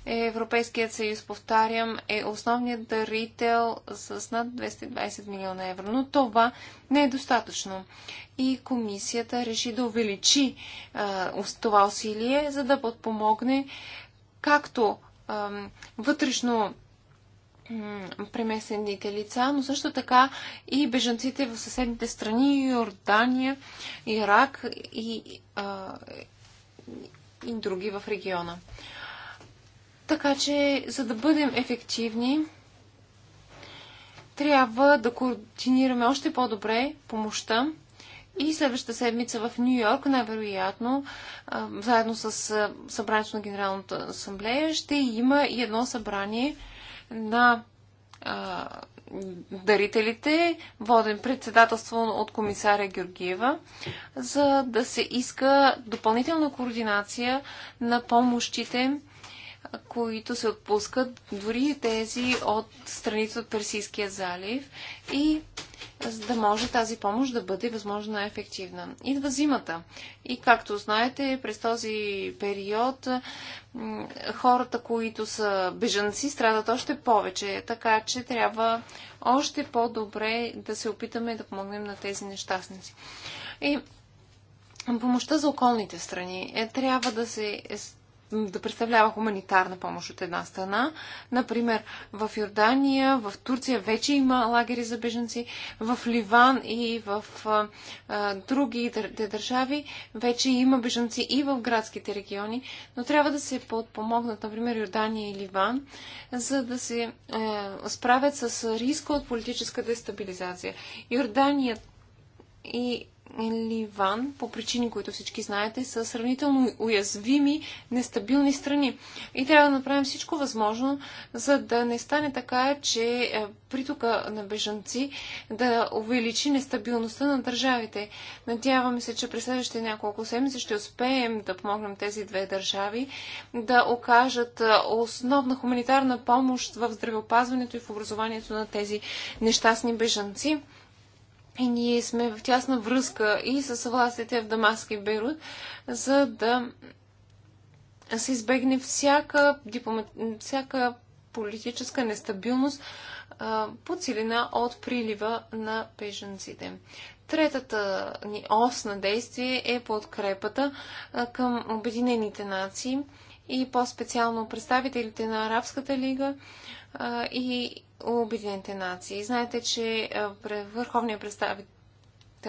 Европейският съюз, повтарям, е основният дарител с над 220 милиона евро. Но това не е достатъчно. И комисията реши да увеличи а, това усилие, за да подпомогне както а, вътрешно преместените лица, но също така и бежанците в съседните страни Йордания, Ирак и, а, и други в региона. Така че, за да бъдем ефективни, трябва да координираме още по-добре помощта. И следващата седмица в Нью Йорк, най-вероятно, заедно с събранието на Генералната асамблея, ще има и едно събрание на а, дарителите, воден председателство от комисаря Георгиева, за да се иска допълнителна координация на помощите които се отпускат дори тези от страните от Персийския залив и за да може тази помощ да бъде възможно най-ефективна. Идва зимата и както знаете, през този период хората, които са бежанци, страдат още повече, така че трябва още по-добре да се опитаме да помогнем на тези нещастници. И помощта за околните страни е, трябва да се да представлява хуманитарна помощ от една страна. Например, в Йордания, в Турция вече има лагери за беженци, в Ливан и в а, а, други държави вече има беженци и в градските региони, но трябва да се подпомогнат, например, Йордания и Ливан, за да се е, справят с риска от политическа дестабилизация. Йордания и Ливан, по причини, които всички знаете, са сравнително уязвими, нестабилни страни. И трябва да направим всичко възможно, за да не стане така, че е, притока на бежанци да увеличи нестабилността на държавите. Надяваме се, че през следващите няколко седмици ще успеем да помогнем тези две държави да окажат е, основна хуманитарна помощ в здравеопазването и в образованието на тези нещастни бежанци и ние сме в тясна връзка и с властите в Дамаск и Бейрут, за да се избегне всяка, дипломат... всяка политическа нестабилност по подсилена от прилива на беженците. Третата ни ос на действие е подкрепата към Обединените нации и по-специално представителите на Арабската лига, и Обединените нации. Знаете, че Върховният представител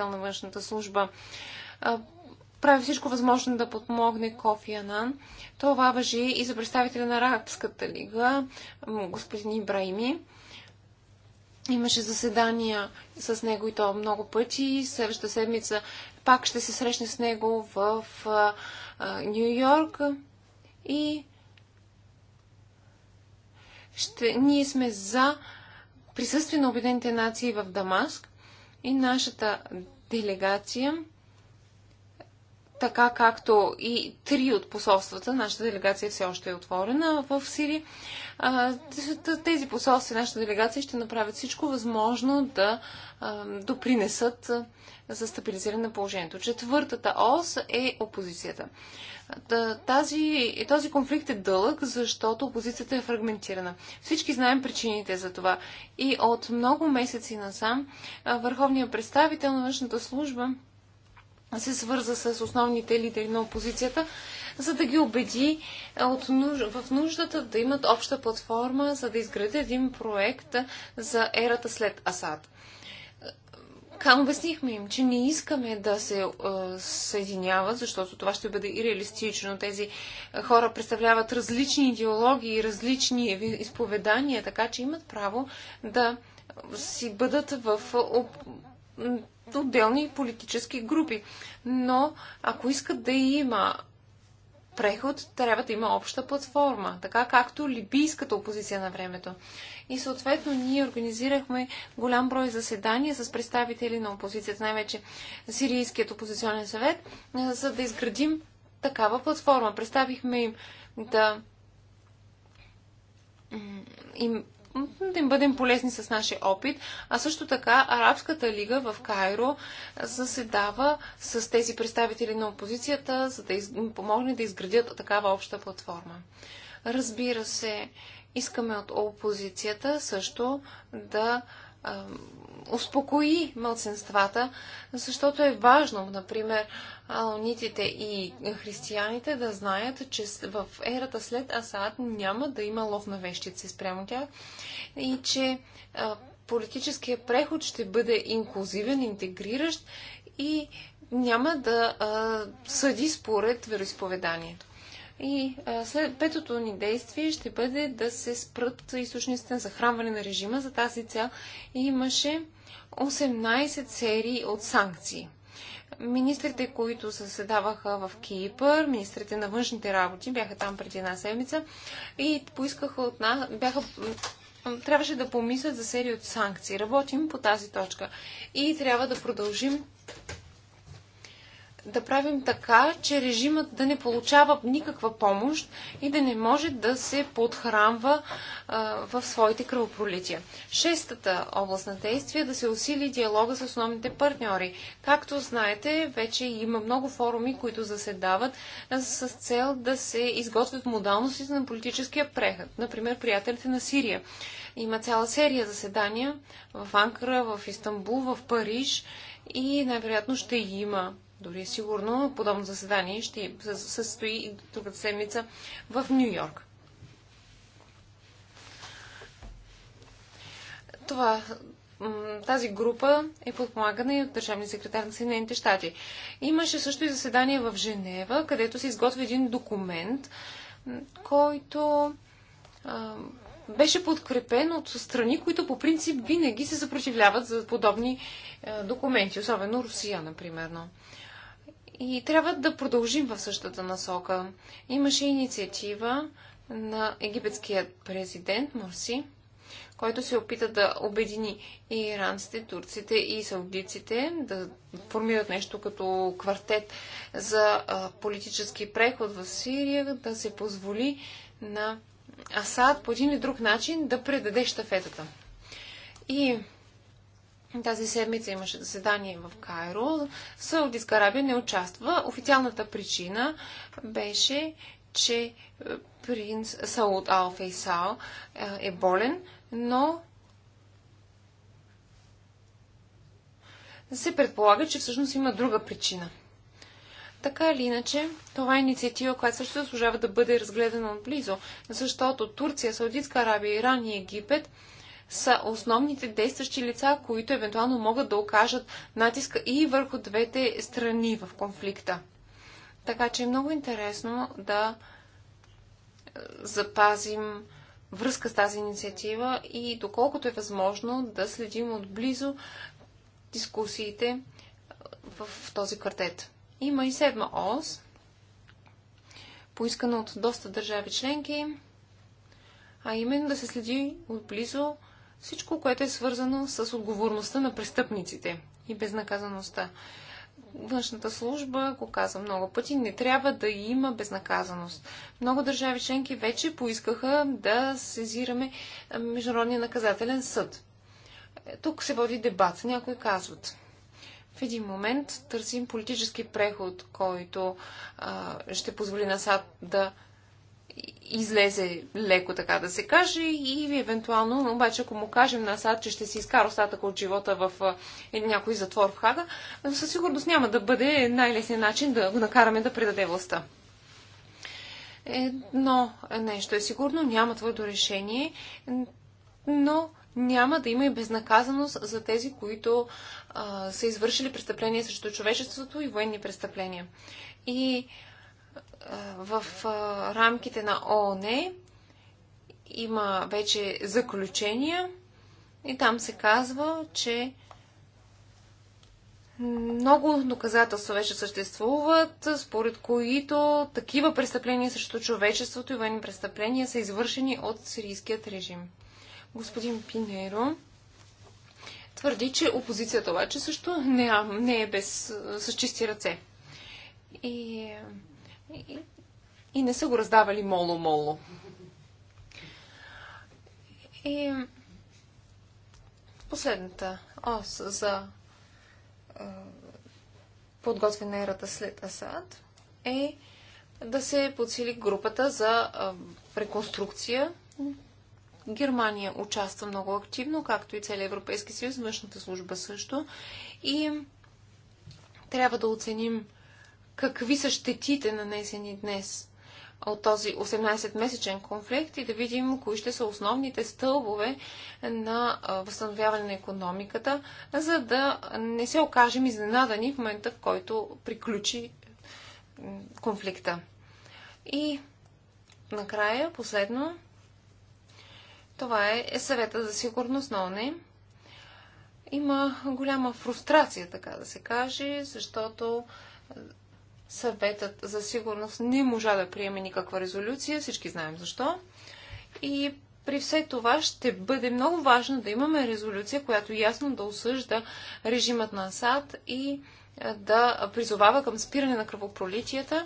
на външната служба прави всичко възможно да подмогне Кофи Анан. Това въжи и за представителя на Арабската лига, господин Ибраими. Имаше заседания с него и то много пъти. Следващата седмица пак ще се срещне с него в Нью Йорк. И ще, ние сме за присъствие на Обединените нации в Дамаск и нашата делегация, така както и три от посолствата, нашата делегация все още е отворена в Сирия, тези посолства и нашата делегация ще направят всичко възможно да допринесат за стабилизиране на положението. Четвъртата ос е опозицията. Тази, този конфликт е дълъг, защото опозицията е фрагментирана. Всички знаем причините за това. И от много месеци насам върховният представител на външната служба се свърза с основните лидери на опозицията, за да ги убеди от нуж... в нуждата да имат обща платформа, за да изградят един проект за ерата след Асад. Така обяснихме им, че не искаме да се а, съединяват, защото това ще бъде и реалистично. Тези хора представляват различни идеологии, различни изповедания, така че имат право да си бъдат в отделни политически групи. Но ако искат да има преход трябва да има обща платформа, така както либийската опозиция на времето. И съответно ние организирахме голям брой заседания с представители на опозицията, най-вече Сирийският опозиционен съвет, за да изградим такава платформа. Представихме им да им да им бъдем полезни с нашия опит. А също така Арабската лига в Кайро заседава с тези представители на опозицията, за да им помогне да изградят такава обща платформа. Разбира се, искаме от опозицията също да успокои мълценствата, защото е важно, например, алонитите и християните да знаят, че в ерата след Асад няма да има лов на вещици спрямо тях и че политическия преход ще бъде инклюзивен, интегриращ и няма да а, съди според вероисповеданието. И а, след петото ни действие ще бъде да се спрат източниците на захранване на режима. За тази цел имаше 18 серии от санкции. Министрите, които съседаваха в Кипър, министрите на външните работи, бяха там преди една седмица и поискаха от нас, бяха трябваше да помислят за серия от санкции. Работим по тази точка и трябва да продължим да правим така, че режимът да не получава никаква помощ и да не може да се подхранва а, в своите кръвопролития. Шестата област на действие е да се усили диалога с основните партньори. Както знаете, вече има много форуми, които заседават с цел да се изготвят модалностите на политическия преход. Например, приятелите на Сирия. Има цяла серия заседания в Анкара, в Истанбул, в Париж и най-вероятно ще има дори сигурно подобно заседание ще се състои и другата седмица в Нью Йорк. Това, тази група е подпомагана и от държавния секретар на Съединените щати. Имаше също и заседание в Женева, където се изготви един документ, който а, беше подкрепен от страни, които по принцип винаги се съпротивляват за подобни а, документи, особено Русия, например. И трябва да продължим в същата насока. Имаше инициатива на египетският президент Морси, който се опита да обедини и иранците, турците и саудиците, да формират нещо като квартет за политически преход в Сирия, да се позволи на Асад по един или друг начин да предаде щафетата. И тази седмица имаше заседание в Кайро. Саудитска Арабия не участва. Официалната причина беше, че е, принц Сауд Алфейсал е, е болен, но се предполага, че всъщност има друга причина. Така или иначе, това е инициатива, която също заслужава да бъде разгледана отблизо, защото Турция, Саудитска Арабия, Иран и Египет – са основните действащи лица, които евентуално могат да окажат натиска и върху двете страни в конфликта. Така че е много интересно да е, запазим връзка с тази инициатива и доколкото е възможно да следим отблизо дискусиите е, в този квартет. Има и седма ОС, поискана от доста държави членки, а именно да се следи отблизо всичко, което е свързано с отговорността на престъпниците и безнаказаността. Външната служба ако каза много пъти, не трябва да има безнаказаност. Много държави членки вече поискаха да сезираме Международния наказателен съд. Е, тук се води дебат. Някои казват, в един момент търсим политически преход, който а, ще позволи Насад да излезе леко, така да се каже, и евентуално, обаче, ако му кажем на Асад, че ще си изкара остатък от живота в е, някой затвор в Хага, със сигурност няма да бъде най-лесният начин да го накараме да предаде властта. Едно нещо е сигурно, няма твърдо решение, но няма да има и безнаказаност за тези, които а, са извършили престъпления срещу човечеството и военни престъпления. И в рамките на ООН има вече заключения и там се казва, че много доказателства вече съществуват, според които такива престъпления срещу човечеството и военни престъпления са извършени от сирийският режим. Господин Пинеро твърди, че опозицията обаче също не, не е без, с чисти ръце. И и, и не са го раздавали моло-моло. И последната ос за подготвяне ерата след Асад е да се подсили групата за реконструкция. Германия участва много активно, както и целият Европейски съюз, външната служба също. И трябва да оценим какви са щетите нанесени днес от този 18-месечен конфликт и да видим кои ще са основните стълбове на възстановяване на економиката, за да не се окажем изненадани в момента, в който приключи конфликта. И накрая, последно, това е съвета за сигурност на ОНЕ. Има голяма фрустрация, така да се каже, защото съветът за сигурност не можа да приеме никаква резолюция, всички знаем защо. И при все това ще бъде много важно да имаме резолюция, която ясно да осъжда режимът на Асад и да призовава към спиране на кръвопролитията,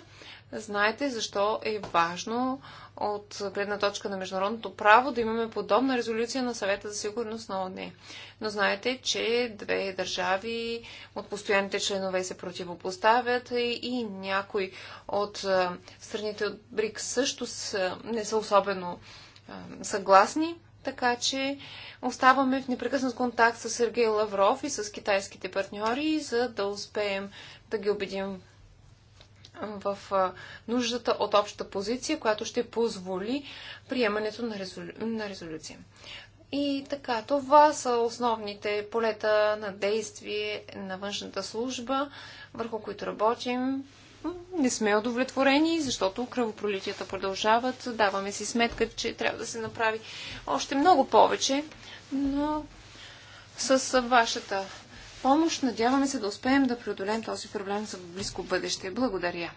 Знаете защо е важно от гледна точка на международното право да имаме подобна резолюция на съвета за сигурност на ОНЕ. Но знаете, че две държави от постоянните членове се противопоставят и някои от страните от БРИК също не са особено съгласни. Така че оставаме в непрекъснат контакт с Сергей Лавров и с китайските партньори, за да успеем да ги убедим в нуждата от обща позиция, която ще позволи приемането на, резолю... на резолюция. И така, това са основните полета на действие на външната служба, върху които работим. Не сме удовлетворени, защото кръвопролитията продължават. Даваме си сметка, че трябва да се направи още много повече, но с вашата помощ. Надяваме се да успеем да преодолеем този проблем за близко бъдеще. Благодаря.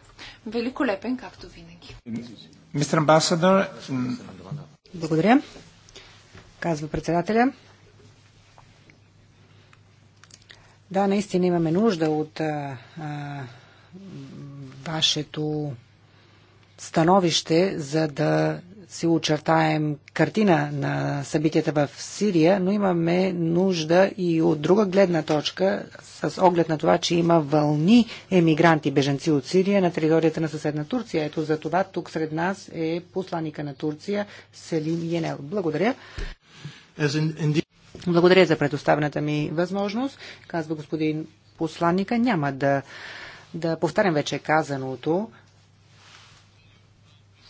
Великолепен, както винаги. Мистер Амбасадор. Благодаря. Казва председателя. Да, наистина имаме нужда от а, а, вашето становище, за да си очертаем картина на събитията в Сирия, но имаме нужда и от друга гледна точка, с оглед на това, че има вълни емигранти, беженци от Сирия на територията на съседна Турция. Ето за това тук сред нас е посланика на Турция Селим Йенел. Благодаря. Благодаря за предоставената ми възможност. Казва господин посланника. Няма да, да повтарям вече казаното.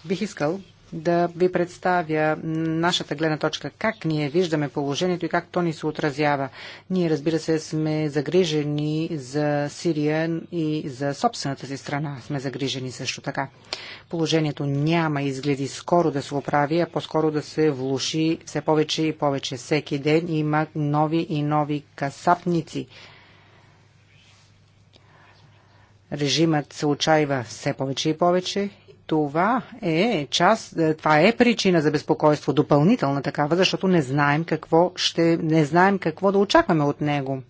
Бих искал да ви представя нашата гледна точка, как ние виждаме положението и как то ни се отразява. Ние, разбира се, сме загрижени за Сирия и за собствената си страна. Сме загрижени също така. Положението няма изгледи скоро да се оправи, а по-скоро да се влуши все повече и повече. Всеки ден има нови и нови касапници. Режимът се отчаива все повече и повече това е част, е, това е причина за безпокойство, допълнителна такава, защото не знаем какво ще, не знаем какво да очакваме от него.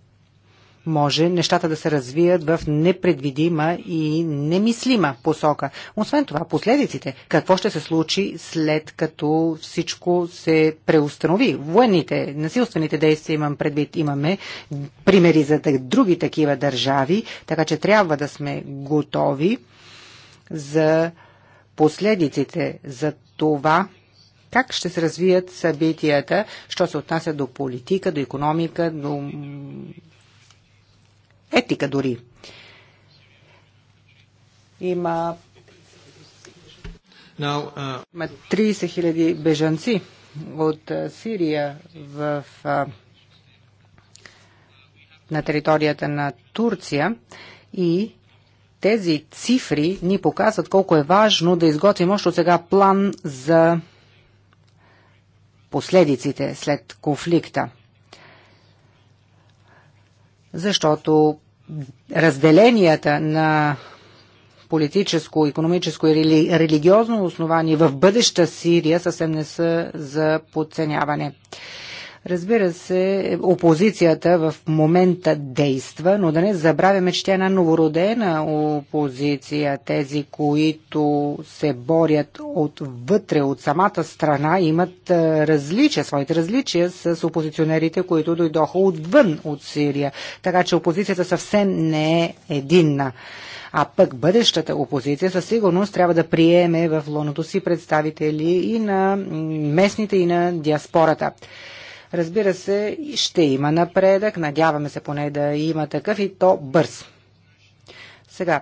Може нещата да се развият в непредвидима и немислима посока. Освен това, последиците. Какво ще се случи след като всичко се преустанови? Военните, насилствените действия имам предвид. Имаме примери за други такива държави, така че трябва да сме готови за последиците за това, как ще се развият събитията, що се отнася до политика, до економика, до етика дори. Има Now, uh... Има 30 000 бежанци от Сирия в, на територията на Турция и тези цифри ни показват колко е важно да изготвим още от сега план за последиците след конфликта. Защото разделенията на политическо, економическо и рели... религиозно основание в бъдеща Сирия съвсем не са за подценяване. Разбира се, опозицията в момента действа, но да не забравяме, че тя е една новородена опозиция. Тези, които се борят отвътре, от самата страна, имат различия, своите различия с опозиционерите, които дойдоха отвън от Сирия. Така че опозицията съвсем не е единна. А пък бъдещата опозиция със сигурност трябва да приеме в лоното си представители и на местните, и на диаспората. Разбира се, ще има напредък, надяваме се поне да има такъв и то бърз. Сега,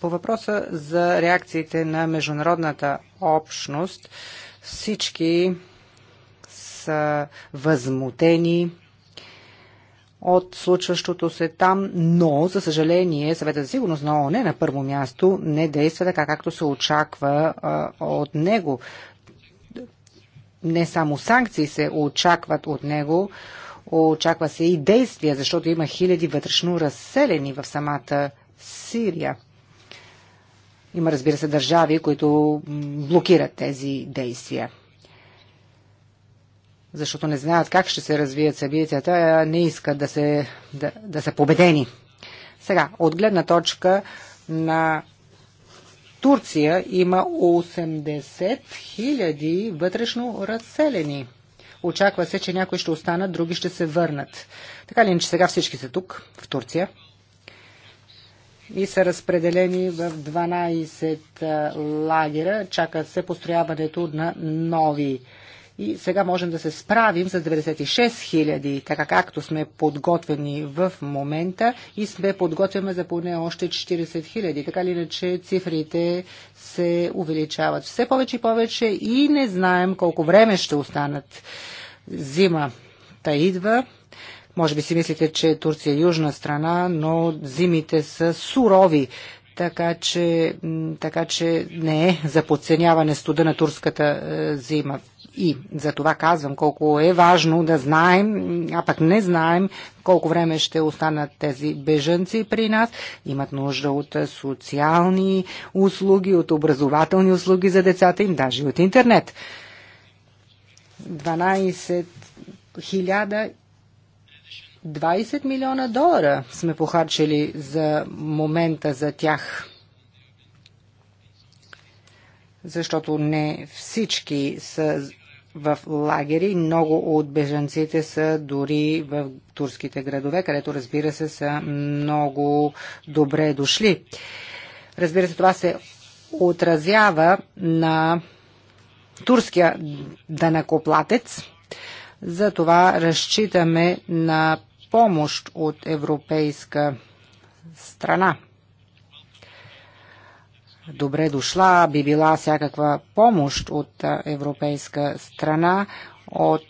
по въпроса за реакциите на международната общност, всички са възмутени от случващото се там, но, за съжаление, съвета за сигурност на ООН е на първо място не действа така, както се очаква а, от него не само санкции се очакват от него, очаква се и действия, защото има хиляди вътрешно разселени в самата Сирия. Има, разбира се, държави, които блокират тези действия. Защото не знаят как ще се развият събитията, не искат да, се, да, да са победени. Сега, от гледна точка на Турция има 80 000 вътрешно разселени. Очаква се, че някои ще останат, други ще се върнат. Така ли, че сега всички са тук, в Турция? и са разпределени в 12 лагера. Чака се построяването на нови и сега можем да се справим с 96 хиляди, така както сме подготвени в момента и сме подготвяме за поне още 40 хиляди. Така ли иначе цифрите се увеличават все повече и повече и не знаем колко време ще останат. Зима та идва. Може би си мислите, че Турция е южна страна, но зимите са сурови така че, така че не е за подценяване студа на турската е, зима. И за това казвам колко е важно да знаем, а пък не знаем колко време ще останат тези бежанци при нас. Имат нужда от социални услуги, от образователни услуги за децата им, даже от интернет. 12 000 20 милиона долара сме похарчили за момента за тях. Защото не всички са в лагери. Много от бежанците са дори в турските градове, където разбира се са много добре дошли. Разбира се, това се отразява на турския данакоплатец. Затова разчитаме на помощ от европейска страна добре дошла би била всякаква помощ от европейска страна, от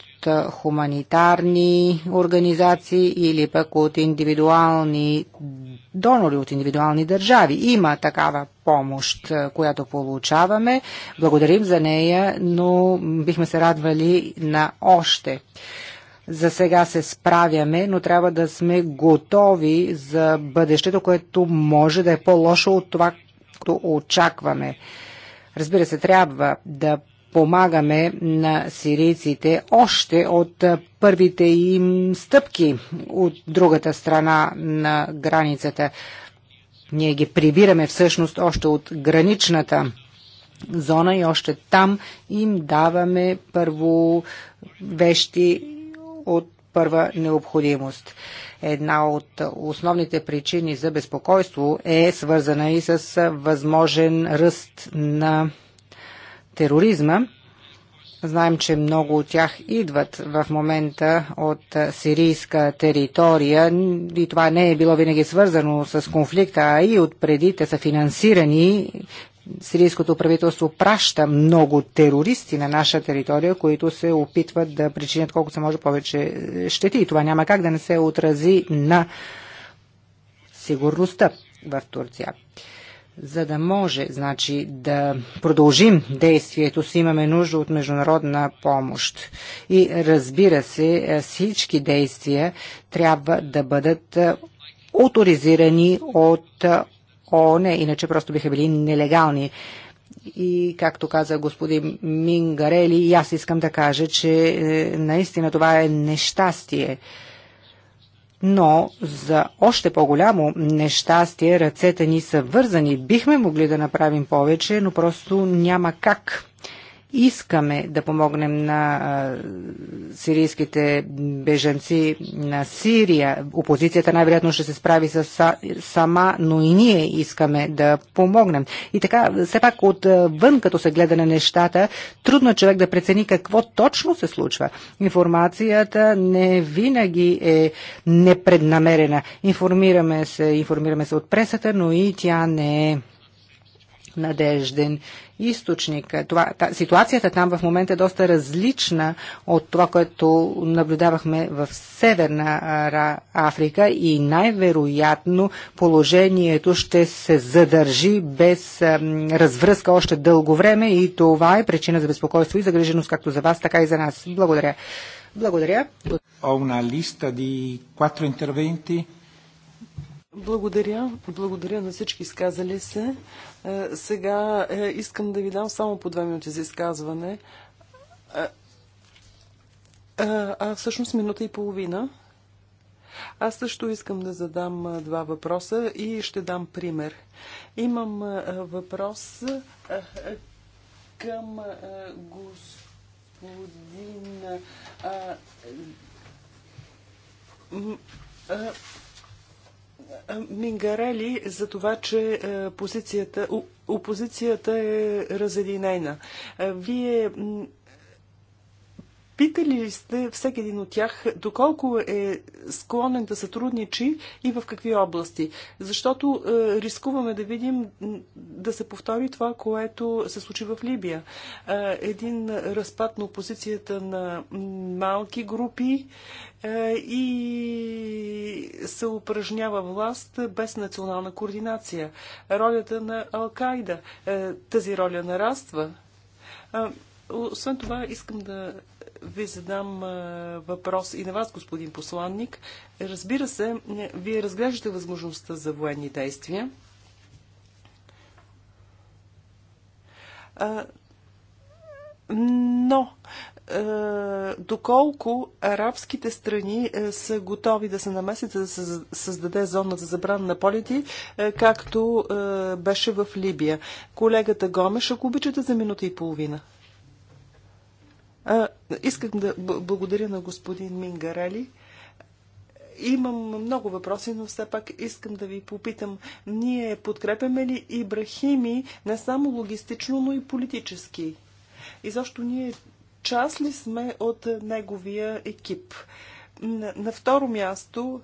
хуманитарни организации или пък от индивидуални донори, от индивидуални държави. Има такава помощ, която получаваме. Благодарим за нея, но бихме се радвали на още. За сега се справяме, но трябва да сме готови за бъдещето, което може да е по-лошо от това, което очакваме. Разбира се, трябва да помагаме на сирийците още от първите им стъпки от другата страна на границата. Ние ги прибираме всъщност още от граничната зона и още там им даваме първо вещи от първа необходимост. Една от основните причини за безпокойство е свързана и с възможен ръст на тероризма. Знаем, че много от тях идват в момента от сирийска територия и това не е било винаги свързано с конфликта, а и отпреди те са финансирани сирийското правителство праща много терористи на наша територия, които се опитват да причинят колко се може повече е, щети. И това няма как да не се отрази на сигурността в Турция. За да може, значи, да продължим действието си, имаме нужда от международна помощ. И разбира се, е, всички действия трябва да бъдат е, авторизирани от ООН, иначе просто биха били нелегални. И както каза господин Мингарели, и аз искам да кажа, че е, наистина това е нещастие. Но за още по-голямо нещастие ръцете ни са вързани. Бихме могли да направим повече, но просто няма как искаме да помогнем на сирийските беженци на Сирия. Опозицията най-вероятно ще се справи с сама, но и ние искаме да помогнем. И така, все пак отвън, като се гледа на нещата, трудно е човек да прецени какво точно се случва. Информацията не винаги е непреднамерена. Информираме се, информираме се от пресата, но и тя не е надежден източник. Това, та, ситуацията там в момента е доста различна от това, което наблюдавахме в Северна Африка и най-вероятно положението ще се задържи без а, развръзка още дълго време и това е причина за безпокойство и загриженост както за вас, така и за нас. Благодаря. Благодаря. Ho una lista di quattro Благодаря. Благодаря на всички изказали се. Е, сега е, искам да ви дам само по две минути за изказване. Е, а всъщност минута и половина. Аз също искам да задам два въпроса и ще дам пример. Имам въпрос към господин е, мингарели за това, че е, позицията, опозицията е разединена. Е, вие Питали сте всеки един от тях доколко е склонен да сътрудничи и в какви области? Защото е, рискуваме да видим да се повтори това, което се случи в Либия. Е, един разпад на опозицията на малки групи е, и се упражнява власт без национална координация. Ролята на Алкайда, Е, тази роля нараства. Е, освен това, искам да ви задам въпрос и на вас, господин посланник. Разбира се, вие разглеждате възможността за военни действия. Но доколко арабските страни са готови да се намесят, да се създаде зона за забрана на полети, както беше в Либия. Колегата Гомеш, ако обичате за минута и половина. А, искам да благодаря на господин Мингарели. Имам много въпроси, но все пак искам да ви попитам. Ние подкрепяме ли Ибрахими не само логистично, но и политически? И защо ние част ли сме от неговия екип? На, на второ място,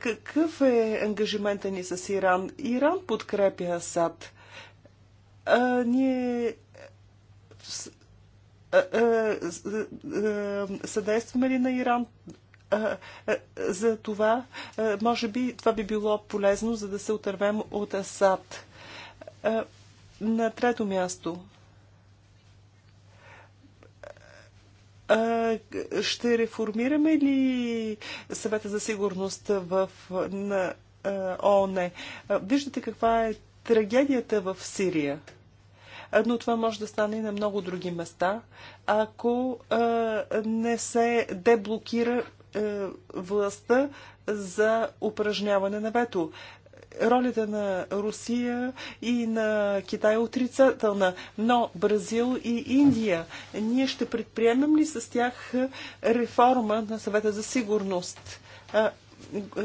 какъв е ангажимента ни с Иран? Иран подкрепя Асад. А, ние е, е, е, съдействаме ли на Иран за това, може би това би било полезно, за да се отървем от Асад. На трето място. Ще реформираме ли съвета за сигурност в, на ООН? Виждате каква е трагедията в Сирия но това може да стане и на много други места, ако не се деблокира властта за упражняване на вето ролята на Русия и на Китай е отрицателна, но Бразил и Индия, ние ще предприемем ли с тях реформа на съвета за сигурност?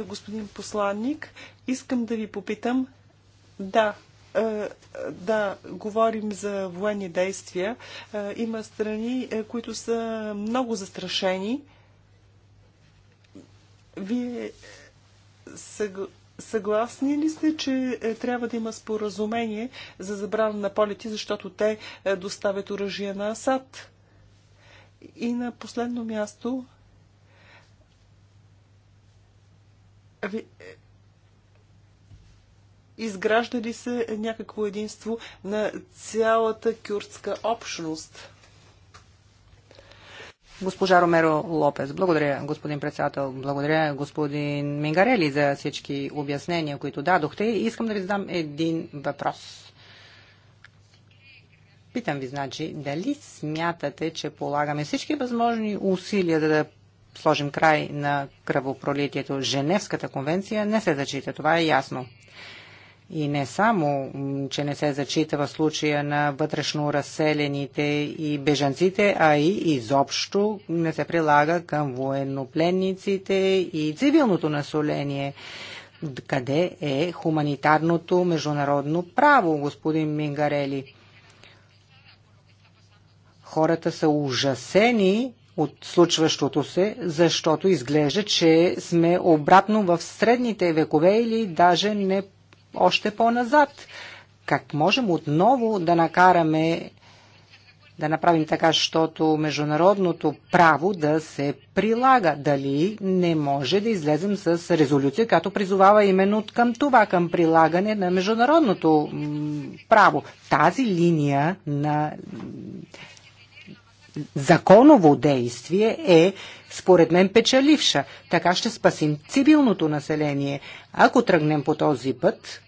Господин посланник, искам да ви попитам, да, е, да, говорим за военни действия. Е, има страни, е, които са много застрашени. Вие съгласни ли сте, че трябва да има споразумение за забрана на полети, защото те доставят оръжие на Асад? И на последно място, изгражда ли се някакво единство на цялата кюртска общност? Госпожа Ромеро Лопес. Благодаря, господин председател. Благодаря, господин Мингарели, за всички обяснения, които дадохте. И искам да ви задам един въпрос. Питам ви, значи, дали смятате, че полагаме всички възможни усилия да, да сложим край на кръвопролитието? Женевската конвенция не се зачита, това е ясно. И не само, че не се зачита в случая на вътрешно разселените и бежанците, а и изобщо не се прилага към военнопленниците и цивилното население. Къде е хуманитарното международно право, господин Мингарели? Хората са ужасени от случващото се, защото изглежда, че сме обратно в средните векове или даже не още по-назад. Как можем отново да накараме да направим така, защото международното право да се прилага. Дали не може да излезем с резолюция, която призовава именно към това, към прилагане на международното право. Тази линия на законово действие е според мен печеливша. Така ще спасим цивилното население. Ако тръгнем по този път,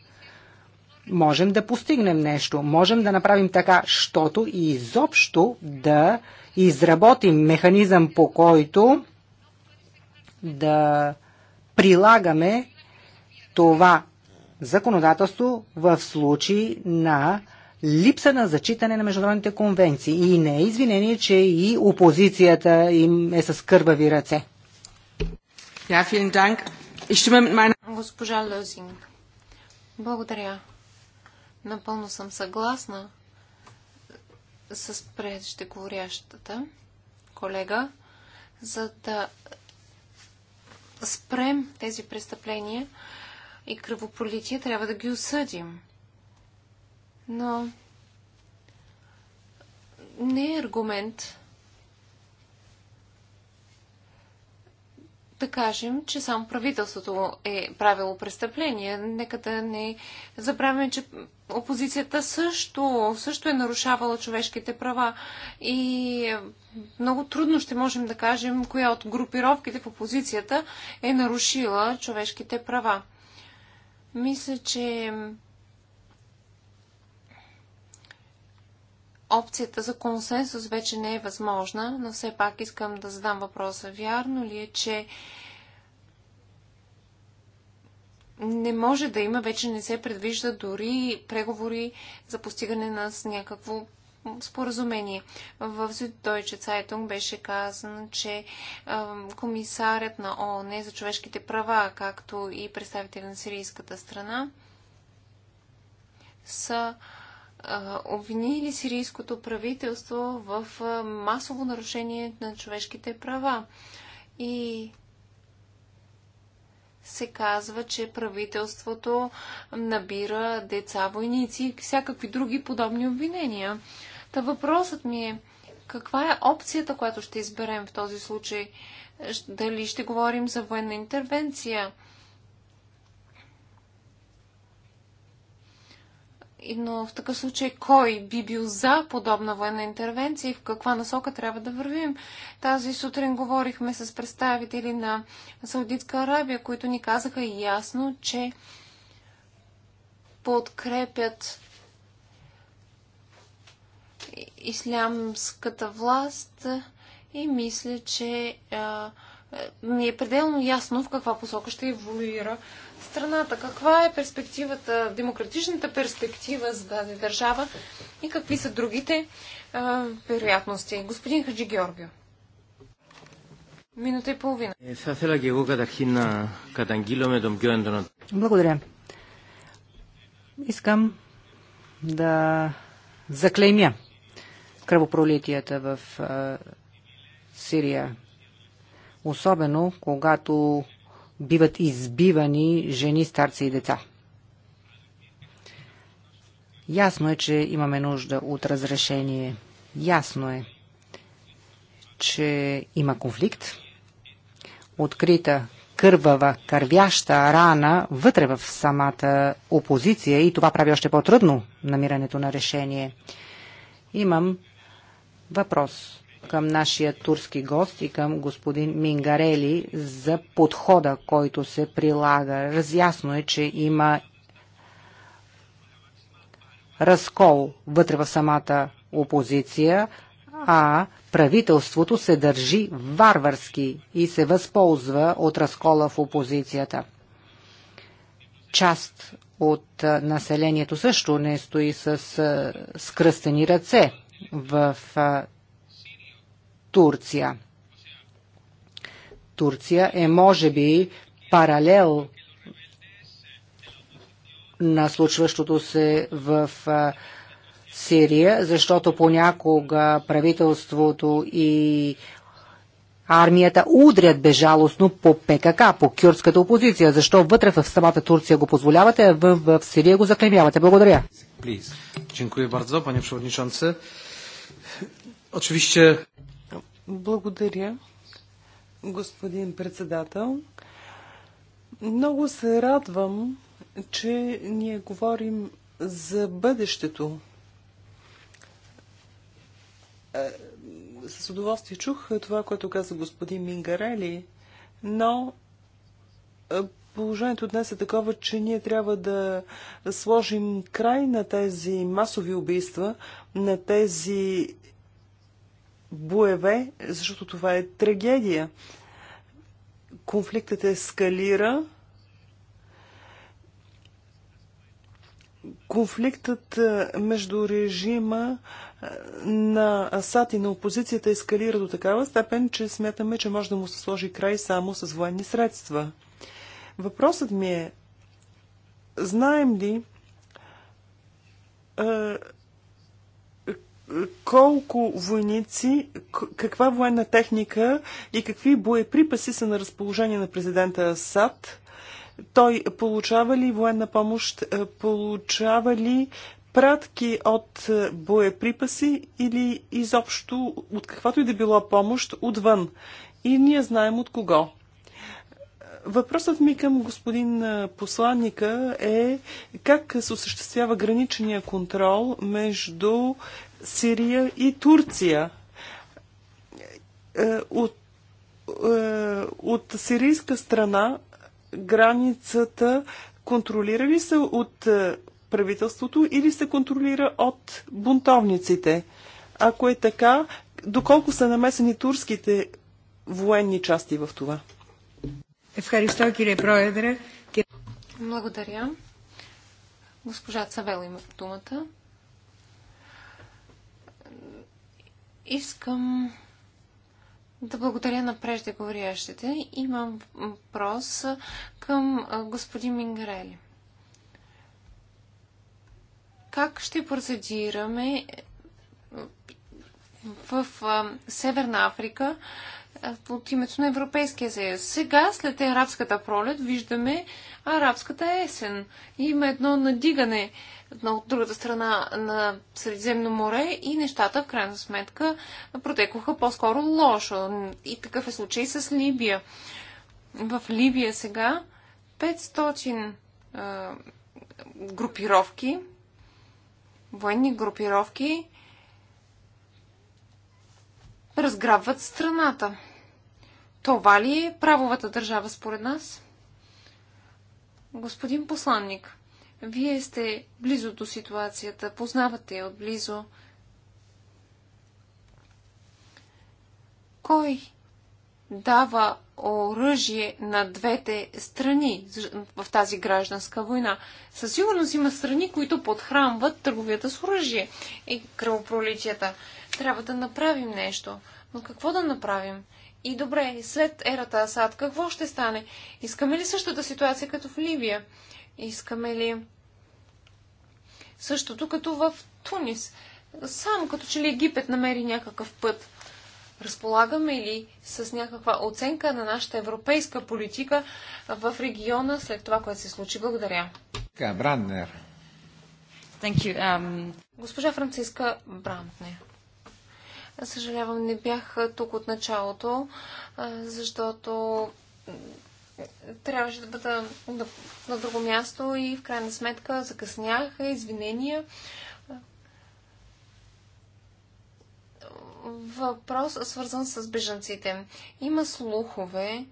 можем да постигнем нещо. Можем да направим така, щото и изобщо да изработим механизъм, по който да прилагаме това законодателство в случай на липса на зачитане на международните конвенции. И не е извинение, че и опозицията им е с кървави ръце. Госпожа Лозинг, благодаря. Напълно съм съгласна с преждеговорящата колега, за да спрем тези престъпления и кръвопролития, трябва да ги осъдим но не е аргумент да кажем, че само правителството е правило престъпление. Нека да не забравяме, че опозицията също, също е нарушавала човешките права. И много трудно ще можем да кажем, коя от групировките в опозицията е нарушила човешките права. Мисля, че опцията за консенсус вече не е възможна, но все пак искам да задам въпроса. Вярно ли е, че не може да има, вече не се предвижда дори преговори за постигане на някакво споразумение. В Deutsche Zeitung беше казано, че комисарят на ООН е за човешките права, както и представители на сирийската страна, са ли сирийското правителство в масово нарушение на човешките права. И се казва, че правителството набира деца, войници и всякакви други подобни обвинения. Та въпросът ми е, каква е опцията, която ще изберем в този случай? Дали ще говорим за военна интервенция? но в такъв случай кой би бил за подобна военна интервенция и в каква насока трябва да вървим? Тази сутрин говорихме с представители на Саудитска Арабия, които ни казаха ясно, че подкрепят ислямската власт и мисля, че а, ми е, е пределно ясно в каква посока ще еволюира страната? Каква е перспективата, демократичната перспектива за тази държава и какви са другите а, вероятности? Господин Хаджи Георгио. Минута и половина. Е, Благодаря. Искам да заклеймя кръвопролитията в а, Сирия. Особено когато биват избивани жени, старци и деца. Ясно е, че имаме нужда от разрешение. Ясно е, че има конфликт. Открита кървава, кървяща рана вътре в самата опозиция и това прави още по-трудно намирането на решение. Имам въпрос към нашия турски гост и към господин Мингарели за подхода, който се прилага. Разясно е, че има разкол вътре в самата опозиция, а правителството се държи варварски и се възползва от разкола в опозицията. Част от населението също не стои с скръстени ръце в Турция. Турция е може би паралел на случващото се в Сирия, защото понякога правителството и армията удрят безжалостно по ПКК, по кюрдската опозиция. Защо вътре в самата Турция го позволявате, а в, в Сирия го заклемявате? Благодаря. Dziękuję благодаря, господин председател. Много се радвам, че ние говорим за бъдещето. Е, с удоволствие чух това, което каза господин Мингарели, но е, положението днес е такова, че ние трябва да сложим край на тези масови убийства, на тези буеве, защото това е трагедия. Конфликтът ескалира. Конфликтът между режима на Асад и на опозицията ескалира до такава степен, че смятаме, че може да му се сложи край само с военни средства. Въпросът ми е, знаем ли колко войници, каква военна техника и какви боеприпаси са на разположение на президента САД, Той получава ли военна помощ, е, получава ли пратки от е, боеприпаси или изобщо от каквато и да било помощ отвън? И ние знаем от кого. Въпросът ми към господин е, посланника е как се осъществява граничния контрол между Сирия и Турция. Е, от, е, от сирийска страна границата контролира ли се от е, правителството или се контролира от бунтовниците? Ако е така, доколко са намесени турските военни части в това? Ευχαριστώ κύριε Πρόεδρε. Благодаря. Госпожа Цавел има думата. Искам да благодаря на преждеговорящите. Имам въпрос към господин Мингарели. Как ще процедираме в Северна Африка от името на Европейския съюз. Сега, след арабската пролет, виждаме арабската есен. Има едно надигане от другата страна на Средиземно море и нещата, в крайна сметка, протекоха по-скоро лошо. И такъв е случай с Либия. В Либия сега 500 групировки, военни групировки, разграбват страната. Това ли е правовата държава според нас? Господин посланник, вие сте близо до ситуацията, познавате я отблизо. Кой дава оръжие на двете страни в тази гражданска война. Със сигурност има страни, които подхранват търговията с оръжие и кръвопролитията. Трябва да направим нещо. Но какво да направим? И добре, след ерата Асад какво ще стане? Искаме ли същата ситуация като в Ливия? Искаме ли същото като в Тунис? Само като че ли Египет намери някакъв път? Разполагаме ли с някаква оценка на нашата европейска политика в региона след това, което се случи? Благодаря. Бранднер. Um... Госпожа Франциска Брантнер. Съжалявам, не бях тук от началото, защото трябваше да бъда на друго място и в крайна сметка закъснях. Е, извинения. Въпрос свързан с бежанците. Има слухове,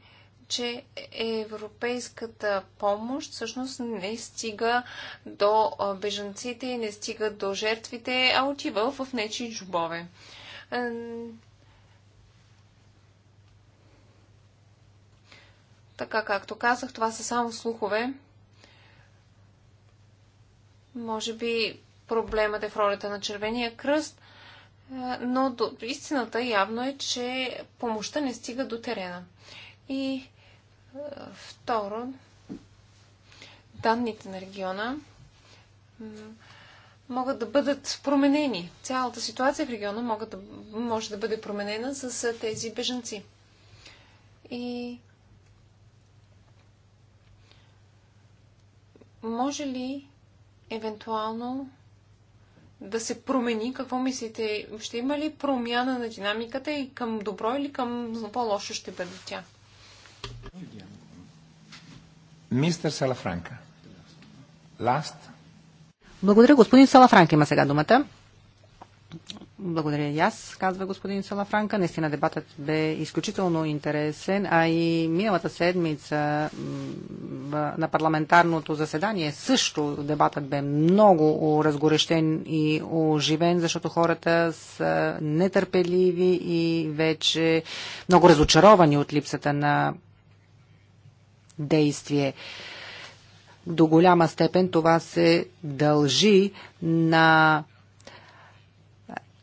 че европейската помощ всъщност не стига до бежанците, не стига до жертвите, а отива в нечи джобове. Така както казах, това са само слухове. Може би проблемът е в ролята на Червения кръст, е, но до, истината явно е, че помощта не стига до терена. И е, второ, данните на региона могат да бъдат променени. Цялата ситуация в региона могат да, може да бъде променена с тези бежанци. И може ли евентуално да се промени? Какво мислите? Ще има ли промяна на динамиката и към добро или към по-лошо ще бъде тя? Мистер Салафранка. Last благодаря. Господин Салафранк има сега думата. Благодаря и аз, казва господин Салафранка. Наистина дебатът бе изключително интересен, а и миналата седмица на парламентарното заседание също дебатът бе много разгорещен и оживен, защото хората са нетърпеливи и вече много разочаровани от липсата на действие до голяма степен това се дължи на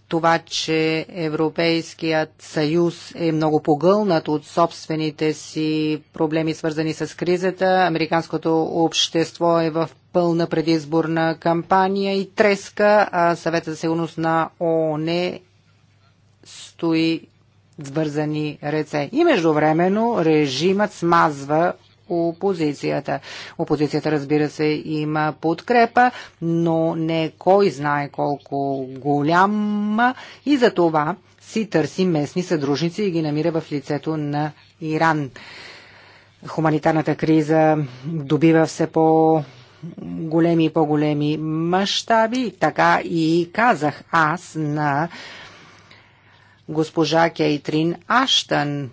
това, че Европейският съюз е много погълнат от собствените си проблеми, свързани с кризата. Американското общество е в пълна предизборна кампания и треска, а съвета за сигурност на ООН стои свързани ръце. И междувременно режимът смазва опозицията. Опозицията, разбира се, има подкрепа, но не кой знае колко голяма и за това си търси местни съдружници и ги намира в лицето на Иран. Хуманитарната криза добива все по големи и по-големи мащаби. Така и казах аз на госпожа Кейтрин Аштън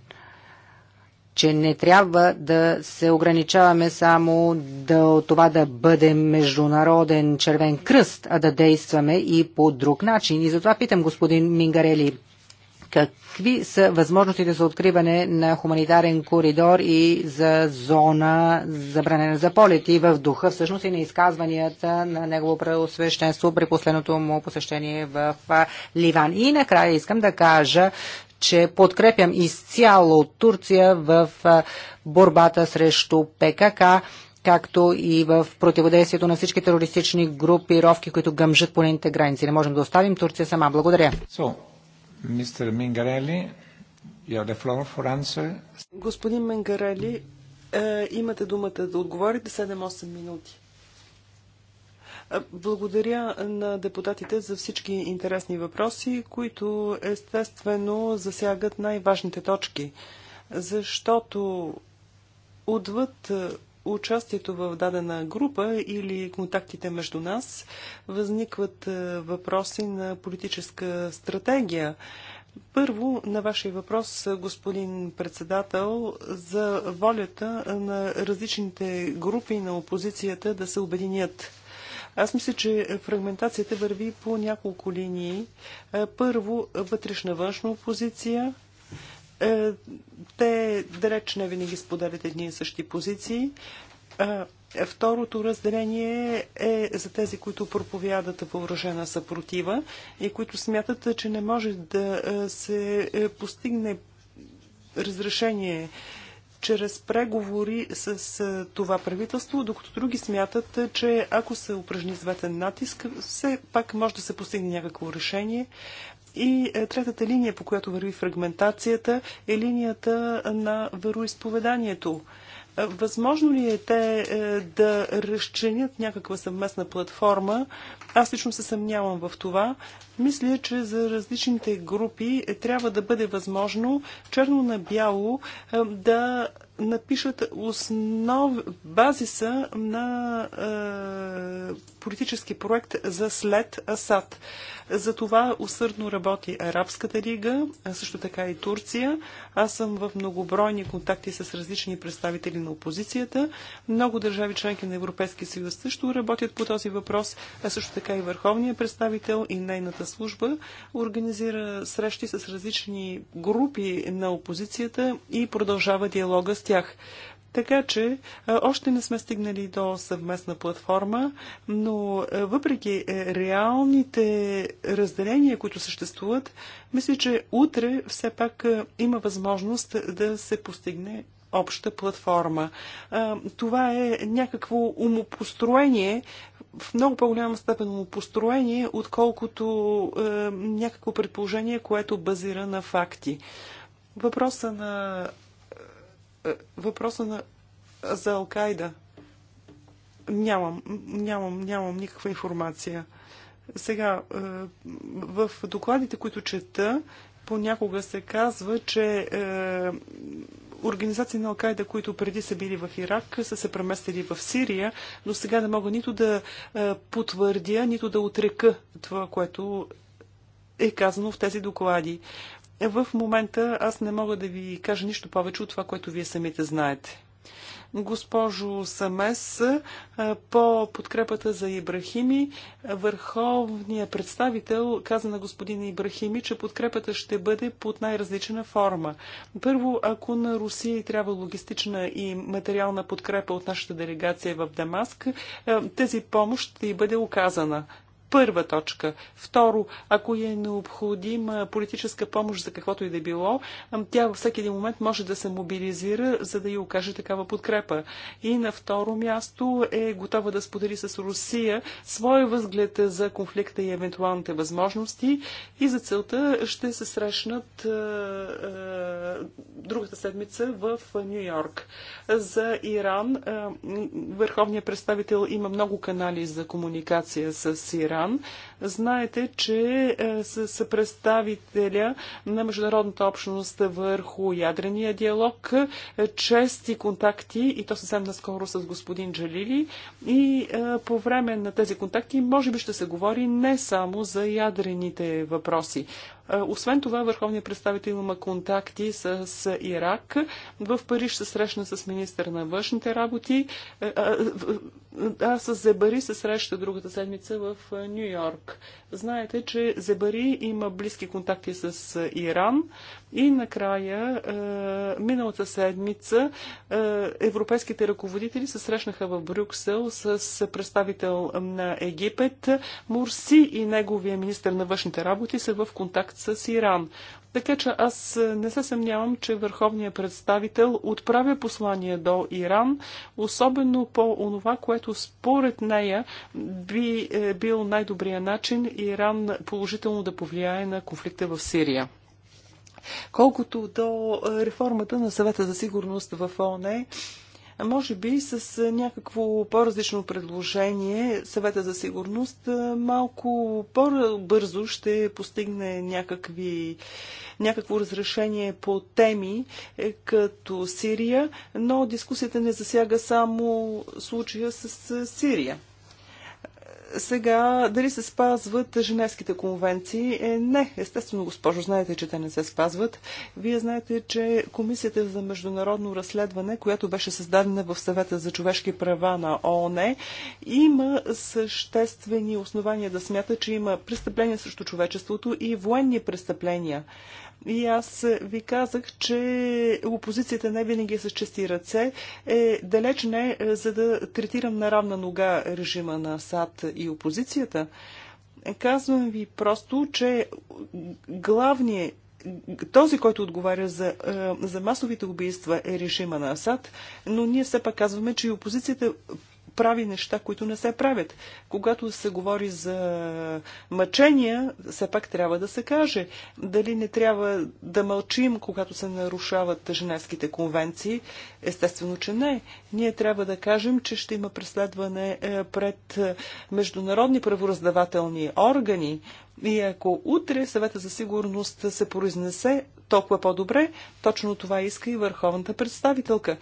че не трябва да се ограничаваме само до това да бъдем международен червен кръст, а да действаме и по друг начин. И затова питам господин Мингарели, Какви са възможностите за откриване на хуманитарен коридор и за зона забранена за полети в духа всъщност и на изказванията на негово преосвещенство при последното му посещение в Ливан? И накрая искам да кажа, че подкрепям изцяло Турция в борбата срещу ПКК, както и в противодействието на всички терористични групировки, които гъмжат по нейните граници. Не можем да оставим Турция сама. Благодаря. So, мистер Господин Менгарели, е, имате думата да отговорите 7-8 минути. Благодаря на депутатите за всички интересни въпроси, които естествено засягат най-важните точки, защото отвъд е, участието в дадена група или контактите между нас възникват е, въпроси на политическа стратегия. Първо, на вашия въпрос, господин председател, за волята на различните групи на опозицията да се обединят. Аз мисля, че фрагментацията върви по няколко линии. Е, първо, вътрешна-външна опозиция. Е, те далеч не винаги споделят едни и същи позиции. Е, второто разделение е за тези, които проповядат въоръжена съпротива и които смятат, че не може да се постигне разрешение чрез преговори с това правителство, докато други смятат, че ако се упражни зветен натиск, все пак може да се постигне някакво решение. И третата линия, по която върви фрагментацията, е линията на вероисповеданието. Възможно ли е те е, да разчинят някаква съвместна платформа? Аз лично се съмнявам в това. Мисля, че за различните групи е, трябва да бъде възможно черно на бяло е, да напишат основ... базиса на е, политически проект за след Асад. За това усърдно работи Арабската лига, а също така и Турция. Аз съм в многобройни контакти с различни представители на опозицията. Много държави членки на Европейския съюз също работят по този въпрос, а също така и върховният представител и нейната служба организира срещи с различни групи на опозицията и продължава диалога с тях. Така че още не сме стигнали до съвместна платформа, но въпреки е, реалните разделения, които съществуват, мисля, че утре все пак има възможност да се постигне обща платформа. Това е някакво умопостроение, в много по-голяма степен умопостроение, отколкото някакво предположение, което базира на факти. Въпроса на е, въпроса на, за Алкайда. Нямам, нямам, нямам никаква информация. Сега, е, в докладите, които чета, понякога се казва, че е, организации на Алкайда, които преди са били в Ирак, са се преместили в Сирия, но сега не мога нито да е, потвърдя, нито да отрека това, което е казано в тези доклади. В момента аз не мога да ви кажа нищо повече от това, което вие самите знаете. Госпожо Самес, по подкрепата за Ибрахими, върховният представител каза на господин Ибрахими, че подкрепата ще бъде под най-различна форма. Първо, ако на Русия трябва логистична и материална подкрепа от нашата делегация в Дамаск, тази помощ ще бъде оказана. Първа точка. Второ, ако е необходима политическа помощ за каквото и да било, тя във всеки един момент може да се мобилизира, за да й окаже такава подкрепа. И на второ място е готова да сподели с Русия своя възглед за конфликта и евентуалните възможности и за целта ще се срещнат е, е, другата седмица в Нью Йорк. За Иран е, върховният представител има много канали за комуникация с Иран Иран. Знаете, че е, с представителя на международната общност върху ядрения диалог, е, чести контакти, и то съвсем наскоро с господин Джалили, и е, по време на тези контакти може би ще се говори не само за ядрените въпроси. Освен това, върховният представител има контакти с Ирак. В Париж се срещна с министър на външните работи. А с Зебари се среща другата седмица в Нью Йорк. Знаете, че Зебари има близки контакти с Иран. И накрая, е, миналата седмица, е, европейските ръководители се срещнаха в Брюксел с представител на Египет. Мурси и неговия министр на външните работи са в контакт с Иран. Така че аз не се съмнявам, че върховният представител отправя послание до Иран, особено по онова, което според нея би е, бил най-добрия начин Иран положително да повлияе на конфликта в Сирия. Колкото до е, реформата на съвета за сигурност в ОНЕ, може би с е, някакво по-различно предложение съвета за сигурност е, малко по-бързо ще постигне някакви, някакво разрешение по теми като Сирия, но дискусията не засяга само случая с Сирия. Сега, дали се спазват Женевските конвенции? Е, не, естествено, госпожо, знаете, че те не се спазват. Вие знаете, че Комисията за международно разследване, която беше създадена в съвета за човешки права на ООН, има съществени основания да смята, че има престъпления срещу човечеството и военни престъпления. И аз ви казах, че опозицията не винаги е с чести ръце. Е, далеч не, е, за да третирам на равна нога режима на САД и опозицията. Казвам ви просто, че главният този, който отговаря за, е, за масовите убийства е режима на Асад, но ние все пак казваме, че и опозицията прави неща, които не се правят. Когато се говори за мъчения, все пак трябва да се каже. Дали не трябва да мълчим, когато се нарушават женевските конвенции? Естествено, че не. Ние трябва да кажем, че ще има преследване е, пред е, международни правораздавателни органи. И ако утре съвета за сигурност се произнесе, толкова по-добре. Точно това иска и върховната представителка.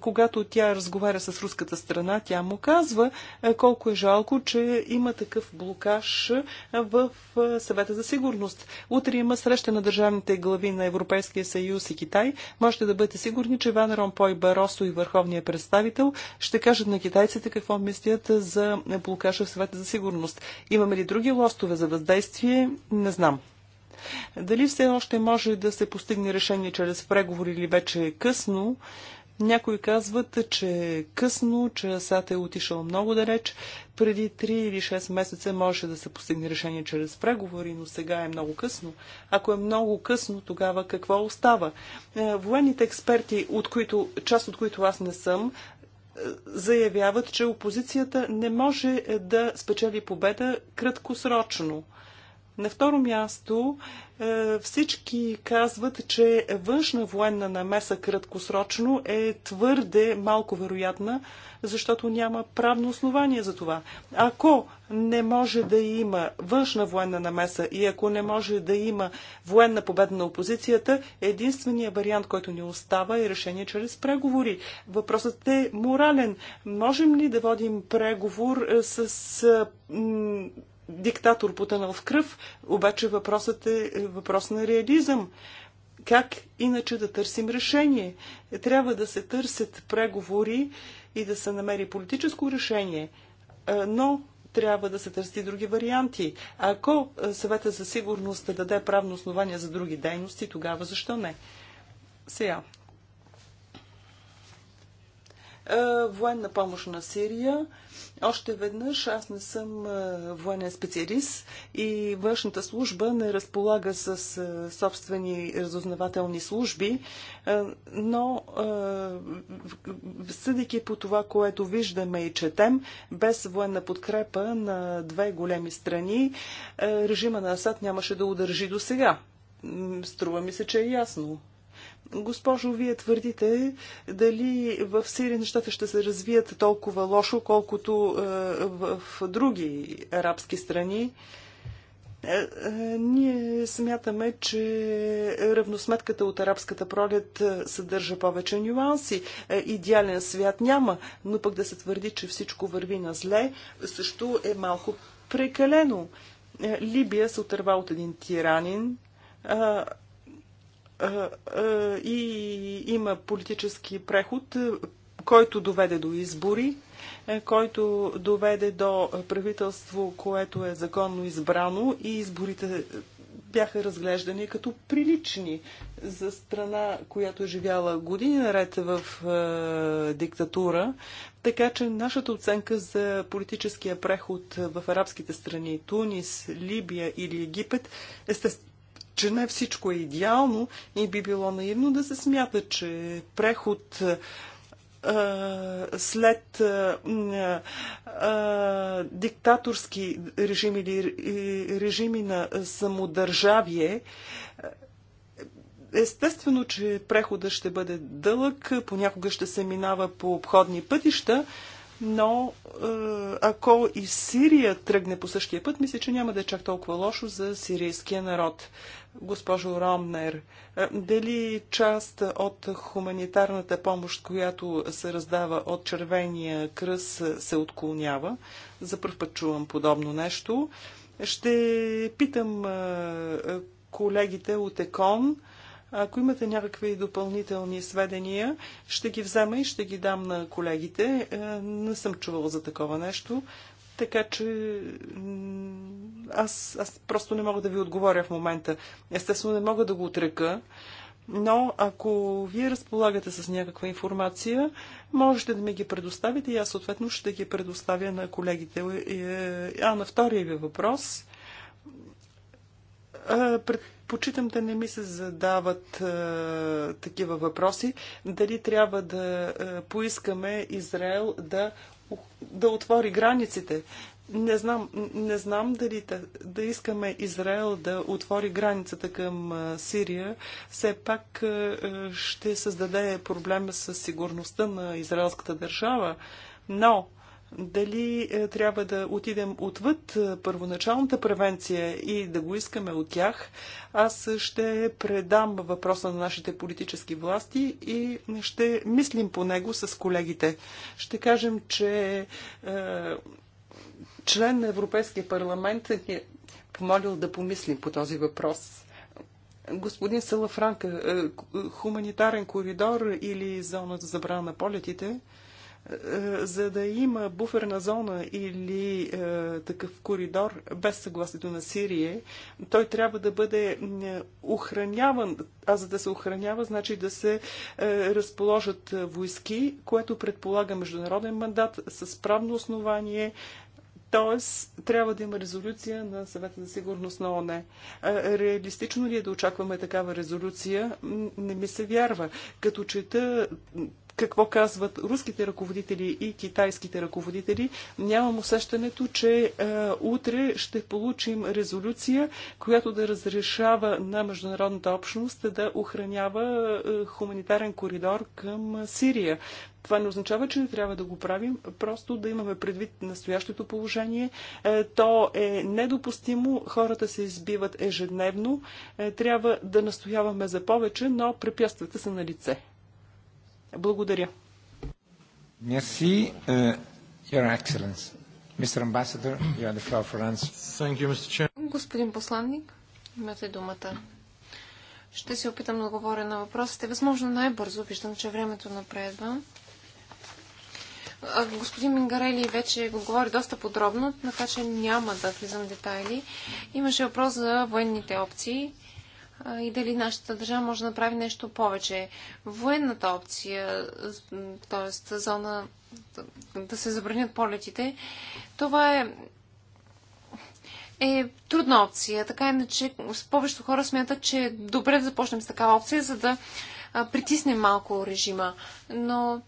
Когато тя разговаря с руската страна, тя му казва е, колко е жалко, че има такъв блокаж е, в е, съвета за сигурност. Утре има среща на държавните глави на Европейския съюз и Китай. Можете да бъдете сигурни, че Ван Ромпой, Баросо и върховният представител ще кажат на китайците какво мислят за блокажа в съвета за сигурност. Имаме ли други лостове за въздействие? Не знам. Дали все още може да се постигне решение чрез преговори или вече е късно? Някои казват, че е късно, че Асад е отишъл много далеч. Преди 3 или 6 месеца може да се постигне решение чрез преговори, но сега е много късно. Ако е много късно, тогава какво остава? Е, военните експерти, от които, част от които аз не съм, е, заявяват, че опозицията не може е, да спечели победа краткосрочно. На второ място, е, всички казват, че външна военна намеса краткосрочно е твърде малко вероятна, защото няма правно основание за това. Ако не може да има външна военна намеса и ако не може да има военна победа на опозицията, единственият вариант, който ни остава е решение чрез преговори. Въпросът е морален. Можем ли да водим преговор е, с е, диктатор потънал в кръв, обаче въпросът е, е въпрос на реализъм. Как иначе да търсим решение? Трябва да се търсят преговори и да се намери политическо решение, е, но трябва да се търси други варианти. А ако е, съвета за сигурност да даде правно основание за други дейности, тогава защо не? Сега, военна помощ на Сирия. Още веднъж, аз не съм военен специалист и външната служба не разполага с собствени разузнавателни служби, но съдейки по това, което виждаме и четем, без военна подкрепа на две големи страни, режима на Асад нямаше да удържи до сега. Струва ми се, че е ясно. Госпожо, вие твърдите дали в Сирия нещата ще се развият толкова лошо, колкото е, в други арабски страни. Е, е, ние смятаме, че равносметката от арабската пролет съдържа повече нюанси. Идеален свят няма, но пък да се твърди, че всичко върви на зле, също е малко прекалено. Либия се отърва от един тиранин, и има политически преход, който доведе до избори, е, който доведе до правителство, което е законно избрано и изборите бяха разглеждани като прилични за страна, която е живяла години наред в е, диктатура. Така че нашата оценка за политическия преход в арабските страни Тунис, Либия или Египет, естествено, че не всичко е идеално и би било наивно да се смята, че преход след диктаторски режими или режими на самодържавие Естествено, че прехода ще бъде дълъг, понякога ще се минава по обходни пътища, но е, ако и Сирия тръгне по същия път, мисля, че няма да е чак толкова лошо за сирийския народ. Госпожо Ромнер, е, дали част от хуманитарната помощ, която се раздава от Червения кръст, се отклонява? За първ път чувам подобно нещо. Ще питам е, колегите от ЕКОН ако имате някакви допълнителни сведения, ще ги взема и ще ги дам на колегите. Е, не съм чувала за такова нещо, така че аз, аз просто не мога да ви отговоря в момента. Естествено, не мога да го отрека. Но ако вие разполагате с някаква информация, можете да ми ги предоставите и аз съответно ще ги предоставя на колегите. Е, е, а на втория ви въпрос. Пред Почитам да не ми се задават а, е, такива въпроси. Дали трябва да а, е, поискаме Израел да, да отвори границите? Не знам, не знам дали да, да искаме Израел да отвори границата към е, Сирия. Все пак ще създаде проблема с сигурността на израелската държава. Но дали е, трябва да отидем отвъд е, първоначалната превенция и да го искаме от тях, аз ще предам въпроса на нашите политически власти и ще мислим по него с колегите. Ще кажем, че е, член на Европейския парламент ни е помолил да помислим по този въпрос. Господин Салафранка, е, хуманитарен коридор или зона за забрана на полетите – е, за да има буферна зона или е, такъв коридор без съгласието на Сирия, той трябва да бъде е, охраняван. А за да се охранява, значи да се е, разположат войски, което предполага международен мандат с правно основание, Т.е. трябва да има резолюция на съвета за сигурност на ОНЕ. Реалистично ли е да очакваме такава резолюция? Не ми се вярва. Като чета какво казват руските ръководители и китайските ръководители, нямам усещането, че е, утре ще получим резолюция, която да разрешава на международната общност да охранява е, хуманитарен коридор към Сирия. Това не означава, че не трябва да го правим, просто да имаме предвид настоящото положение. Е, то е недопустимо, хората се избиват ежедневно, е, трябва да настояваме за повече, но препятствията са на лице. Благодаря. Merci, uh, Your Excellency. Mr. Ambassador, you have the floor for answer. Thank you, Mr. Chair. Господин посланник, имате думата. Ще се опитам да говоря на въпросите. Възможно най-бързо. Виждам, че времето напредва. Господин Мингарели вече говори доста подробно, така че няма да влизам в детайли. Имаше въпрос за военните опции и дали нашата държава може да направи нещо повече. Военната опция, т.е. зона да се забранят полетите, това е, е трудна опция. Така иначе с повечето хора смятат, че е добре да започнем с такава опция, за да притиснем малко режима. Но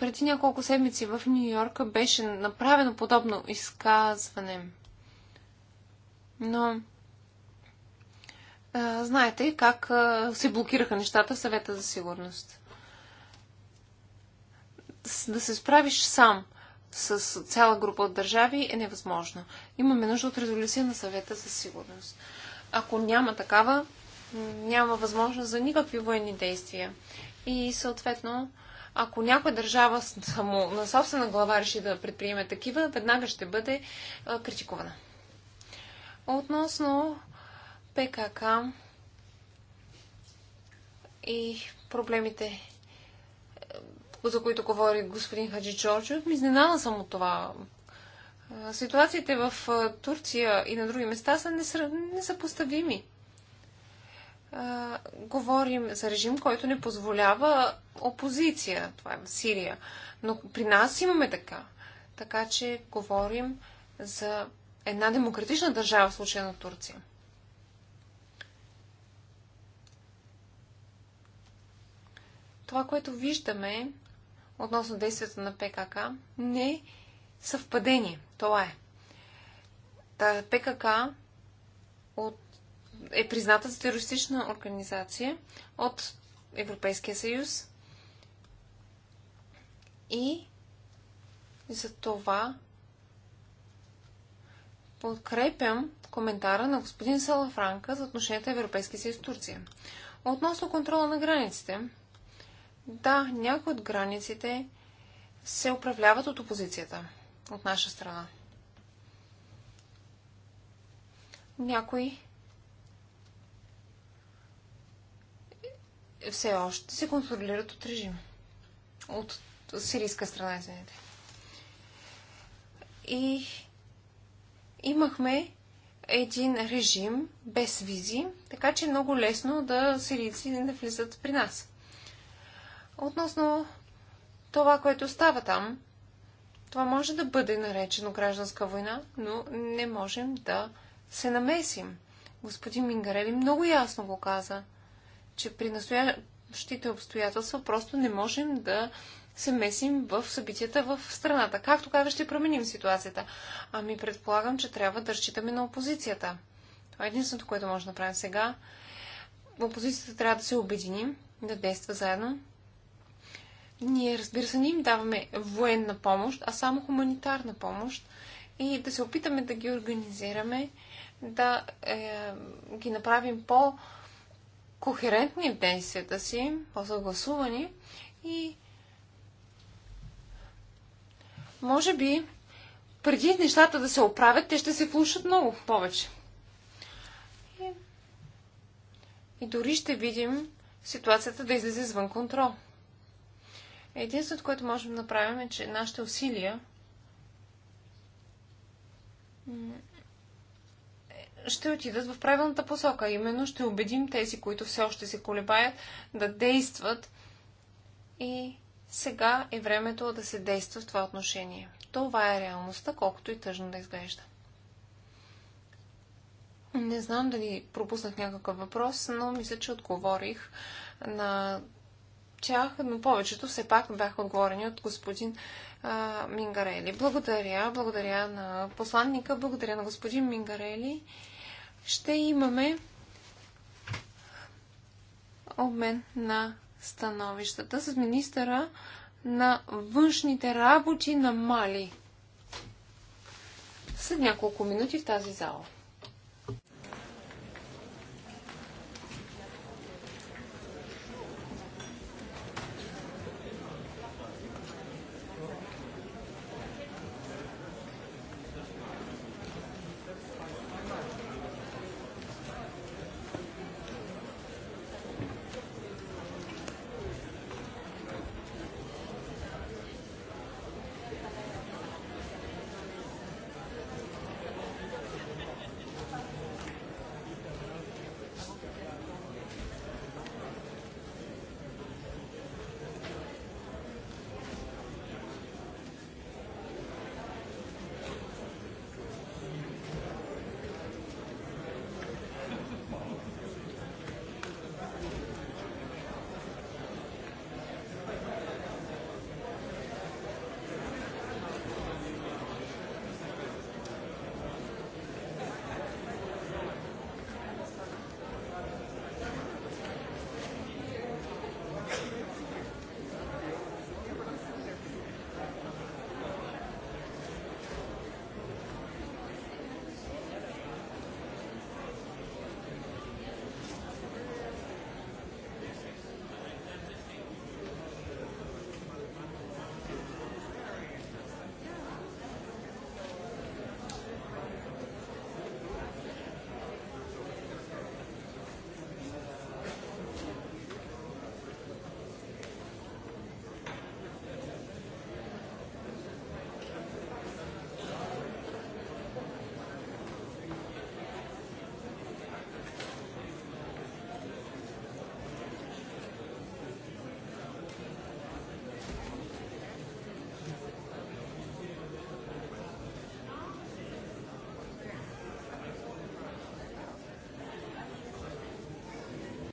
преди няколко седмици в Нью Йорк беше направено подобно изказване. Но знаете как се блокираха нещата в съвета за сигурност. Да се справиш сам с цяла група от държави е невъзможно. Имаме нужда от резолюция на съвета за сигурност. Ако няма такава, няма възможност за никакви военни действия. И съответно, ако някоя държава само на собствена глава реши да предприеме такива, веднага ще бъде критикувана. Относно ПКК и проблемите, е, за които говори господин Хаджи Чорчев. Изненада съм от това. Е, ситуациите в е, Турция и на други места са несъпоставими. Говорим за режим, който не позволява опозиция. Това е в Сирия. Но при нас имаме така. Така че говорим за една демократична държава в случая на Турция. това, което виждаме относно действията на ПКК, не е съвпадение. Това е. Та ПКК от, е призната за терористична организация от Европейския съюз и за това подкрепям коментара на господин Салафранка за отношенията Европейски съюз Турция. Относно контрола на границите, да, някои от границите се управляват от опозицията, от наша страна. Някои все още се контролират от режим. От сирийска страна, извинете. И имахме един режим без визи, така че е много лесно да сирийци да влизат при нас. Относно това, което става там, това може да бъде наречено гражданска война, но не можем да се намесим. Господин Мингарели много ясно го каза, че при настоящите обстоятелства просто не можем да се месим в събитията в страната. Както казва ще променим ситуацията? Ами предполагам, че трябва да разчитаме на опозицията. Това е единственото, което може да направим сега. Опозицията трябва да се обедини, да действа заедно ние, разбира се, не им даваме военна помощ, а само хуманитарна помощ и да се опитаме да ги организираме, да е, ги направим по-кохерентни в действията си, по-съгласувани и може би преди нещата да се оправят, те ще се влушат много повече. И, и дори ще видим ситуацията да излезе извън контрол. Единственото, което можем да направим е, че нашите усилия ще отидат в правилната посока. Именно ще убедим тези, които все още се колебаят, да действат. И сега е времето да се действа в това отношение. Това е реалността, колкото и тъжно да изглежда. Не знам дали пропуснах някакъв въпрос, но мисля, че отговорих на тях, но повечето все пак бяха отговорени от господин а, Мингарели. Благодаря, благодаря на посланника, благодаря на господин Мингарели. Ще имаме обмен на становищата с министъра на външните работи на Мали. След няколко минути в тази зала.